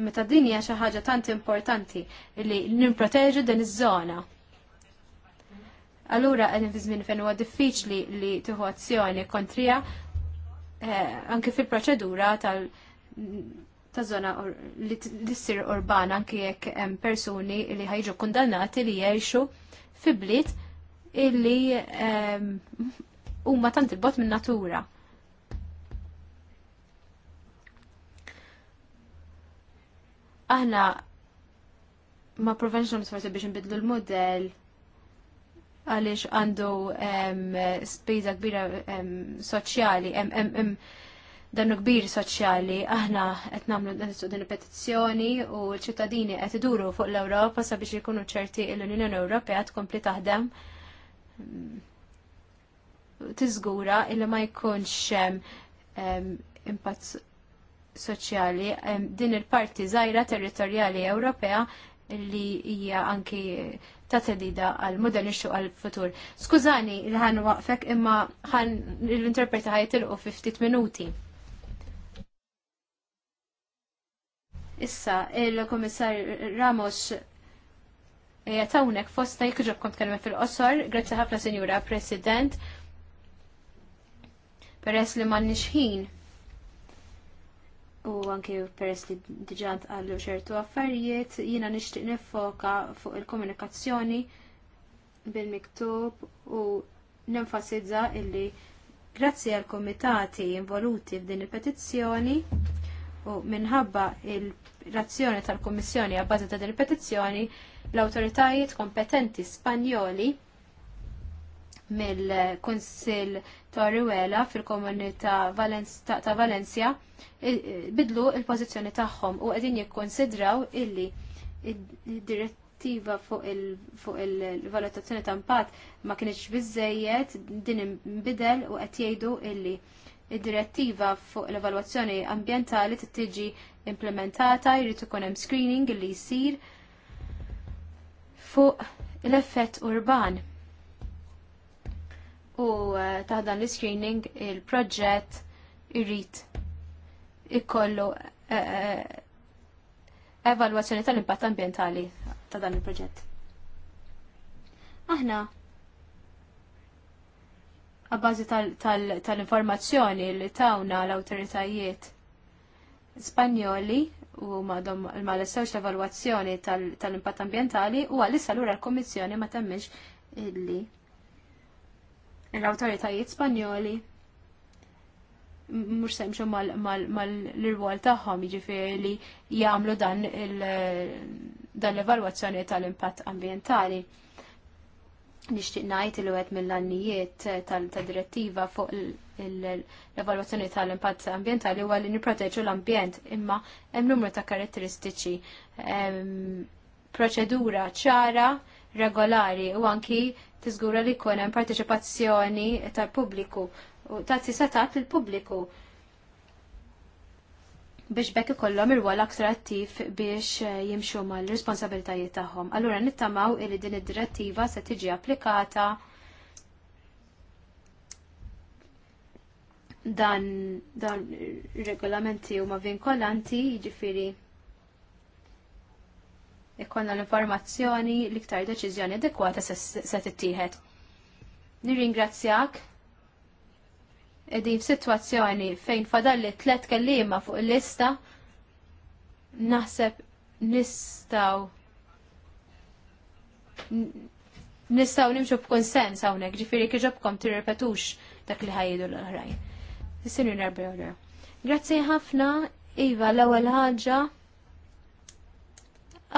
Meta din hija xi ħaġa tant importanti li nimproteġu din iż-żona. Allura qegħdin fi żmien fejn huwa diffiċli li tieħu azzjoni kontrija eh, anke fil-proċedura tal- ta' zona li tissir urbana anki jekk hemm persuni li ħajġu kundannati li jgħixu fi bliet illi ehm, huma tant il-bot minn natura. Aħna ma proventional forsi biex nbidlu l-modell għaliex għandu ehm, spiża kbira ehm, soċjali, dannu kbir soċjali, aħna qed nagħmlu din il-petizzjoni u l-ċittadini qed iduru fuq l-Ewropa sabiex ikunu ċerti l-Unjoni Ewropea tkompli taħdem mm, tiżgura illi ma jkunx impatt soċjali din il-parti żgħira territorjali Ewropea li hija anki ta' tedida għal model nixxu għal futur. Skużani il ħan waqfek imma ħan l-interpreta ħajtilqu 50 minuti. Issa, il-komissar Ramos jatawnek eh, fosta kont kalma fil-qosor, grazzi ħafna Senjura President, peress li ma nixħin u anki peress li diġant għallu ċertu affarijiet, jina nixtieq nifoka fuq il-komunikazzjoni bil-miktub u nenfasizza illi grazzi għal komitati involuti f'din il-petizzjoni U minħabba il-razzjoni tal-Kommissjoni għabbażi ta' din petizzjoni l-autoritajiet kompetenti Spanjoli mill-Konsil Ruela fil-Komunità ta' Valencia bidlu il-pożizzjoni tagħhom u qegħdin jikkonsidraw illi id-direttiva fuq il-valutazzjoni ta' impatt ma kienx biżejjed din inbidel u qed jgħidu illi id-direttiva fuq l-evalwazzjoni ambjentali tiġi implementata, jrid ikun hemm screening li jsir fuq l-effett urban. U eh, taħdan l-screening il-proġett jrid ikollu eh, eh, evalwazzjoni tal-impatt ambjentali ta' dan il-proġett. Aħna għabbażi tal-informazzjoni li tawna l-autoritajiet Spanjoli u madom ma l-istawx l-evaluazzjoni tal-impatt ambientali u għalissa l-ura l-Komissjoni ma temmix illi l-autoritajiet Spanjoli mux semxu mal-irwol taħħom ġifiri li jgħamlu dan l-evaluazzjoni tal-impatt ambientali nixtieq ngħid il għed mill-annijiet tal-direttiva fuq l-evalwazzjoni tal-impatt ambjentali huwa li nipproteġu l-ambjent imma hemm numru ta' karatteristiċi ehm, proċedura ċara, regolari u anki tiżgura li jkun hemm parteċipazzjoni tal-pubbliku u tagħti setat lill-pubbliku biex bekk ikollhom ir-rwol aktar attiv biex eh, jimxu mal responsabiltajiet tagħhom. Allura nittamaw li din id-direttiva se tiġi applikata dan dan regolamenti huma vinkolanti, jiġifieri ikollna l-informazzjoni l-iktar deċiżjoni adekwata se tittieħed. Nirringrazzjak edin situazzjoni fejn fadalli tlet kellima fuq il-lista, naħseb nistaw nistaw nimxu b'konsens hawnhekk, ġifieri kiġobkom tirrepetux dak li ħajidu l-oħrajn. Is-Sinjur Grazzi ħafna, Iva, l-ewwel ħaġa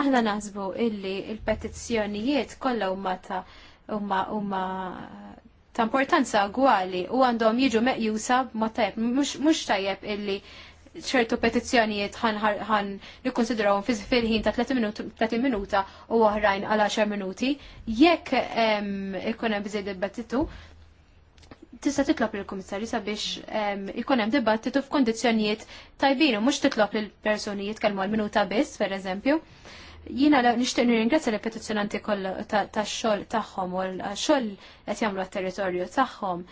aħna naħsbu illi il-petizzjonijiet kollha huma ta' huma ta' importanza gwali u għandhom jiġu meqjusa ma' tajjeb mux tajjeb illi ċertu petizzjonijiet ħan nikkonsidrawhom fil-ħin ta' 30 minuta u oħrajn għal 10 minuti. Jekk ikun hemm biżejjed dibattitu, tista' titlob lill kummissarju sabiex ikun hemm dibattitu f'kondizzjonijiet tajbin u mhux titlob lill persuni jitkellmu għal minuta biss, pereżempju. eżempju Jina nishtiq nirringrazzja l petizzjonanti kollha tax-xogħol tagħhom u l-xogħol qed jagħmlu għat-territorju tagħhom.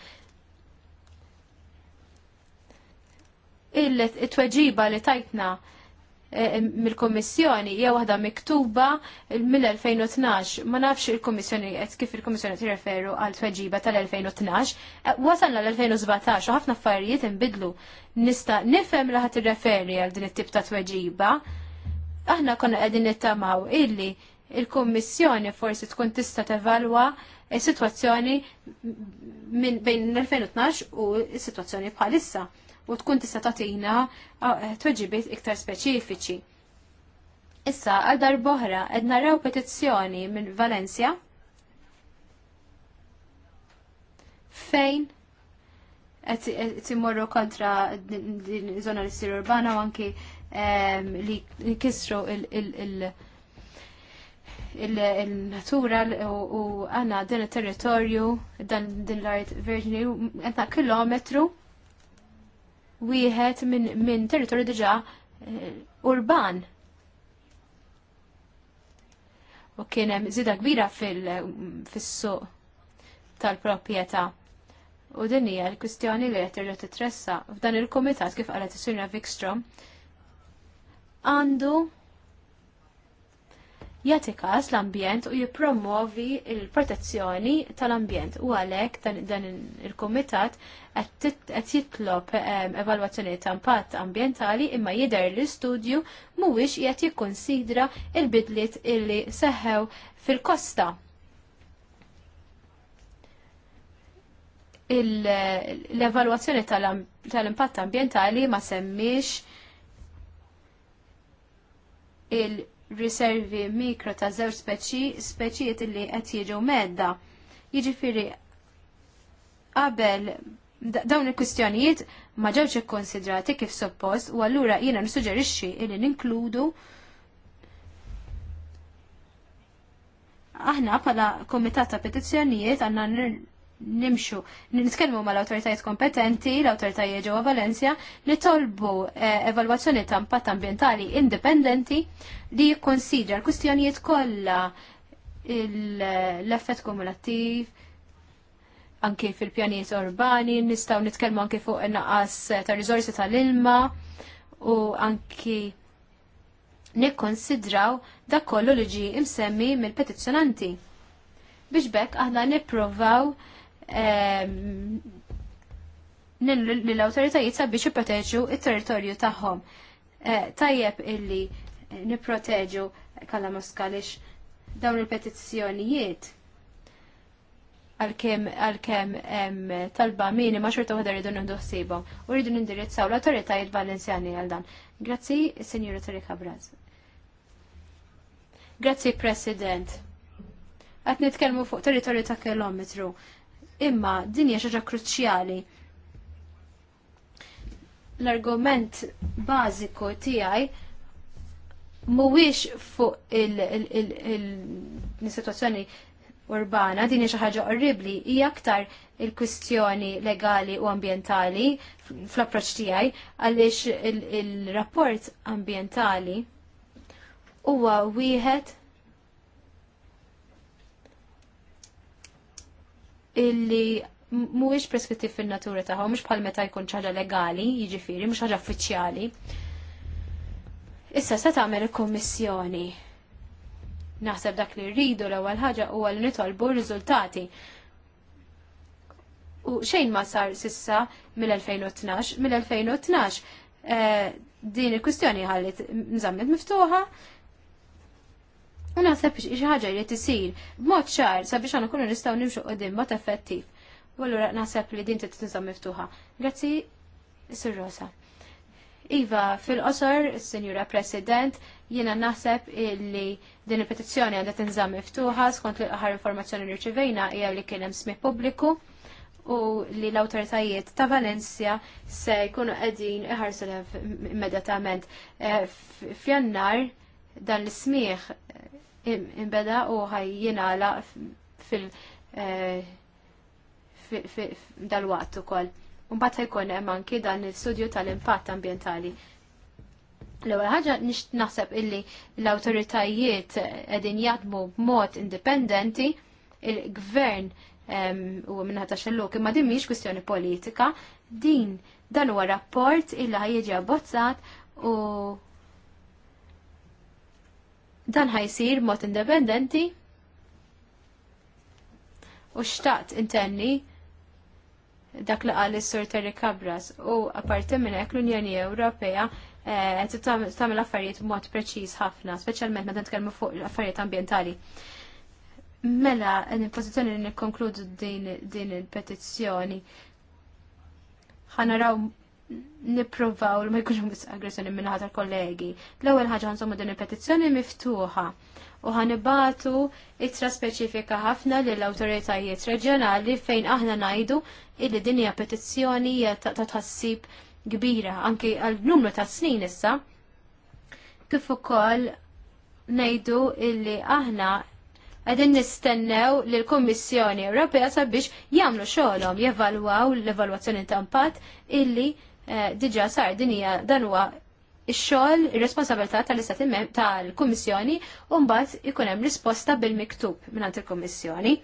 Il-tweġiba li tajtna e, e, mill-Kommissjoni hija waħda miktuba mill-2012. Ma nafx il-Kommissjoni qed kif il-Kommissjoni tirreferu għal tweġiba tal-2012. E, wasalna l-2017 u ħafna affarijiet inbidlu. Nista' nifhem li ħadd irreferi għal din it-tip ta' tweġiba Aħna konna qegħdin nittamaw illi il-Kummissjoni forsi tkun tista' tevalwa s-sitwazzjoni bejn l-2012 u s-sitwazzjoni bħalissa u tkun tista' tagħtina uh, tweġibiet iktar speċifiċi. Issa għal darboħra qed naraw petizzjoni minn Valencia fejn timorru kontra din zona l sir urbana u anki ehm, li kisru il-natura u għanna din il-territorju dan din l-art virgini għanna kilometru wieħed minn territorju diġa eh, urban. U kienem zida kbira fil-suq tal-propieta. U din hija l-kwistjoni li qed terġa' titressa f'dan il-kumitat kif qalet is-Sinja Vikstrom għandu jatikas l-ambjent u jippromovi l protezzjoni tal-ambjent u għalhekk dan il-kumitat qed jitlob ehm, evalwazzjoni ta' impatt ambjentali imma jidher l studju mhuwiex qed jikkonsidra l bidliet illi seħħew fil-kosta l-evalwazzjoni tal-impatt ambientali ma semmix il-riservi mikro ta' żewġ speċi, speċijiet li qed jiġu medda. Jiġifieri qabel dawn il-kwistjonijiet ma ġewx ikkonsidrati kif suppost u allura jiena nisuġġerixxi li ninkludu aħna pala komitat ta' petizzjonijiet għandna nimxu, nitkellmu ma l-autoritajiet kompetenti, l-autoritajiet ġewwa Valencia, nitolbu eh, evalwazzjoni ta' impatt ambientali indipendenti li jikkonsidra l-kustjonijiet kollha l-effett kumulattiv, anke fil-pjanijiet urbani, nistgħu nitkellmu anke fuq in-naqas ta' riżorsi tal-ilma u anki nikkonsidraw dak kollu li ġi imsemmi mill-petizzjonanti. Biex bekk aħna nippruvaw. Ehm, l-autoritajiet sabiex jipproteġu it-territorju tagħhom. Eh, tajjeb illi niproteġu kalla moskalix dawn il-petizzjonijiet għal-kem għal talba minima ma xorta għadar rridu nħuħsibom u rridu nindirizzaw l-autoritajiet valenzjani għal dan. Grazzi, Signora Torika Braz. Grazzi, President. t-kelmu fuq territorju ta' kilometru imma din hija xaġa kruċjali. L-argument bażiku tiegħi mhuwiex fuq il sitwazzjoni urbana, din hija xi ħaġa orribli, hija aktar il-kwistjoni legali u ambjentali fl-approċċ tiegħi għaliex il-rapport ambjentali huwa wieħed illi mhuwiex preskrittiv fin-natura tagħhom mhux bħal meta jkun ħaġa legali, jiġifieri, mhux ħaġa uffiċjali. Issa se tagħmel il-kummissjoni. Naħseb dak li rridu l-ewwel ħaġa huwa li nitolbu r-riżultati. U xejn ma sar sissa mill-2012, mill-2012 eh, din il-kwistjoni ħallit mżammet miftuħa U naħseb xi ħaġa li tisir b'mod ċar sabiex għandna nkunu nistgħu nimxu qudiem mod effettiv. U allura naħseb li din trid tinżamm miftuħa. Grazzi, Sir Rosa. Iva, fil-qosor, Sinjura President, jiena naħseb li din il-petizzjoni għandha tinżamm miftuħa skont li l-aħħar informazzjoni li rċivejna hija li kien hemm smih pubbliku u li l awtoritajiet ta' Valencia se jkunu qegħdin iħarsu immedjatament eh, f'jannar dan l-smieħ eh, imbeda u ħajjinala fil- eh, dal-waqt ukoll. Mbagħad ħajkun hemm anki dan l-istudju tal-impatt ambjentali. L-ewwel ħaġa nix naħseb illi l-awtoritajiet qegħdin jaħdmu b'mod indipendenti, il-gvern u minna ta' xelluk, imma din mhix kwistjoni politika, din dan huwa rapport illi ħajjiġi abbozzat u Dan ħajsir mod indipendenti u xtaqt intenni dak li qal is-Sur Terry Cabras u apparti minn hekk l-Unjoni Ewropea eh, qed tagħmel affarijiet b'mod preċiż ħafna, speċjalment meta nitkellmu fuq l-affarijiet ambjentali. Mela, n-pozizjoni li nikkonkludu din il-petizzjoni ħanaraw niprovaw li ma jkunx biss aggressjoni minn ħatar kollegi. L-ewwel ħaġa nsommu din il-petizzjoni miftuħa u ħanibatu ittra speċifika ħafna lill awtoritajiet reġjonali fejn aħna ngħidu illi din hija petizzjoni ta' tħassib kbira anki għal numru ta' snin issa. Kif ukoll ngħidu illi aħna għedin nistennew li l-Kommissjoni Ewropea sabiex jagħmlu xogħolhom jevalwaw l-evalwazzjoni ta' impatt illi Eh, diġa sar dinija dan huwa ix-xogħol ir-responsabilità tal-istati tal-Kummissjoni u mbagħad ikun hemm risposta bil-miktub mingħand il-Kummissjoni.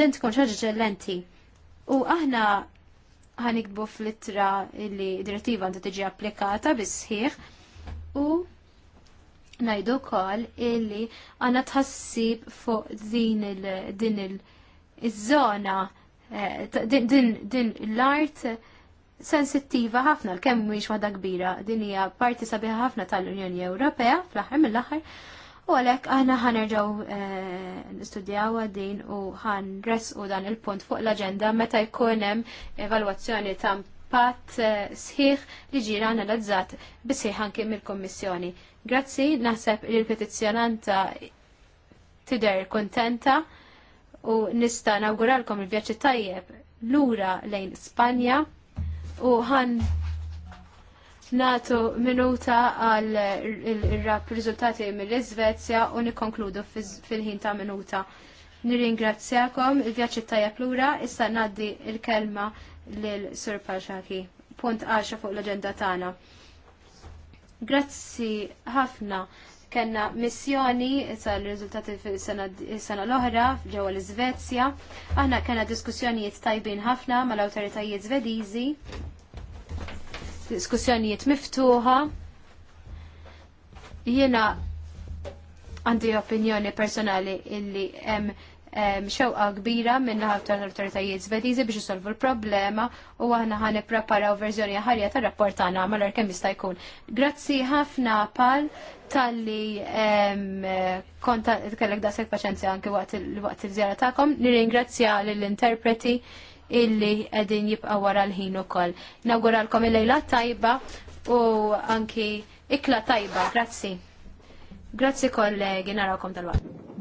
Din tkun xi ġellenti. U aħna ħanikbu fl-ittra li direttiva għandha tiġi applikata bis-sħiħ u najdu kol illi għanna tħassib fuq din il-din il-zona eh, din l-art sensittiva ħafna l-kemm mhix waħda kbira din hija parti sabiħa ħafna tal-Unjoni Ewropea fl-aħħar mill-aħħar u għalhekk aħna ħanerġgħu eh, nistudjaw din u ħanresqu dan il-punt fuq l-aġenda meta jkun hemm evalwazzjoni ta' pat eh, sħiħ li ġira analizzat bisħiħ anke mill-Kommissjoni. Grazzi, naħseb li l-petizzjonanta tider kontenta u nista nawguralkom il-vjaċċi tajjeb lura lejn Spanja u ħan natu minuta għal il-rap rizultati mill izvezja u nikonkludu fil-ħin ta' minuta. Nirringrazzjakom il-vjaċċi tajja plura, issa naddi il-kelma lil-Sur Pashaki. Punt għaxa fuq l-agenda tagħna. Grazzi ħafna kena missjoni sal-riżultati sena l-oħra ġewa l-Iżvezja. Aħna kena diskussjonijiet tajbin ħafna mal-awtoritajiet Svediżi. Diskussjonijiet miftuħa. Jiena għandi opinjoni personali illi hemm xewqa kbira minna minnaħa tal-autoritajiet svedizi biex isolvu l-problema u aħna ħan preparaw verżjoni ħarja tar-rapport tagħna malar kemm jista' jkun. Grazzi ħafna pal tal-li konta kellek dasek paċenzja anki waqt il-żjara tagħkom. Nirringrazzja lill-interpreti illi qegħdin jibqa' wara l-ħin ukoll. Nawguralkom il-lejla tajba u anki ikla tajba. Grazzi. Grazzi kollegi, narawkom tal-waqt.